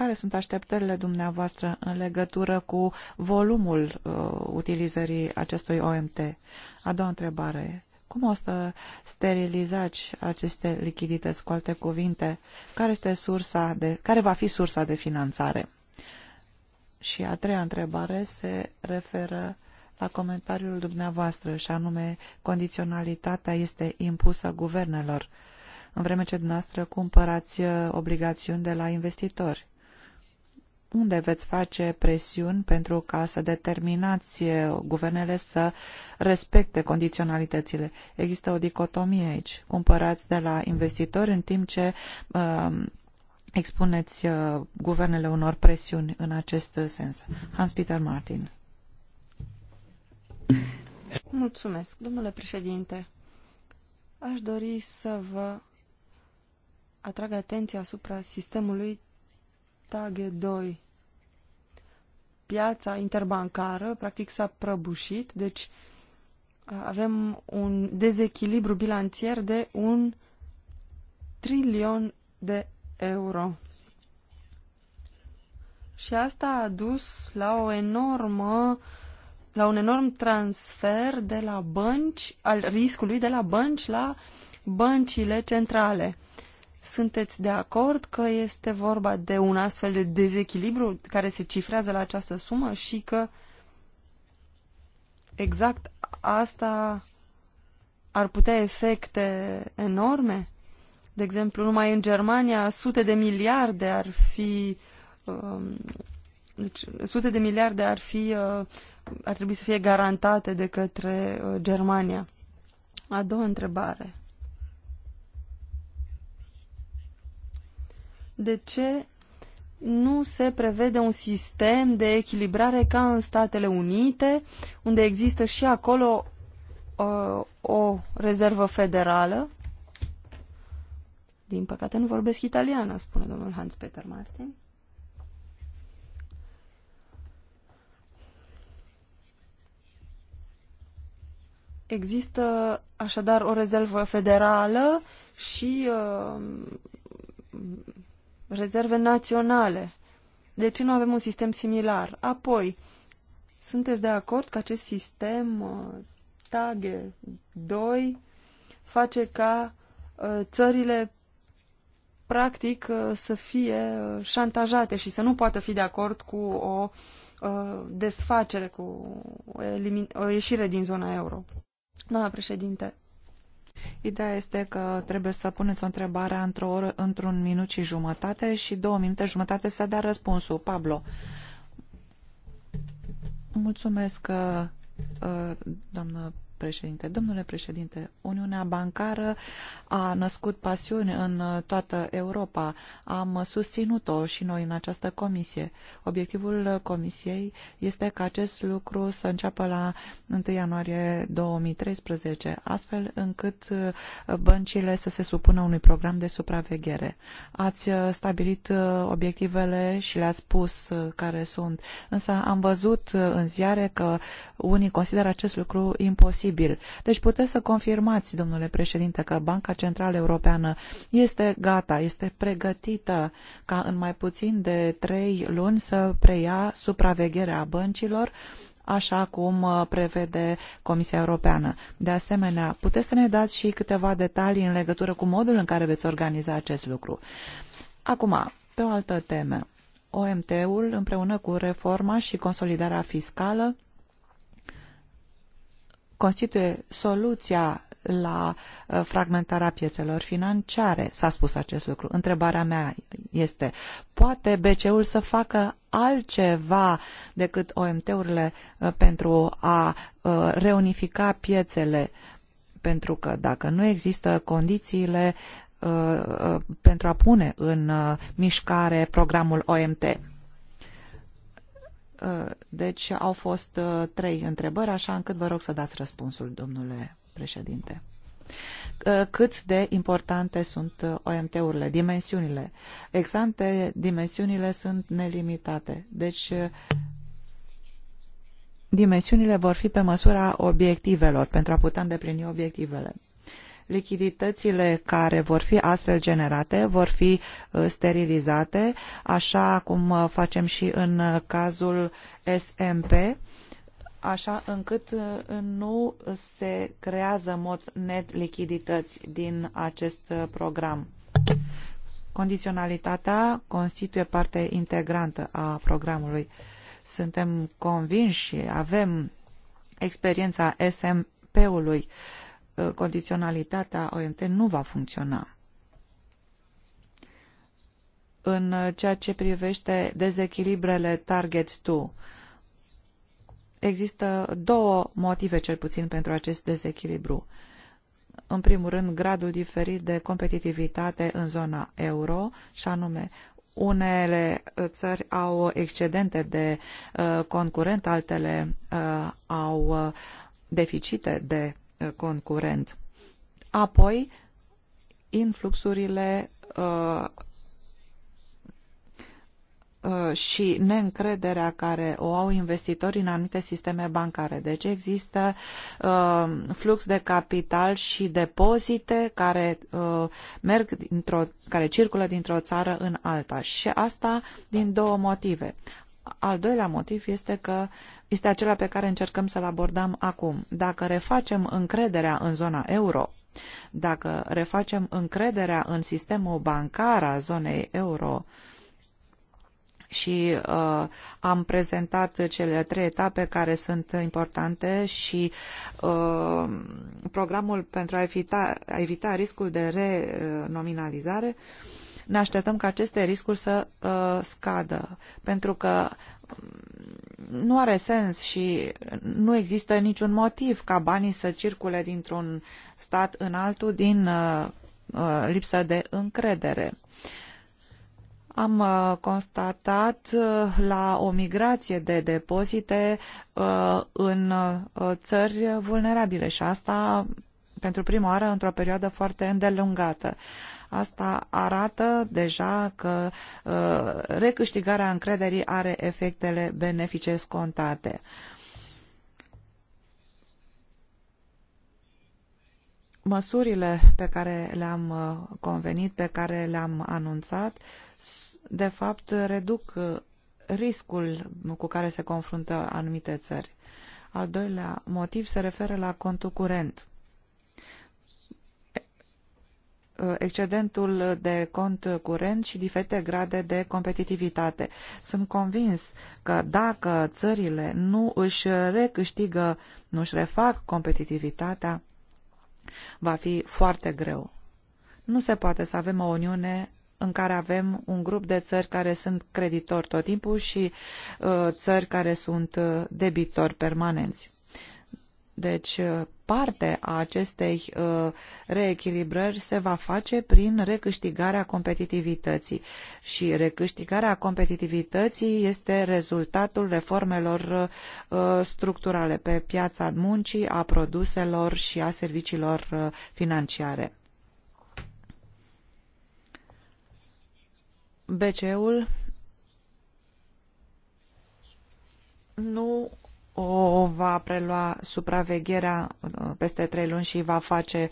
care sunt așteptările dumneavoastră în legătură cu volumul uh, utilizării acestui OMT? A doua întrebare. Cum o să sterilizați aceste lichidități, cu alte cuvinte? Care, este sursa de, care va fi sursa de finanțare? Și a treia întrebare se referă la comentariul dumneavoastră, și anume, condiționalitatea este impusă guvernelor, în vreme ce dumneavoastră cumpărați uh, obligațiuni de la investitori unde veți face presiuni pentru ca să determinați eh, guvernele să respecte condiționalitățile. Există o dicotomie aici. Cumpărați de la investitori în timp ce uh, expuneți uh, guvernele unor presiuni în acest sens. Hans-Peter Martin. Mulțumesc, domnule președinte. Aș dori să vă atrag atenția asupra sistemului TAGE 2. Piața interbancară, practic, s-a prăbușit, deci avem un dezechilibru bilanțier de un trilion de euro. Și asta a dus la o enormă la un enorm transfer de la bănci, al riscului de la bănci la băncile centrale. Sunteți de acord că este vorba de un astfel de dezechilibru care se cifrează la această sumă și că exact asta ar putea efecte enorme? De exemplu, numai în Germania sute de miliarde ar fi um, deci, sute de miliarde ar fi uh, ar trebui să fie garantate de către uh, Germania. A doua întrebare. de ce nu se prevede un sistem de echilibrare ca în Statele Unite, unde există și acolo uh, o rezervă federală. Din păcate nu vorbesc italiană, spune domnul Hans-Peter Martin. Există așadar o rezervă federală și uh, rezerve naționale. De ce nu avem un sistem similar? Apoi, sunteți de acord că acest sistem uh, TAGE 2 face ca uh, țările practic uh, să fie șantajate și să nu poată fi de acord cu o desfacere, cu o, o ieșire din zona euro. Doamna președinte, Ideea este că trebuie să puneți o întrebare într-o oră, într-un minut și jumătate și două minute jumătate să dea răspunsul. Pablo. Mulțumesc, uh, uh, doamnă președinte. Domnule președinte, Uniunea Bancară a născut pasiuni în uh, toată Europa. Am susținut-o și noi în această comisie. Obiectivul uh, comisiei este ca acest lucru să înceapă la 1 ianuarie 2013, astfel încât uh, băncile să se supună unui program de supraveghere. Ați stabilit obiectivele și le-ați pus care sunt, însă am văzut în ziare că unii consideră acest lucru imposibil posibil. Deci puteți să confirmați, domnule președinte, că Banca Centrală Europeană este gata, este pregătită ca în mai puțin de trei luni să preia supravegherea băncilor așa cum uh, prevede Comisia Europeană. De asemenea, puteți să ne dați și câteva detalii în legătură cu modul în care veți organiza acest lucru. Acum, pe o altă temă. OMT-ul împreună cu reforma și consolidarea fiscală constituie soluția la uh, fragmentarea piețelor financiare. S-a spus acest lucru. Întrebarea mea este, poate BCE-ul să facă altceva decât OMT-urile uh, pentru a uh, reunifica piețele? Pentru că dacă nu există condițiile pentru a pune în mișcare programul OMT. Eh, deci au fost eh, trei întrebări, așa încât vă rog să dați răspunsul, domnule președinte. Eh, cât de importante sunt OMT-urile, dimensiunile. Exante, dimensiunile sunt nelimitate. Deci dimensiunile vor fi pe măsura obiectivelor, pentru a putea îndeplini obiectivele lichidităile care vor fi astfel generate vor fi uh, sterilizate, așa cum uh, facem și în uh, cazul SMP, așa încât nu se creează în mod net lichidităi din acest program. Condiționalitatea constituie parte integrantă a programului. Suntem convinși și avem experiența SMP-ului uh, condiționalitatea OMT nu va funcționa. În ceea ce privește dezechilibrele Target 2, există două motive cel puțin pentru acest dezechilibru. În primul rând, gradul diferit de competitivitate în zona euro, și anume unele uh, țări au excedente de uh, concurent, altele uh, au uh, deficite de concurent. Apoi, influxurile uh, uh, și neîncrederea care o au investitorii în anumite sisteme bancare. Deci există uh, flux de capital și depozite care uh, merg dintr-o, care circulă dintr-o țară în alta și asta din două motive. Al doilea motiv este că uh, este acela pe care încercăm să-l abordăm acum. Dacă refacem încrederea în zona euro, dacă refacem încrederea în sistemul bancar al zonei euro, și uh, am prezentat cele trei etape care sunt importante și uh, programul pentru a evita, a evita riscul de renominalizare, ne așteptăm ca aceste riscuri să uh, scadă, pentru că nu are sens și nu există niciun motiv ca banii să circule dintr-un stat în altul din uh, uh, lipsă de încredere. Am uh, constatat la o migrație de depozite în țări vulnerabile și asta pentru prima oară într-o perioadă foarte îndelungată. Asta arată deja că uh, recâștigarea încrederii are efectele benefice scontate. Măsurile pe care le-am uh, convenit, pe care le-am anunțat, de fapt reduc uh, riscul cu care se confruntă anumite țări. Al doilea motiv se referă la contul curent. excedentul de cont curent și diferite grade de competitivitate. Sunt convins că dacă țările nu își recâștigă, nu își refac competitivitatea, va fi foarte greu. Nu se poate să avem o Uniune în care avem un grup de țări care sunt creditori tot timpul și uh, țări care sunt uh, debitori permanenți. Deci, uh, parte a acestei uh, reechilibrări se va face prin recâștigarea competitivității. Și recâștigarea competitivității este rezultatul reformelor uh, structurale pe piața muncii, a produselor și a serviciilor uh, financiare. BCE-ul nu o va prelua supravegherea uh, peste trei luni și va face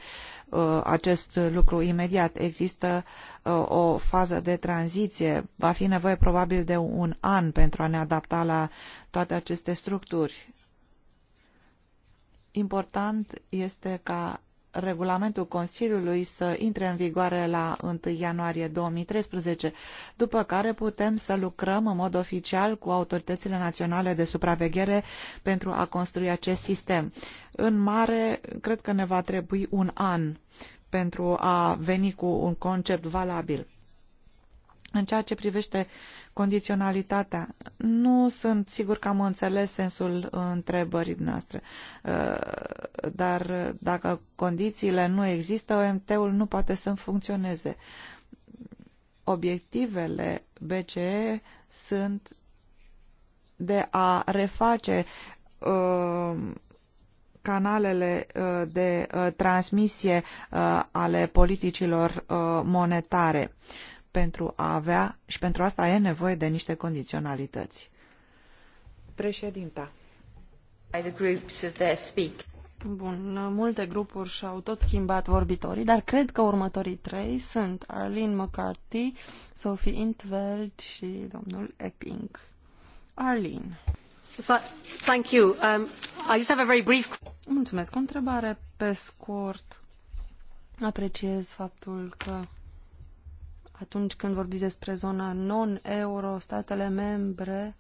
uh, acest lucru imediat. Există uh, o fază de tranziție, va fi nevoie probabil de un an pentru a ne adapta la toate aceste structuri. Important este ca regulamentul Consiliului să intre în vigoare la 1 ianuarie 2013, după care putem să lucrăm în mod oficial cu autoritățile naționale de supraveghere pentru a construi acest sistem. În mare, cred că ne va trebui un an pentru a veni cu un concept valabil. În ceea ce privește condiționalitatea, nu sunt sigur că am înțeles sensul întrebării noastre, uh, dar dacă condițiile nu există, OMT-ul nu poate să funcționeze. Obiectivele BCE sunt de a reface uh, canalele uh, de transmisie ale politicilor monetare pentru a avea și pentru asta e nevoie de niște condiționalități. Președinta. Bun, multe grupuri și-au tot schimbat vorbitorii, dar cred că următorii trei sunt Arlene McCarthy, Sophie Intveld și domnul Epping. Arlene. Thank you. Um, I just have a very brief... Mulțumesc. O întrebare pe scurt. Apreciez faptul că atunci când vorbiți despre zona non-euro, statele membre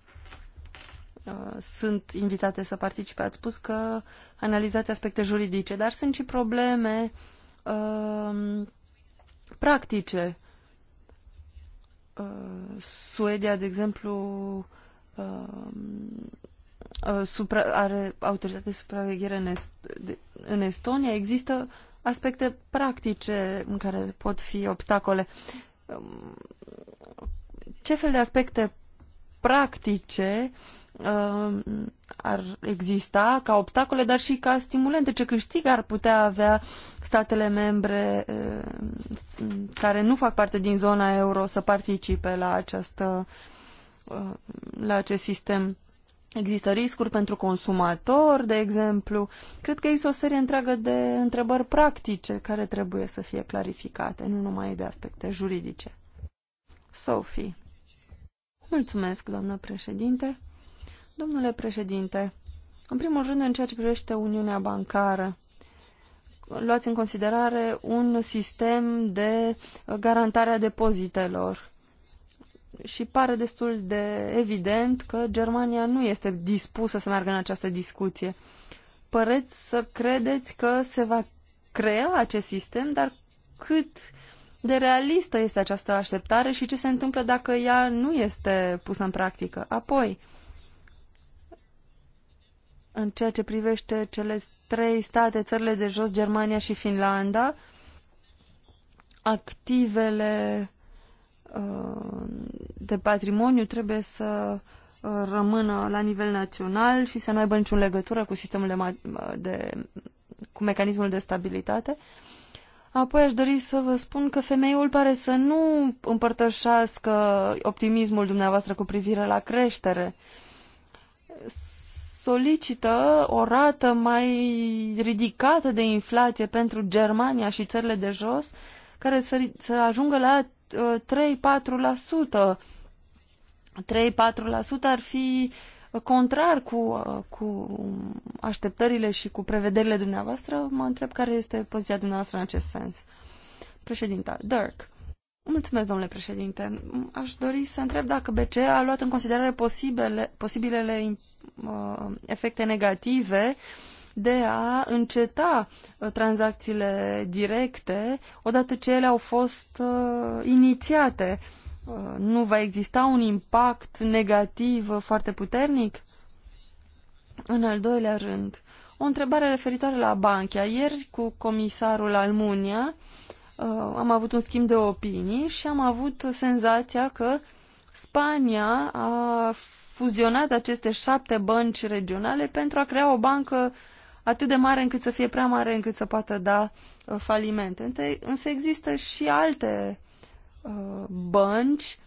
uh, sunt invitate să participe. Ați spus că analizați aspecte juridice, dar sunt și probleme uh, practice. Uh, Suedia, de exemplu, uh, uh, supra, are autoritate de supraveghere în, Est, de, în Estonia. Există aspecte practice în care pot fi obstacole. Um, ce fel de aspecte practice um, ar exista ca obstacole, dar și ca stimulente. Ce câștig ar putea avea statele membre um, care nu fac parte din zona euro să participe la, această, uh, la acest sistem? Există riscuri pentru consumator, de exemplu. Cred că există o serie întreagă de întrebări practice care trebuie să fie clarificate, nu numai de aspecte juridice. Sophie. Mulțumesc, doamnă președinte. Domnule președinte, în primul rând, în ceea ce privește Uniunea Bancară, luați în considerare un sistem de garantare a depozitelor și pare destul de evident că Germania nu este dispusă să meargă în această discuție. Păreți să credeți că se va crea acest sistem, dar cât de realistă este această așteptare și ce se întâmplă dacă ea nu este pusă în practică. Apoi, în ceea ce privește cele trei state, țările de jos, Germania și Finlanda, activele Uh, de patrimoniu trebuie să uh, rămână la nivel național și să nu aibă niciun legătură cu sistemul de, uh, de cu mecanismul de stabilitate. Apoi aș dori să vă spun că femeiul pare să nu împărtășească optimismul dumneavoastră cu privire la creștere. Solicită o rată mai ridicată de inflație pentru Germania și țările de jos, care să, să ajungă la 3-4%. 3-4% ar fi contrar cu, cu așteptările și cu prevederile dumneavoastră. Mă întreb care este poziția dumneavoastră în acest sens. Președinta, Dirk. Mulțumesc, domnule președinte. Aș dori să întreb dacă BCE a luat în considerare posibile, posibilele uh, efecte negative uh, de a înceta uh, tranzacțiile directe odată ce ele au fost uh, inițiate. Uh, nu va exista un impact negativ foarte puternic? În al doilea rând, o întrebare referitoare la Banchea. Ieri cu comisarul Almunia am avut un schimb de opinii și am avut senzația că Spania a fuzionat aceste șapte bănci regionale pentru a crea o bancă atât de mare încât să fie prea mare încât să poată da uh, faliment. falimente. Însă există și alte uh, bănci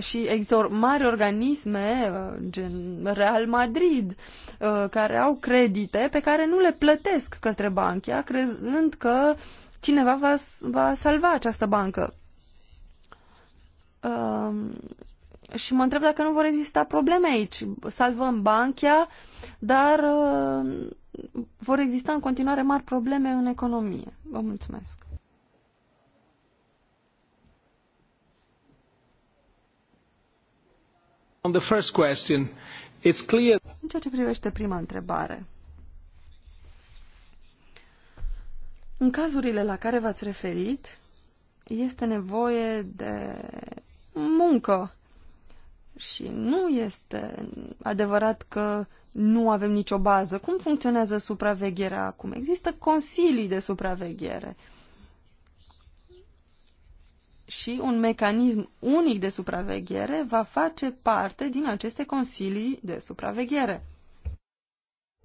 și mari organisme, uh, gen Real Madrid, care au credite pe care nu le plătesc către banchia, crezând că cineva va, va salva această bancă. Um, și mă întreb dacă nu vor exista probleme aici. Salvăm banchia, dar vor exista în continuare mari probleme în economie. Vă mulțumesc! On the first question, it's clear... În ceea ce privește prima întrebare, în cazurile la care v-ați referit, este nevoie de muncă și nu este adevărat că nu avem nicio bază. Cum funcționează supravegherea acum? Există consilii de supraveghere și un mecanism unic de supraveghere va face parte din aceste consilii de supraveghere.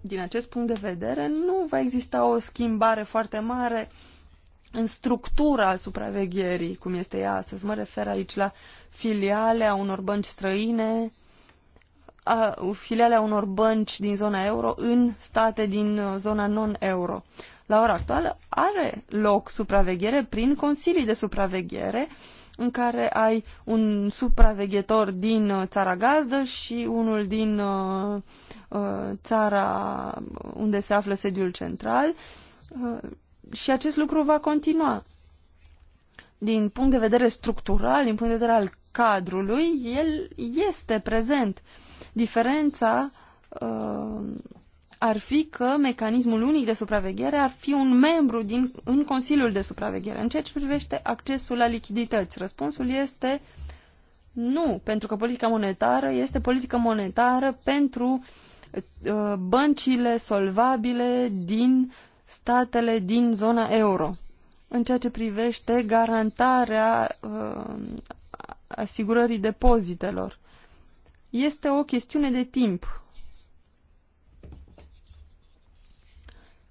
Din acest punct de vedere, nu va exista o schimbare foarte mare în structura supravegherii, cum este ea astăzi. Mă refer aici la filiale a unor bănci străine, a, filiale a unor bănci din zona euro în state din uh, zona non-euro. La ora actuală are loc supraveghere prin consilii de supraveghere în care ai un supraveghetor din uh, țara gazdă și unul din uh, uh, țara unde se află sediul central uh, și acest lucru va continua. Din punct de vedere structural, din punct de vedere al cadrului, el este prezent. Uh, Diferența uh, ar fi că mecanismul unic de supraveghere ar fi un membru din, în Consiliul de Supraveghere. În ceea ce privește accesul la lichidități, răspunsul este nu, pentru că politica monetară este politică monetară pentru uh, băncile solvabile din statele din zona euro. În ceea ce privește garantarea uh, asigurării depozitelor. Este o chestiune de timp.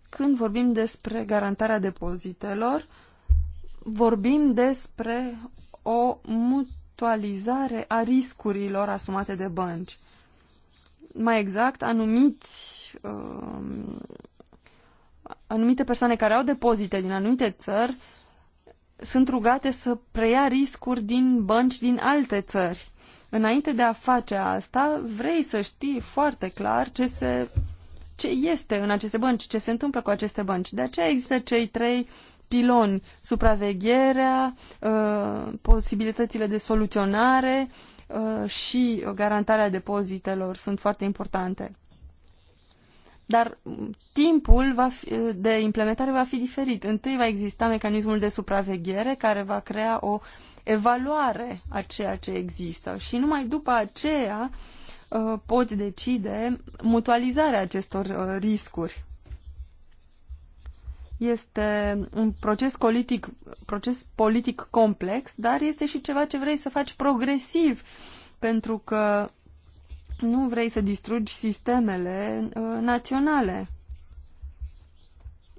Când vorbim despre garantarea depozitelor, vorbim despre o mutualizare a riscurilor asumate de bănci. Mai exact, anumiți uh, anumite persoane care au depozite din anumite țări sunt rugate să preia riscuri din bănci din alte țări. Înainte de a face asta, vrei să știi foarte clar ce se ce este în aceste bănci, ce se întâmplă cu aceste bănci. De aceea există cei trei piloni, supravegherea, uh, posibilitățile de soluționare uh, și garantarea depozitelor sunt foarte importante dar mm, timpul va fi, eh, de implementare va fi diferit. Întâi va exista mecanismul de supraveghere care va crea o evaluare a ceea ce există și numai după aceea eh, poți decide mutualizarea acestor eh, riscuri. Este un proces politic, proces politic complex, dar este și ceva ce vrei să faci progresiv, pentru că nu vrei să distrugi sistemele uh, naționale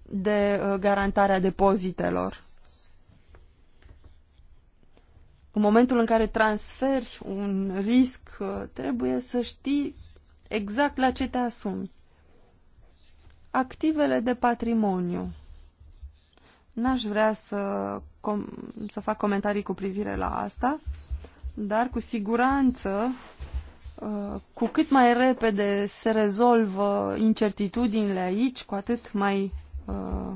de uh, garantarea depozitelor. În momentul în care transferi un risc, uh, trebuie să știi exact la ce te asumi. Activele de patrimoniu. N-aș vrea să, să fac comentarii cu privire la asta, dar cu siguranță Uh, cu cât mai repede se rezolvă incertitudinile aici, cu atât mai uh,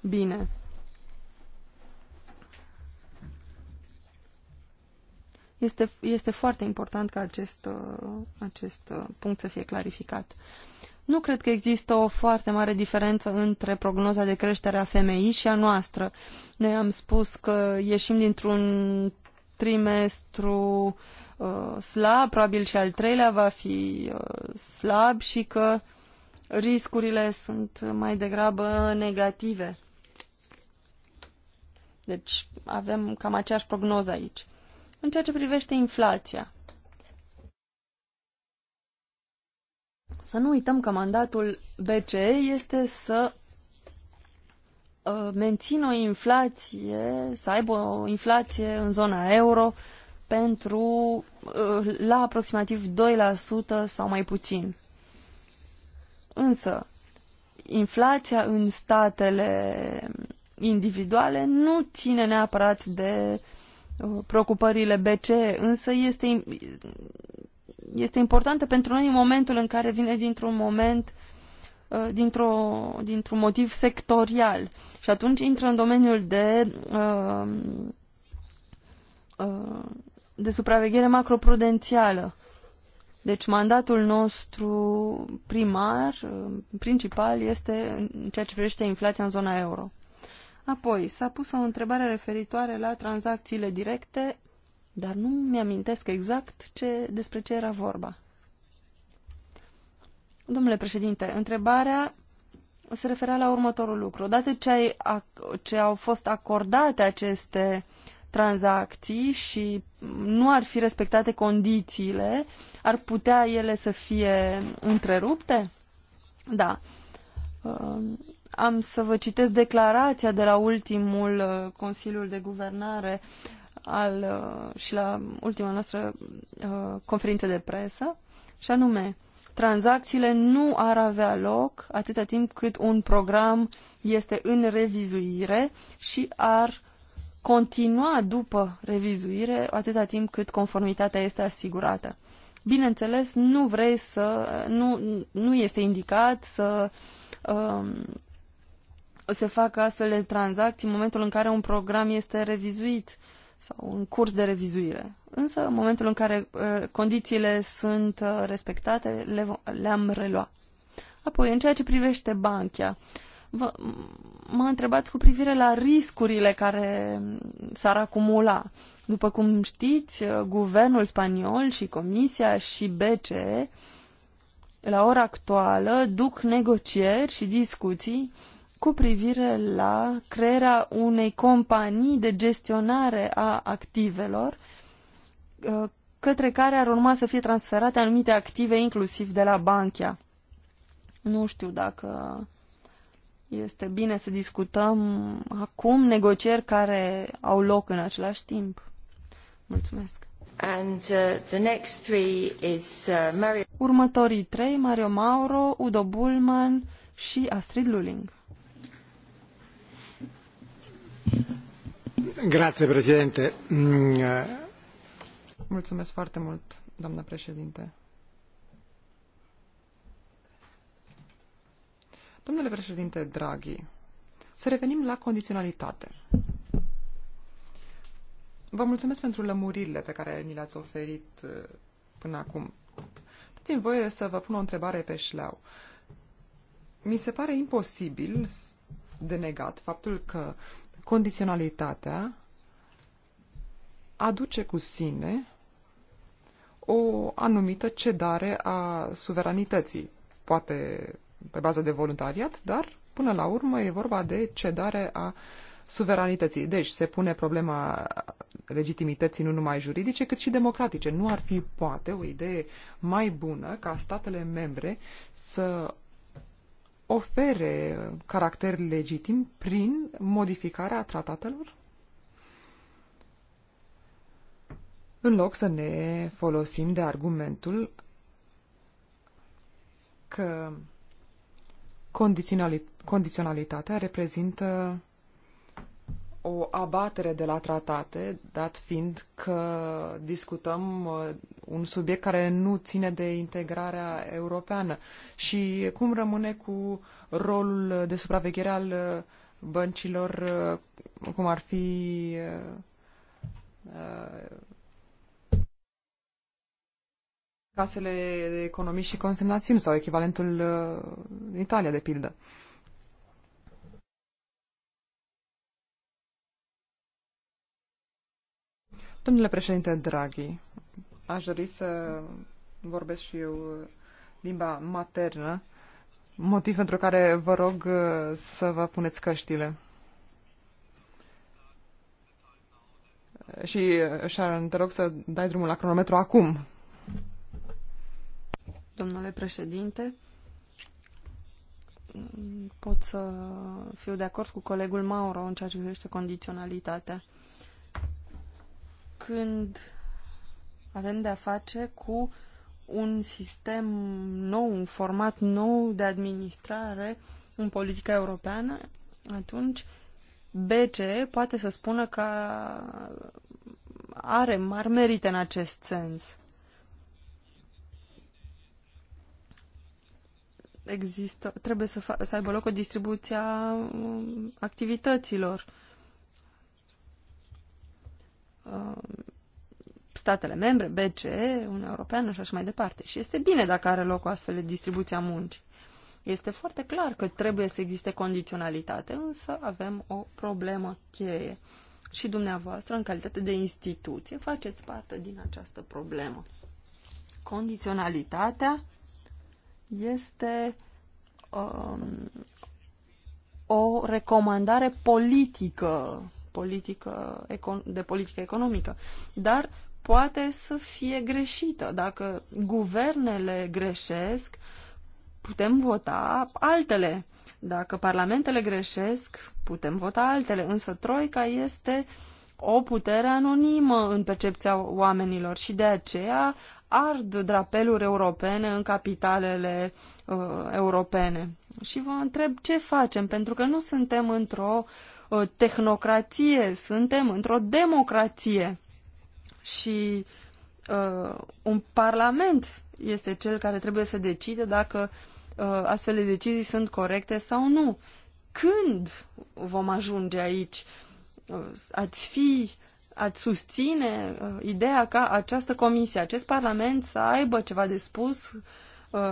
bine. Este, este foarte important ca acest, uh, acest uh, punct să fie clarificat. Nu cred că există o foarte mare diferență între prognoza de creștere a femeii și a noastră. Noi am spus că ieșim dintr-un trimestru uh, Uh, slab, probabil și al treilea va fi uh, slab și că riscurile sunt mai degrabă negative. Deci avem cam aceeași prognoză aici. În ceea ce privește inflația, să nu uităm că mandatul BCE este să uh, mențină o inflație, să aibă o inflație în zona euro pentru uh, la aproximativ 2% sau mai puțin. Însă, inflația în statele individuale nu ține neapărat de uh, preocupările BCE, însă este, este importantă pentru noi în momentul în care vine dintr-un moment uh, dintr-o, dintr-un motiv sectorial și atunci intră în domeniul de uh, uh, de supraveghere macroprudențială. Deci mandatul nostru primar, uh, principal, este în ceea ce privește inflația în zona euro. Apoi, s-a pus o întrebare referitoare la tranzacțiile directe, dar nu mi-amintesc exact ce, despre ce era vorba. Domnule președinte, întrebarea se referea la următorul lucru. Odată ce, ai, ce au fost acordate aceste tranzacții și nu ar fi respectate condițiile, ar putea ele să fie întrerupte? Da. Uh, am să vă citesc declarația de la ultimul uh, Consiliul de Guvernare al, uh, și la ultima noastră conferință de presă, și anume, tranzacțiile nu ar avea loc atâta timp cât un program este în revizuire și ar continua după revizuire atâta timp cât conformitatea este asigurată. Bineînțeles, nu vrei să, nu, nu este indicat să um, se facă astfel de tranzacții în momentul în care un program este revizuit sau în curs de revizuire. Însă, în momentul în care uh, condițiile sunt uh, respectate, le, le-am reluat. Apoi, în ceea ce privește banchia, vă, mă întrebați cu privire la riscurile care s-ar acumula. După cum știți, guvernul spaniol și Comisia și BCE la ora actuală duc negocieri și discuții cu privire la crearea unei companii de gestionare a activelor uh, către care ar urma să fie transferate anumite active inclusiv de la Banchia. Nu știu dacă este bine să discutăm acum negocieri care au loc în același timp. Mulțumesc. And, uh, the next three is, uh, Mario... Următorii trei, Mario Mauro, Udo Bullman și Astrid Luling. Grazie, președinte. Mm, uh, Mulțumesc foarte mult, doamnă președinte. Domnule președinte Draghi, să revenim la condiționalitate. Vă mulțumesc pentru lămuririle pe care ni le-ați oferit uh, până acum. Dați-mi voie să vă pun o întrebare pe șleau. Mi se pare imposibil de negat faptul că condiționalitatea aduce cu sine o anumită cedare a suveranității. Poate pe bază de voluntariat, dar până la urmă e vorba de cedare a suveranității. Deci se pune problema legitimității nu numai juridice, cât și democratice. Nu ar fi poate o idee mai bună ca statele membre să ofere caracter legitim prin modificarea tratatelor? În loc să ne folosim de argumentul că condiționalitatea reprezintă o abatere de la tratate, dat fiind că discutăm uh, un subiect care nu ține de integrarea europeană. Și cum rămâne cu rolul de supraveghere al uh, băncilor, uh, cum ar fi casele de economii și consemnațiuni sau echivalentul uh, în Italia, de pildă. Domnule președinte Draghi, aș dori să vorbesc și eu limba maternă, motiv pentru care vă rog uh, să vă puneți căștile. Și, uh, Sharon, te rog să dai drumul la cronometru acum, domnule președinte. Pot să fiu de acord cu colegul Mauro în ceea ce privește condiționalitatea. Când avem de-a face cu un sistem nou, un format nou de administrare în politica europeană, atunci BCE poate să spună că are mari merite în acest sens. există, trebuie să, să aibă loc o distribuție a mm, activităților. Um, statele membre, BCE, Uniunea Europeană și așa mai departe. Și este bine dacă are loc o astfel de distribuție a muncii. Este foarte clar că trebuie să existe condiționalitate, însă avem o problemă cheie. Și dumneavoastră, în calitate de instituție, faceți parte din această problemă. Condiționalitatea este um, o recomandare politică, politică de politică economică, dar poate să fie greșită. Dacă guvernele greșesc, putem vota altele. Dacă parlamentele greșesc, putem vota altele. Însă Troica este o putere anonimă în percepția oamenilor și de aceea ard drapeluri europene în capitalele uh, europene. Și vă întreb ce facem, pentru că nu suntem într-o uh, tehnocrație, suntem într-o democrație. Și uh, un parlament este cel care trebuie să decide dacă uh, astfel de decizii sunt corecte sau nu. Când vom ajunge aici? Uh, ați fi uh, ați susține uh, ideea ca această comisie, acest parlament să aibă ceva de spus uh,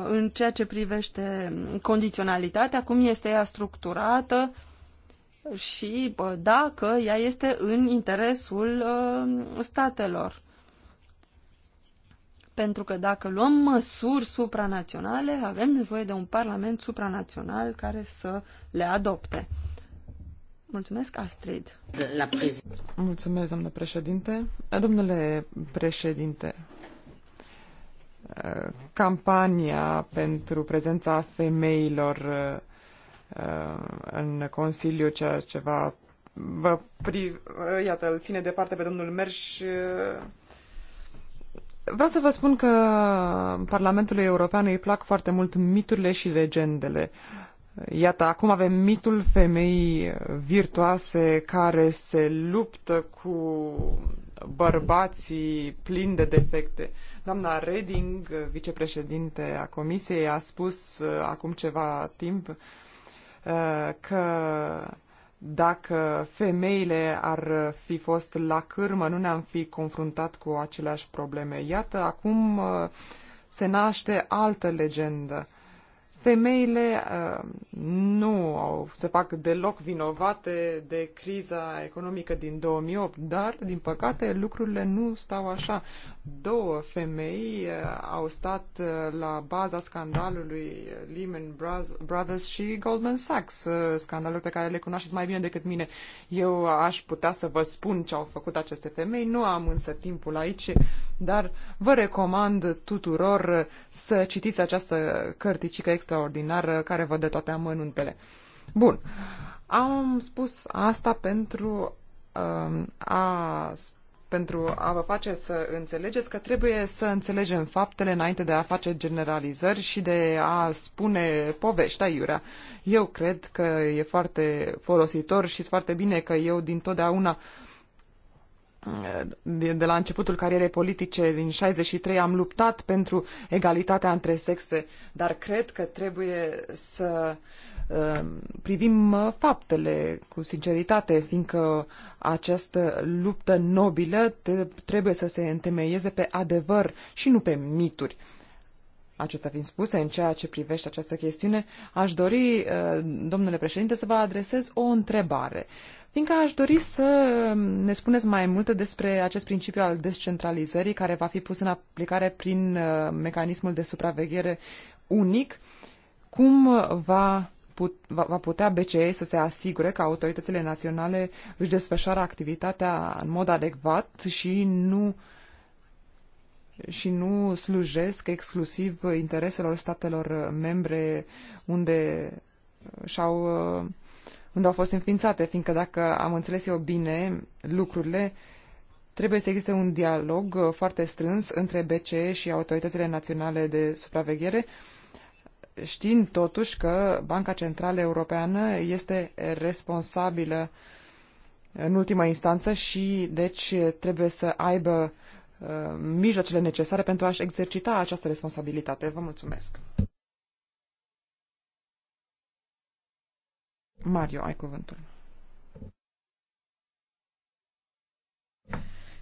în ceea ce privește condiționalitatea, cum este ea structurată și uh, dacă ea este în interesul uh, statelor. Pentru că dacă luăm măsuri supranaționale, avem nevoie de un parlament supranațional care să le adopte. Mulțumesc, Astrid. La Mulțumesc, doamnă președinte. Domnule președinte, campania pentru prezența femeilor uh, în Consiliu, ceea ce va vă priv... Iată, îl ține departe pe domnul Merș. Uh, vreau să vă spun că Parlamentului European îi plac foarte mult miturile și legendele. Uh, Iată, acum avem mitul femeii virtuoase care se luptă cu bărbații plini de defecte. Doamna Reding, vicepreședinte a Comisiei, a spus uh, acum ceva timp uh, că dacă femeile ar fi fost la cârmă, nu ne-am fi confruntat cu aceleași probleme. Iată, acum uh, se naște altă legendă Femeile uh, nu au, se fac deloc vinovate de criza economică din 2008, dar, din păcate, lucrurile nu stau așa. Două femei uh, au stat uh, la baza scandalului Lehman Brothers și Goldman Sachs, scandalul pe care le cunoașteți mai bine decât mine. Eu aș putea să vă spun ce au făcut aceste femei, nu am însă timpul aici, dar vă recomand tuturor să citiți această cărticică extra extraordinar care vă dă toate amănuntele. Bun. Am spus asta pentru um, a pentru a vă face să înțelegeți că trebuie să înțelegem faptele înainte de a face generalizări și de a spune povești da, iurea. Eu cred că e foarte folositor și foarte bine că eu din totdeauna uh, de la începutul carierei politice din 63 am luptat pentru egalitatea între sexe, dar cred că trebuie să um, privim uh, faptele cu sinceritate, fiindcă această luptă nobilă trebuie să se întemeieze pe adevăr și nu pe mituri. Acestea fiind spuse, în ceea ce privește această chestiune, aș dori, uh, domnule președinte, să vă adresez o întrebare fiindcă aș dori să ne spuneți mai multe despre acest principiu al descentralizării care va fi pus în aplicare prin uh, mecanismul de supraveghere unic. Cum va, put, va, va putea BCE să se asigure că autoritățile naționale își desfășoară activitatea în mod adecvat și nu și nu slujesc exclusiv intereselor statelor membre unde și-au uh, unde au fost înființate, fiindcă dacă am înțeles eu bine lucrurile, trebuie să existe un dialog uh, foarte strâns între BCE și autoritățile naționale de supraveghere, știind totuși că Banca Centrală Europeană este responsabilă în ultima instanță și deci trebuie să aibă uh, mijloacele necesare pentru a-și exercita această responsabilitate. Vă mulțumesc! Mario, ai cuvântul.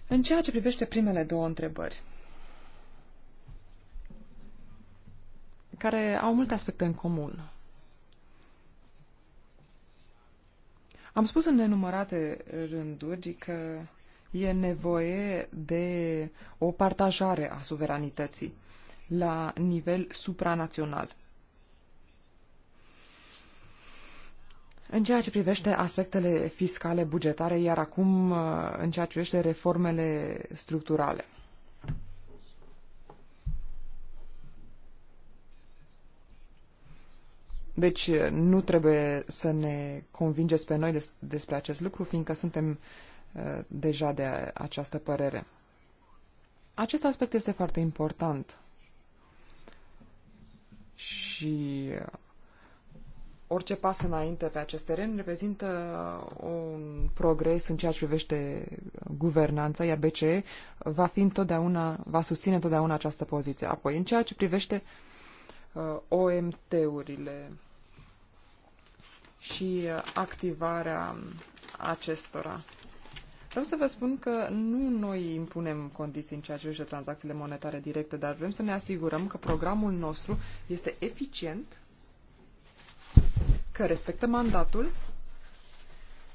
În ceea ce privește primele două întrebări, care au multe aspecte în comun. Am spus în nenumărate rânduri că e nevoie de o partajare a suveranității la nivel supranațional. În ceea ce privește aspectele fiscale, bugetare, iar acum uh, în ceea ce privește reformele structurale. Deci uh, nu trebuie să ne convingeți pe noi des, despre acest lucru, fiindcă suntem uh, deja de această părere. Acest aspect este foarte important și uh, orice pas înainte pe acest teren reprezintă uh, un progres în ceea ce privește guvernanța, iar BCE va fi întotdeauna, va susține întotdeauna această poziție. Apoi, în ceea ce privește uh, OMT-urile și uh, activarea acestora. Vreau să vă spun că nu noi impunem condiții în ceea ce privește tranzacțiile monetare directe, dar vrem să ne asigurăm că programul nostru este eficient că respectă mandatul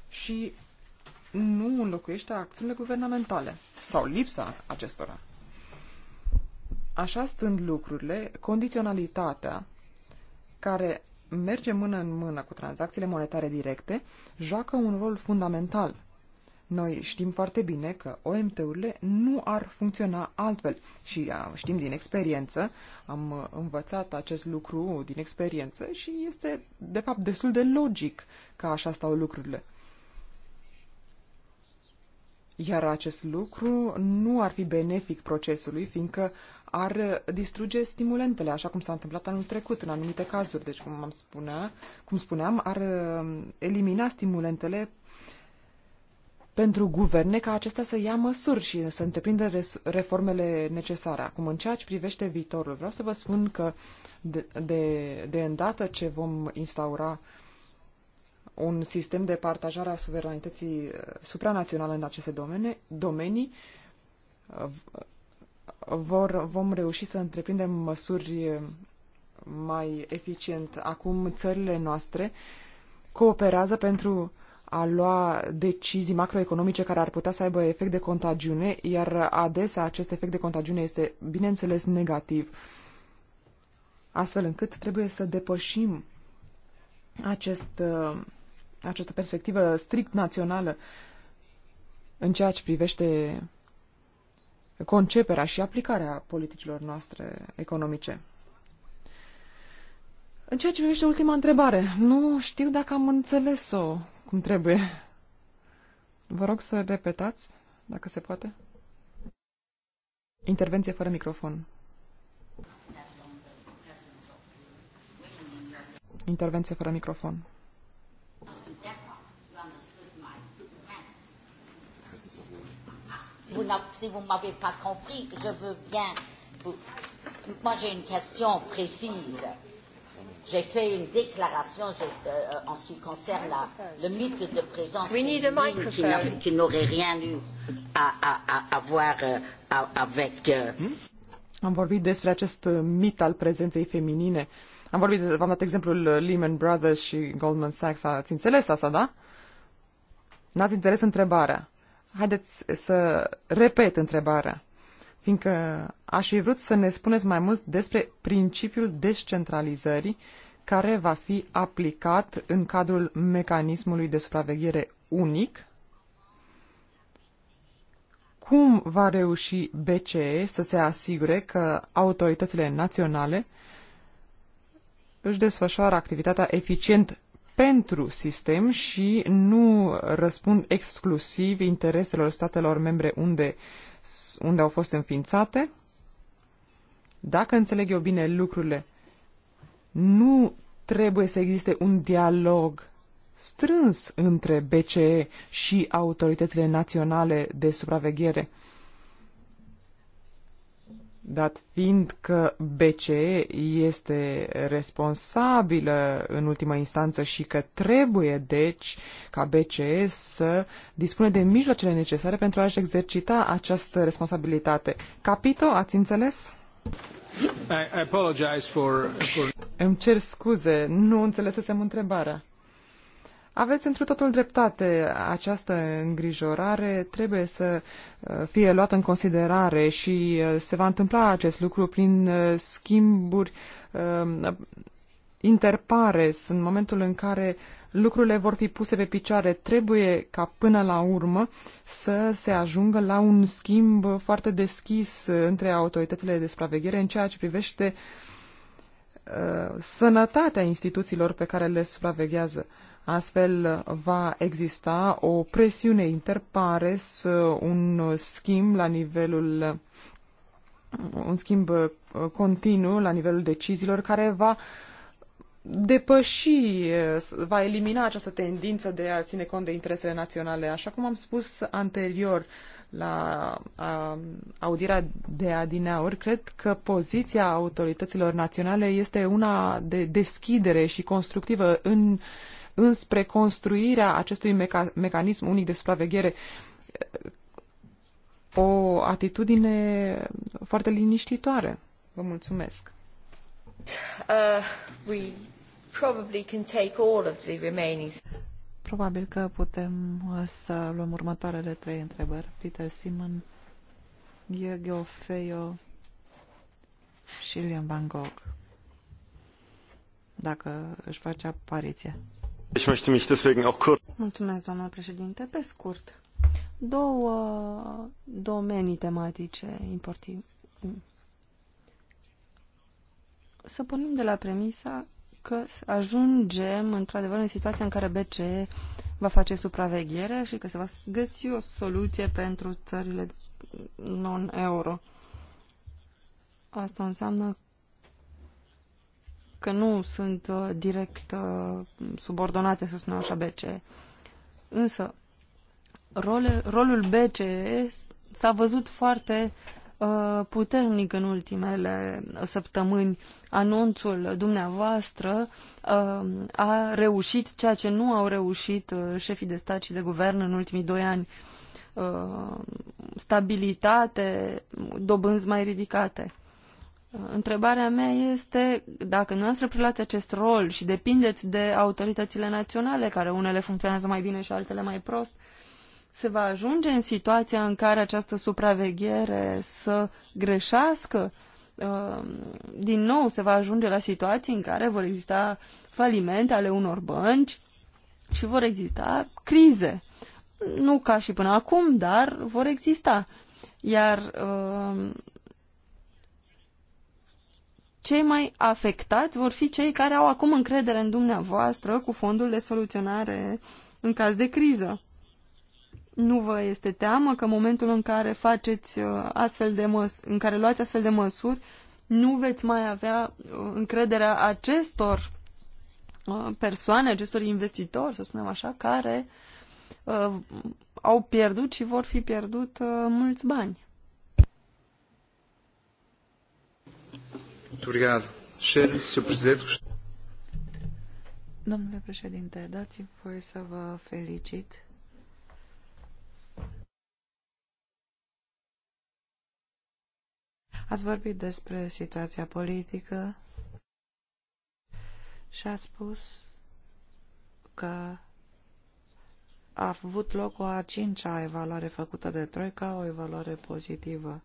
și nu înlocuiește acțiunile guvernamentale sau lipsa acestora. Așa stând lucrurile, condiționalitatea care merge mână în mână cu tranzacțiile monetare directe joacă un rol fundamental – noi știm foarte bine că OMT-urile nu ar funcționa altfel și uh, știm din experiență, am uh, învățat acest lucru din experiență și este de fapt destul de logic că așa stau lucrurile. Iar acest lucru nu ar fi benefic procesului, fiindcă ar uh, distruge stimulentele, așa cum s-a întâmplat anul trecut în anumite cazuri. Deci, cum, am spunea, cum spuneam, ar elimina stimulentele pentru guverne ca acestea să ia măsuri și să întreprindă reformele necesare. Acum, în ceea ce privește viitorul, vreau să vă spun că de, de, de îndată ce vom instaura un sistem de partajare a suveranității uh, supranaționale în aceste domene, domenii, uh, vor, vom reuși să întreprindem măsuri mai eficient. Acum țările noastre cooperează pentru a lua decizii macroeconomice care ar putea să aibă efect de contagiune, iar adesea acest efect de contagiune este, bineînțeles, negativ. Astfel încât trebuie să depășim acest, uh, această perspectivă strict națională în ceea ce privește conceperea și aplicarea politicilor noastre economice. În ceea ce privește ultima întrebare, nu știu dacă am înțeles-o cum trebuie. Vă rog să repetați, dacă se poate. Intervenție fără microfon. Intervenție fără microfon. Vous si vous ne m'avez pas compris, je veux bien. Moi, j'ai une question précise. J'ai fait une déclaration je, euh, en ce qui concerne la, le mythe de présence We need féminine qui n'aurait rien eu à, à, à, à voir euh, à, avec... Euh... hmm? Am vorbit despre acest mit al prezenței feminine. Am vorbit, v-am dat exemplul uh, Lehman Brothers și Goldman Sachs. Ați înțeles asta, da? N-ați înțeles întrebarea. Haideți să repet întrebarea fiindcă aș fi vrut să ne spuneți mai mult despre principiul descentralizării care va fi aplicat în cadrul mecanismului de supraveghere unic. Cum va reuși BCE să se asigure că autoritățile naționale își desfășoară activitatea eficient pentru sistem și nu răspund exclusiv intereselor statelor membre unde uh, unde au fost înființate, dacă înțeleg eu bine lucrurile, nu trebuie să existe un dialog strâns între BCE și autoritățile naționale de supraveghere dat fiind că BCE este responsabilă în ultima instanță și că trebuie, deci, ca BCE să dispune de mijloacele necesare pentru a-și exercita această responsabilitate. Capito, ați înțeles? I, I for, for... Îmi cer scuze, nu înțelesesem întrebarea. Aveți într totul dreptate. Această îngrijorare trebuie să uh, fie luată în considerare și uh, se va întâmpla acest lucru prin uh, schimburi um, interpares în momentul în care lucrurile vor fi puse pe picioare. Trebuie ca până la urmă să se ajungă la un schimb foarte deschis între autoritățile de supraveghere în ceea ce privește uh, Uh, sănătatea instituțiilor pe care le supraveghează. Astfel va exista o presiune interpares, uh, un schimb la nivelul un schimb uh, continuu la nivelul deciziilor care va depăși, va elimina această tendință de a ține cont de interesele naționale. Așa cum am spus anterior, uh, la audirea de adineauri, cred că poziția autorităților naționale este una de deschidere și constructivă în, înspre construirea acestui meca, mecanism unic de supraveghere. O atitudine foarte liniștitoare. Vă mulțumesc. Uh, we probably can take all of the remaining... Probabil că putem uh, să luăm următoarele trei întrebări. Peter Simon, Diego Feio și Liam Van Gogh. Dacă își face apariție. Ich möchte mich deswegen auch kurz... Mulțumesc, doamnă președinte. Pe scurt, două domenii tematice importante. Să pornim de la premisa că ajungem într-adevăr în situația în care BCE va face supraveghere și că se va găsi o soluție pentru țările non-euro. Asta înseamnă că nu sunt uh, direct uh, subordonate, să spunem așa, BCE. Însă, role, rolul BCE s-a văzut foarte Uh, puternic în ultimele săptămâni. Anunțul dumneavoastră uh, a reușit ceea ce nu au reușit uh, șefii de stat și de guvern în ultimii doi ani. Stabilitate, dobânzi mai ridicate. Întrebarea mea este dacă nu ați preluați acest rol și depindeți de autoritățile naționale, care unele funcționează mai bine și altele mai prost, uh, se va ajunge în situația în care această supraveghere să greșească? Uh, din nou, se va ajunge la situații în care vor exista falimente ale unor bănci și vor exista crize. Nu ca și până acum, dar vor exista. Iar uh, cei mai afectați vor fi cei care au acum încredere în dumneavoastră cu fondul de soluționare în caz de criză nu vă este teamă că în momentul în care faceți uh, astfel de măs- în care luați astfel de măsuri, nu veți mai avea uh, încrederea acestor uh, persoane, acestor investitori, să spunem așa, care uh, au pierdut și vor fi pierdut uh, mulți bani. Domnule președinte, dați-mi voie să vă felicit Ați vorbit despre situația politică și ați spus că a avut loc o a cincea evaluare făcută de Troica, o evaluare pozitivă.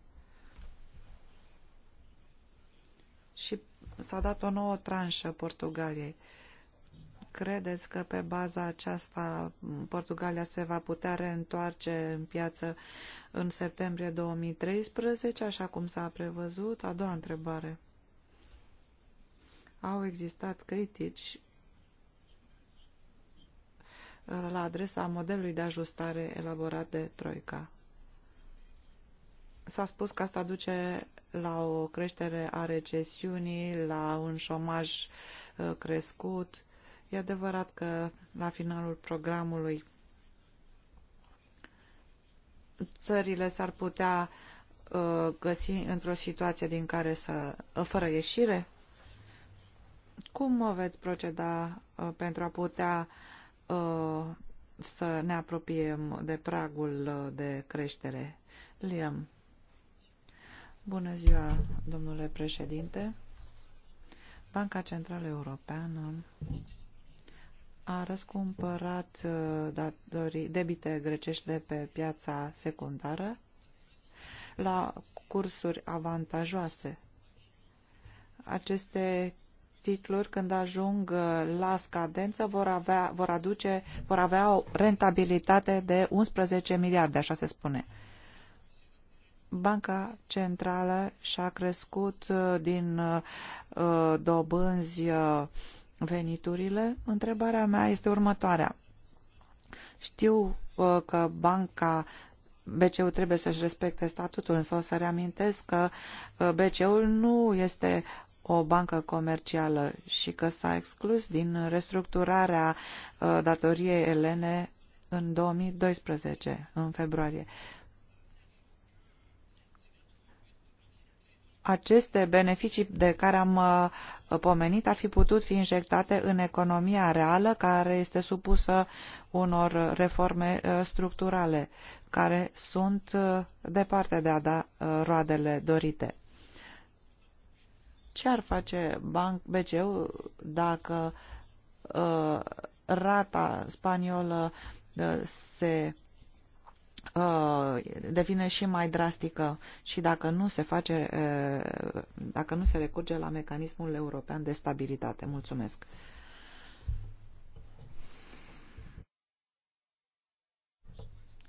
Și s-a dat o nouă tranșă Portugaliei. Credeți că pe baza aceasta Portugalia se va putea reîntoarce în piață în septembrie 2013, așa cum s-a prevăzut? A doua întrebare. Au existat critici la adresa modelului de ajustare elaborat de Troica. S-a spus că asta duce la o creștere a recesiunii, la un șomaj uh, crescut, E adevărat că la finalul programului țările s-ar putea uh, găsi într-o situație din care să, uh, fără ieșire? Cum veți proceda uh, pentru a putea să ne apropiem de pragul de creștere? Liam. Bună ziua, domnule președinte. Banca Centrală Europeană a răscumpărat uh, datorii, debite grecești de pe piața secundară la cursuri avantajoase. Aceste titluri, când ajung uh, la scadență, vor, avea, vor, aduce, vor avea o rentabilitate de 11 miliarde, așa se spune. Banca Centrală și-a crescut uh, din dobânzi veniturile, întrebarea mea este următoarea. Știu uh, că banca BCU trebuie să-și respecte statutul, însă o să reamintesc că uh, BCU-ul nu este o bancă comercială și că s-a exclus din restructurarea uh, datoriei elene în 2012, în februarie. aceste beneficii de care am uh, pomenit ar fi putut fi injectate în economia reală care este supusă unor reforme uh, structurale care sunt uh, departe de a da roadele dorite. Ce ar face Banc BCU dacă rata spaniolă se Uh, devine și mai drastică și dacă nu se face, uh, dacă nu se recurge la mecanismul european de stabilitate. Mulțumesc!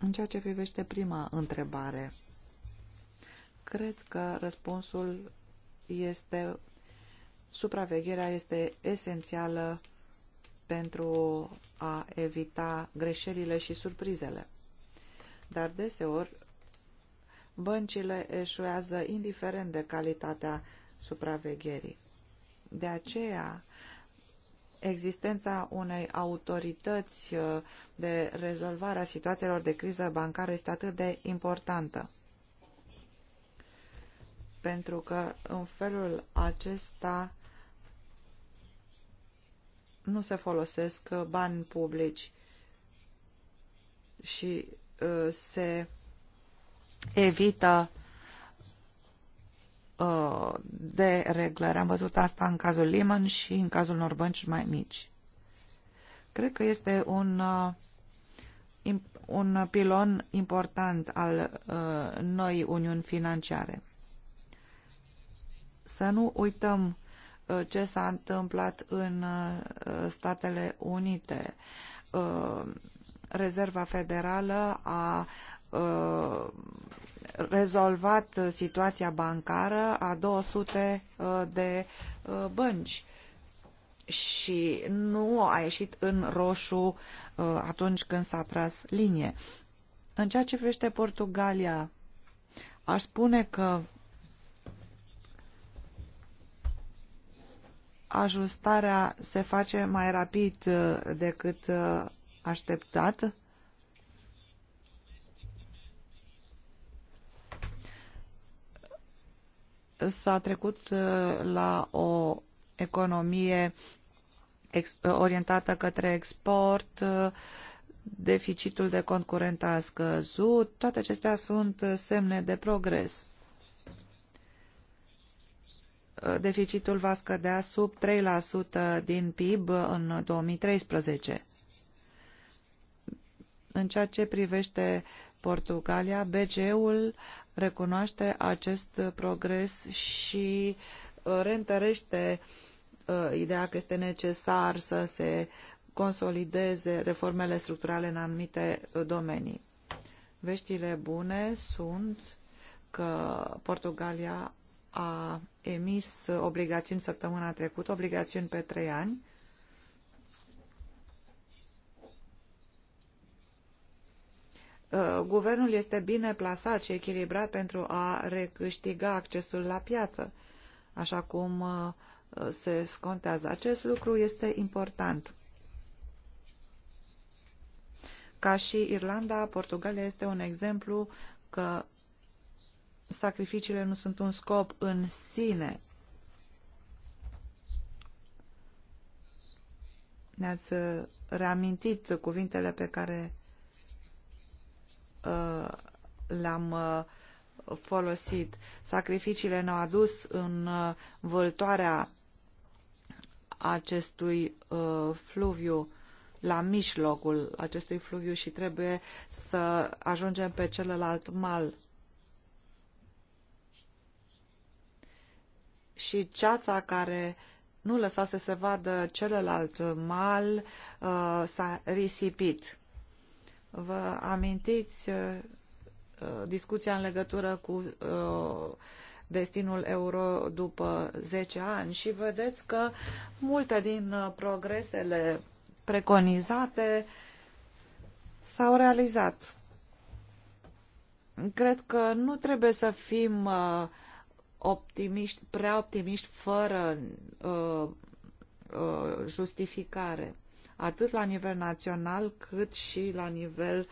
În ceea ce privește prima întrebare, cred că răspunsul este supravegherea este esențială pentru a evita greșelile și surprizele dar deseori băncile eșuează indiferent de calitatea supravegherii. De aceea, existența unei autorități uh, de rezolvare a situațiilor de criză bancară este atât de importantă. Pentru că în felul acesta nu se folosesc bani publici și Uh, se evită uh, de reglări. Am văzut asta în cazul Lehman și în cazul unor bănci mai mici. Cred că este un, uh, un pilon important al noi uniuni financiare. Să nu uităm ce s-a întâmplat în Statele Unite Rezerva Federală a uh, rezolvat situația bancară a 200 uh, de uh, bănci și nu a ieșit în roșu atunci când s-a tras linie. În ceea ce privește Portugalia, aș spune că ajustarea se face mai rapid decât așteptat. S-a trecut uh, la o economie uh, orientată către export, uh, deficitul de concurent a scăzut, toate acestea sunt semne de progres. Deficitul va scădea sub 3% din PIB în 2013. În ceea ce privește Portugalia, BCE-ul recunoate acest progres și uh, reîntărete uh, ideea că este necesar să se consolideze reformele structurale în anumite uh, domenii. Veștile bune sunt că Portugalia a emis obligațiuni săptămâna trecută, obligațiuni pe trei ani, Uh, guvernul este bine plasat și echilibrat pentru a recâștiga accesul la piață, așa cum uh, se scontează. Acest lucru este important. Ca și Irlanda, Portugalia este un exemplu că sacrificiile nu sunt un scop în sine. Ne-ați reamintit cuvintele pe care Uh, le-am uh, folosit. Sacrificiile ne-au adus în uh, vâltoarea acestui fluviu la mijlocul acestui fluviu și trebuie să ajungem pe celălalt mal. Și ceața care nu lăsase să se vadă celălalt mal s-a risipit. Vă amintiți uh, uh, discuția în legătură cu uh, destinul euro după 10 ani și vedeți că multe din progresele preconizate s-au realizat. Cred că nu trebuie să fim optimiști, prea optimiști fără uh, uh, justificare atât la nivel național cât și la nivel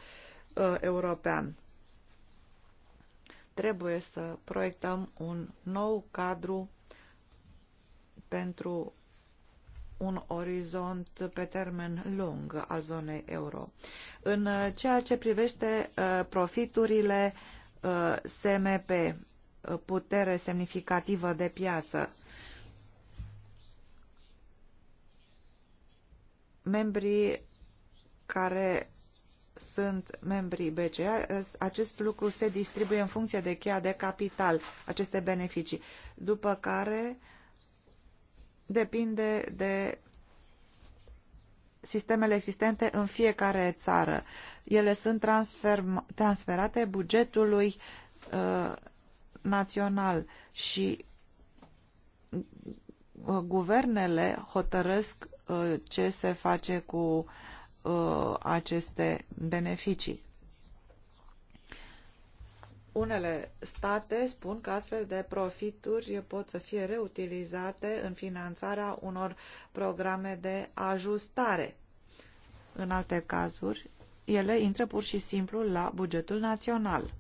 uh, european. Trebuie să proiectăm un nou cadru pentru un orizont pe termen lung al zonei euro. În uh, ceea ce privește uh, profiturile uh, SMP, putere semnificativă de piață, membrii care sunt membrii BCE. acest lucru se distribuie în funcție de cheia de capital, aceste beneficii, după care depinde de sistemele existente în fiecare țară. Ele sunt transfer, transferate bugetului uh, național și uh, guvernele hotărăsc Uh, ce se face cu uh, aceste beneficii. Unele state spun că astfel de profituri pot să fie reutilizate în finanțarea unor programe de ajustare. În alte cazuri, ele intră pur și simplu la bugetul național.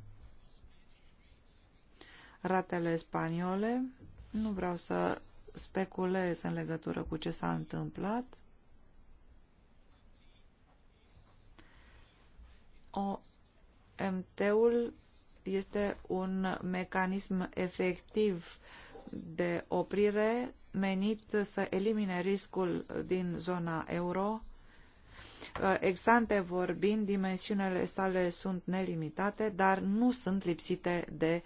Ratele spaniole, nu vreau să speculez în legătură cu ce s-a întâmplat. OMT-ul este un mecanism efectiv de oprire menit să elimine riscul din zona euro. Exante vorbind, dimensiunile sale sunt nelimitate, dar nu sunt lipsite de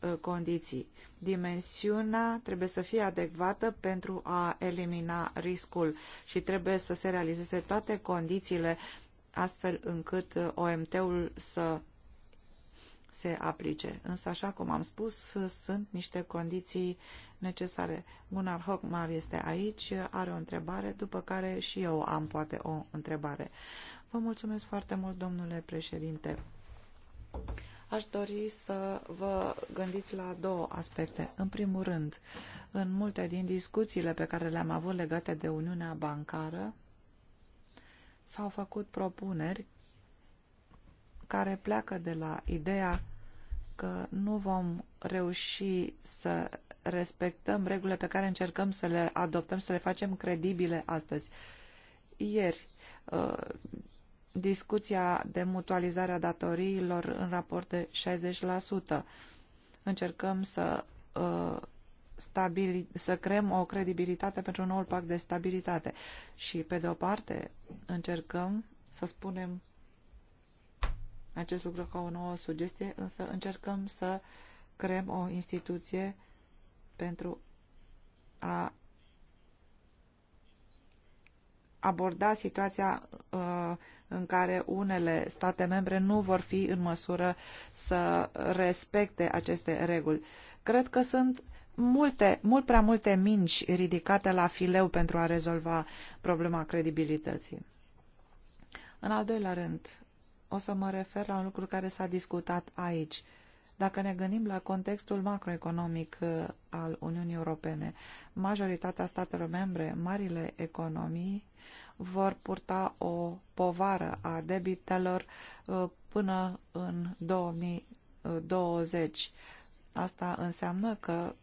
uh, condiții dimensiunea trebuie să fie adecvată pentru a elimina riscul și trebuie să se realizeze toate condițiile astfel încât uh, OMT-ul să se aplice. Însă, așa cum am spus, uh, sunt niște condiții necesare. Gunnar Hockmar este aici, uh, are o întrebare, după care și eu am poate o întrebare. Vă mulțumesc foarte mult, domnule președinte. Aș dori să vă gândiți la două aspecte. În primul rând, în multe din discuțiile pe care le-am avut legate de Uniunea Bancară, s-au făcut propuneri care pleacă de la ideea că nu vom reuși să respectăm regulile pe care încercăm să le adoptăm, să le facem credibile astăzi. Ieri, uh, discuția de mutualizarea datoriilor în raport de 60%. Încercăm să, uh, stabili, să creăm o credibilitate pentru noul pact de stabilitate și, pe de o parte, încercăm să spunem acest lucru ca o nouă sugestie, însă încercăm să creăm o instituție pentru a aborda situația Uh, în care unele state membre nu vor fi în măsură să respecte aceste reguli. Cred că sunt multe, mult prea multe minci ridicate la fileu pentru a rezolva problema credibilității. În al doilea rând, o să mă refer la un lucru care s-a discutat aici. Dacă ne gândim la contextul macroeconomic uh, al Uniunii Europene, majoritatea statelor membre, marile economii, vor purta o povară a debitelor uh, până în 2020. Asta înseamnă că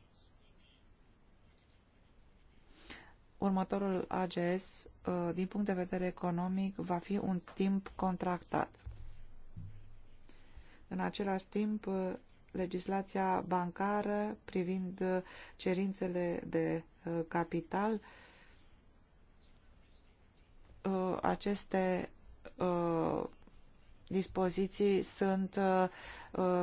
următorul AGS, uh, din punct de vedere economic, va fi un timp contractat. În același timp, uh, legislația bancară privind cerințele de capital uh, uh, aceste uh, dispoziții sunt uh,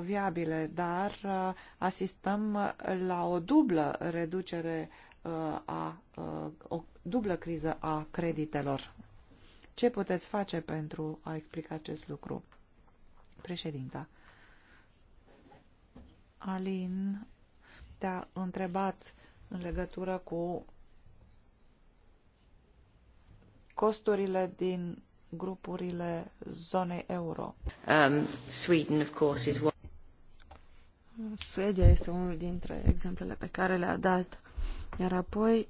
viabile, dar uh, asistăm la o dublă reducere uh, a uh, o dublă criză a creditelor. Ce puteți face pentru a explica acest lucru? Președinta. Alin te-a întrebat în legătură cu costurile din grupurile zonei euro. Um, Sweden, of course, is one... Suedia este unul dintre exemplele pe care le-a dat. Iar apoi,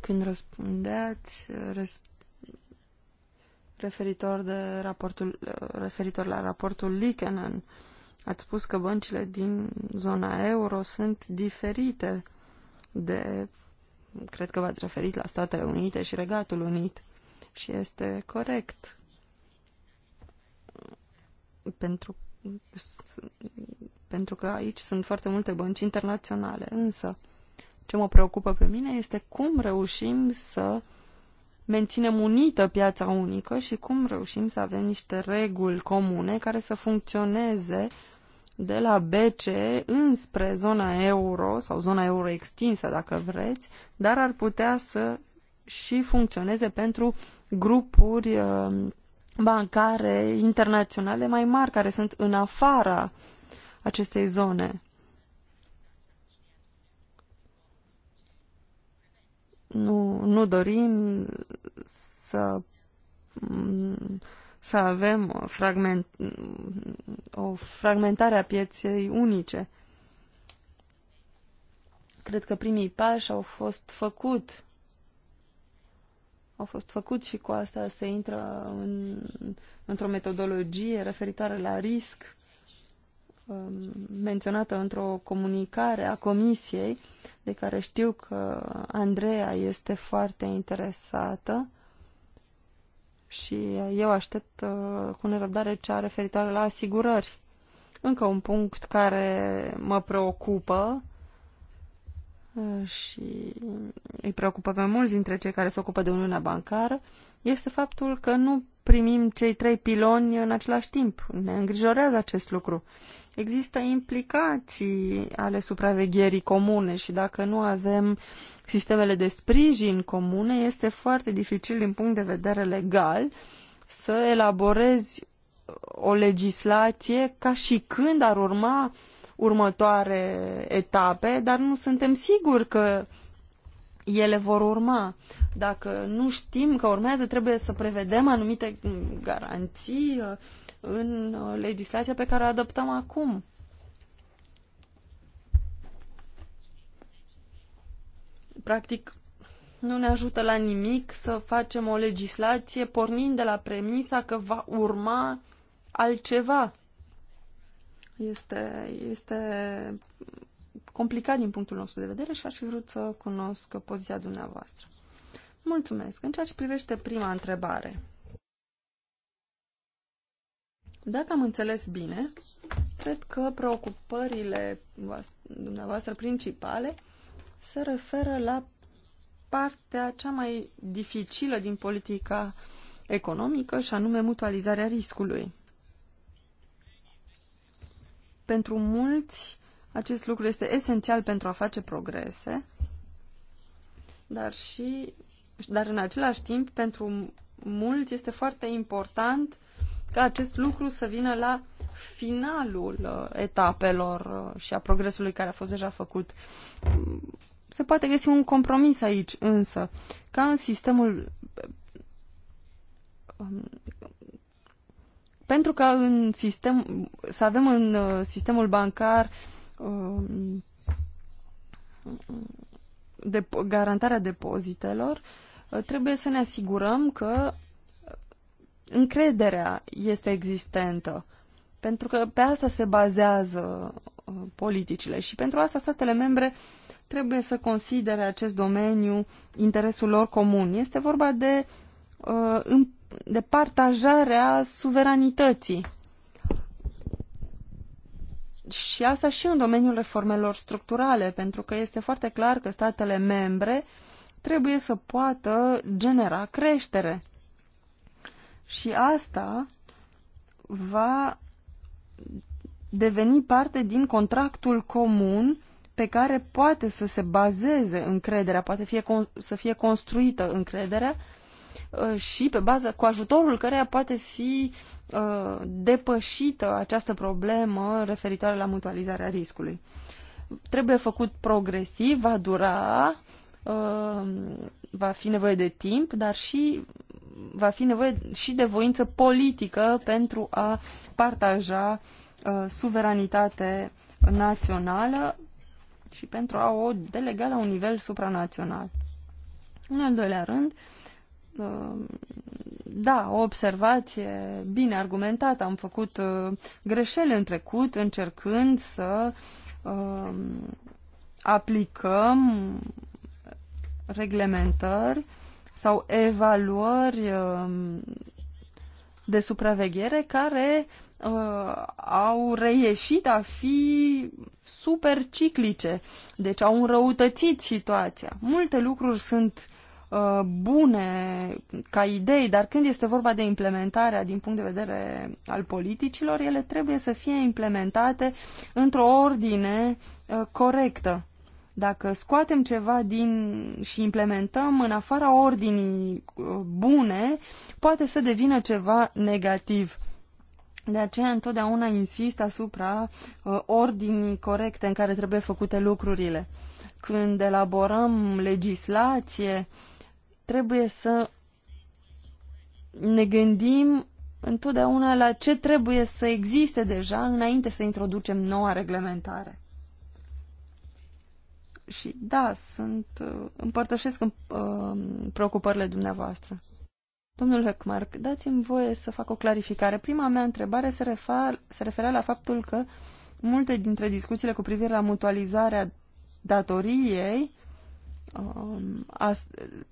când răspundeați răs... referitor, de raportul, referitor la raportul Likenen, ați spus că băncile din zona euro sunt diferite de Cred că v-ați referit la Statele Unite și Regatul Unit. Și este corect. Pentru, pentru că aici sunt foarte multe bănci internaționale. Însă, ce mă preocupă pe mine este cum reușim să menținem unită piața unică și cum reușim să avem niște reguli comune care să funcționeze uh, de la BCE înspre zona euro sau zona euro extinsă, dacă vreți, dar ar putea să și funcționeze pentru grupuri uh, bancare internaționale mai mari care sunt în afara acestei zone. Nu, nu dorim să mm, să avem o, fragment, o fragmentare a pieței unice. Cred că primii pași au fost făcut. Au fost făcuți și cu asta se intră în, într-o metodologie referitoare la risc um, menționată într-o comunicare a comisiei, de care știu că Andreea este foarte interesată și eu aștept uh, cu nerăbdare cea referitoare la asigurări. Încă un punct care mă preocupă Uh, și îi preocupă pe mulți dintre cei care se ocupă de Uniunea Bancară, este faptul că nu primim cei trei piloni în același timp. Ne îngrijorează acest lucru. Există implicații ale supravegherii comune și dacă nu avem sistemele de sprijin comune, este foarte dificil din punct de vedere legal să elaborezi o legislație ca și când ar urma uh, următoare etape, dar nu suntem siguri că ele vor urma. Dacă nu știm că urmează, trebuie să prevedem anumite garanții uh, în uh, legislația pe care o adoptăm acum. Practic, nu ne ajută la nimic să facem o legislație pornind de la premisa că va urma altceva. Este, este complicat din punctul nostru de vedere și aș fi vrut să cunosc poziția dumneavoastră. Mulțumesc. În ceea ce privește prima întrebare, dacă am înțeles bine, cred că preocupările dumneavoastră principale se referă la partea cea mai dificilă din politica economică și anume mutualizarea riscului. Pentru mulți, acest lucru este esențial pentru a face progrese, dar și dar în același timp, pentru mulți este foarte important ca acest lucru să vină la finalul uh, etapelor uh, și a progresului care a fost deja făcut. Se poate găsi un compromis aici, însă, ca în sistemul um, pentru ca în sistem, să avem în uh, sistemul bancar um, de garantarea depozitelor, uh, trebuie să ne asigurăm că încrederea este existentă. Pentru că pe asta se bazează uh, politicile și pentru asta statele membre trebuie să considere acest domeniu interesul lor comun. Este vorba de uh, de partajare a suveranității. Și asta și în domeniul reformelor structurale, pentru că este foarte clar că statele membre trebuie să poată genera creștere. Și asta va deveni parte din contractul comun pe care poate să se bazeze încrederea, poate fie, să fie construită încrederea Uh, și pe bază cu ajutorul căreia poate fi uh, depășită această problemă referitoare la mutualizarea riscului. Trebuie făcut progresiv, va dura, uh, va fi nevoie de timp, dar și va fi nevoie și de voință politică pentru a partaja suveranitate națională și pentru a o delega la un nivel supranațional. În al doilea rând, uh, Ehm, da, o observație bine argumentată. Am făcut uh, greșeli în trecut încercând să ehm, aplicăm reglementări sau evaluări ehm, de supraveghere care uh, au reieșit a fi super ciclice, deci au înrăutățit situația. Multe lucruri sunt Uh, bune ca idei, dar când este vorba de implementarea din punct de vedere al politicilor, ele trebuie să fie implementate într-o ordine uh, corectă. Dacă scoatem ceva din și implementăm în afara ordinii uh, bune, poate să devină ceva negativ. De aceea întotdeauna insist asupra uh, ordinii corecte în care trebuie făcute lucrurile. Când elaborăm legislație, trebuie să ne gândim întotdeauna la ce trebuie să existe deja înainte să introducem noua reglementare. Și da, sunt, uh, împărtășesc în, uh, în preocupările dumneavoastră. Domnul Heckmark, dați-mi voie să fac o clarificare. Prima mea întrebare se, refer, se referea la faptul că multe dintre discuțiile cu privire la mutualizarea datoriei Um,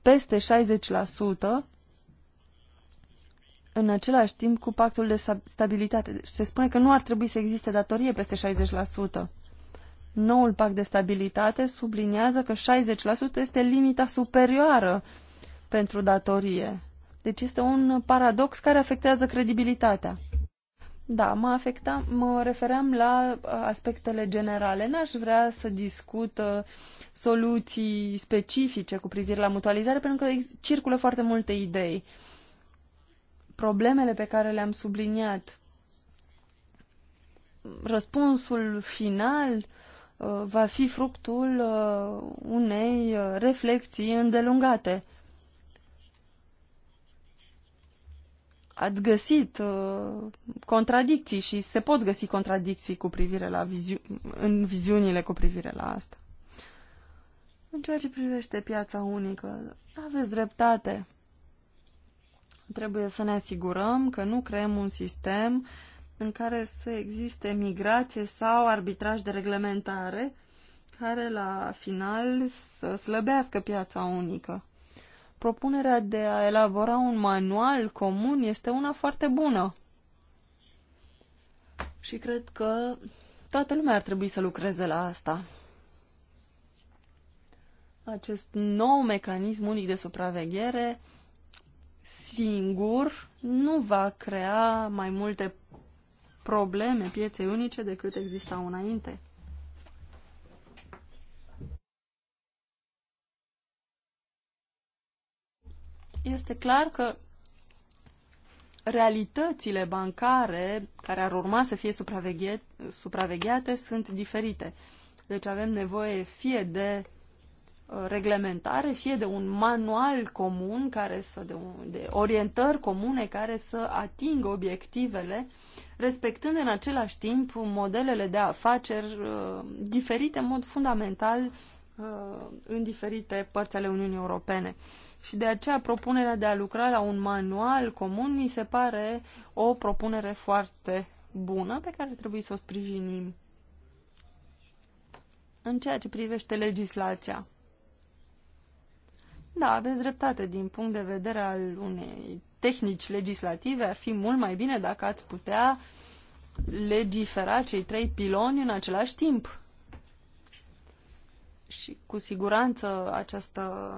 peste 60% în același timp cu pactul de stabilitate. Deci se spune că nu ar trebui să existe datorie peste 60%. Noul pact de stabilitate subliniază că 60% este limita superioară pentru datorie. Deci este un paradox care afectează credibilitatea. Da, mă, afecta. mă refeream la uh, aspectele generale. N-aș vrea să discut uh, soluții specifice cu privire la mutualizare, pentru că circulă foarte multe idei. Problemele pe care le-am subliniat, răspunsul final uh, va fi fructul uh, unei uh, reflexii îndelungate. ați găsit uh, contradicții și se pot găsi contradicții cu privire la viziu- în viziunile cu privire la asta. În ceea ce privește piața unică, aveți dreptate. Trebuie să ne asigurăm că nu creăm un sistem în care să existe migrație sau arbitraj de reglementare care la final să slăbească piața unică. Propunerea de a elabora un manual comun este una foarte bună. Și cred că toată lumea ar trebui să lucreze la asta. Acest nou mecanism unic de supraveghere singur nu va crea mai multe probleme pieței unice decât existau înainte. este clar că realitățile bancare care ar urma să fie supraveghe supravegheate sunt diferite. Deci avem nevoie fie de uh, reglementare, fie de un manual comun care să, de, un, de orientări comune care să atingă obiectivele, respectând în același timp modelele de afaceri uh, diferite în mod fundamental uh, în diferite părți ale Uniunii Europene și de aceea propunerea de a lucra la un manual comun mi se pare o propunere foarte bună pe care trebuie să o sprijinim. În ceea ce privește legislația. Da, aveți dreptate. Din punct de vedere al unei tehnici legislative, ar fi mult mai bine dacă ați putea legifera cei trei piloni în același timp. Și cu siguranță această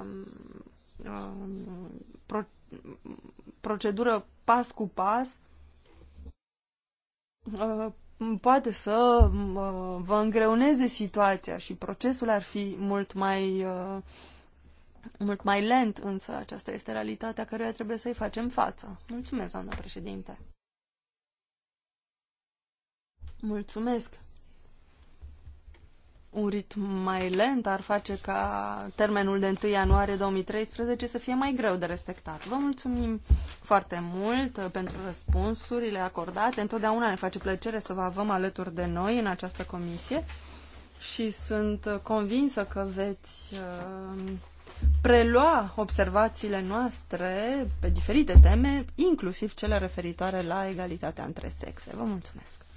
Um, pro, procedură pas cu pas uh, poate să uh, vă îngreuneze situația și procesul ar fi mult mai uh, mult mai lent, însă aceasta este realitatea căruia trebuie să-i facem față. Mulțumesc, doamnă președinte. Mulțumesc un ritm mai lent ar face ca termenul de 1 ianuarie 2013 să fie mai greu de respectat. Vă mulțumim foarte mult uh, pentru răspunsurile acordate. Întotdeauna ne face plăcere să vă avem alături de noi în această comisie și sunt uh, convinsă că veți uh, prelua observațiile noastre pe diferite teme, inclusiv cele referitoare la egalitatea între sexe. Vă mulțumesc!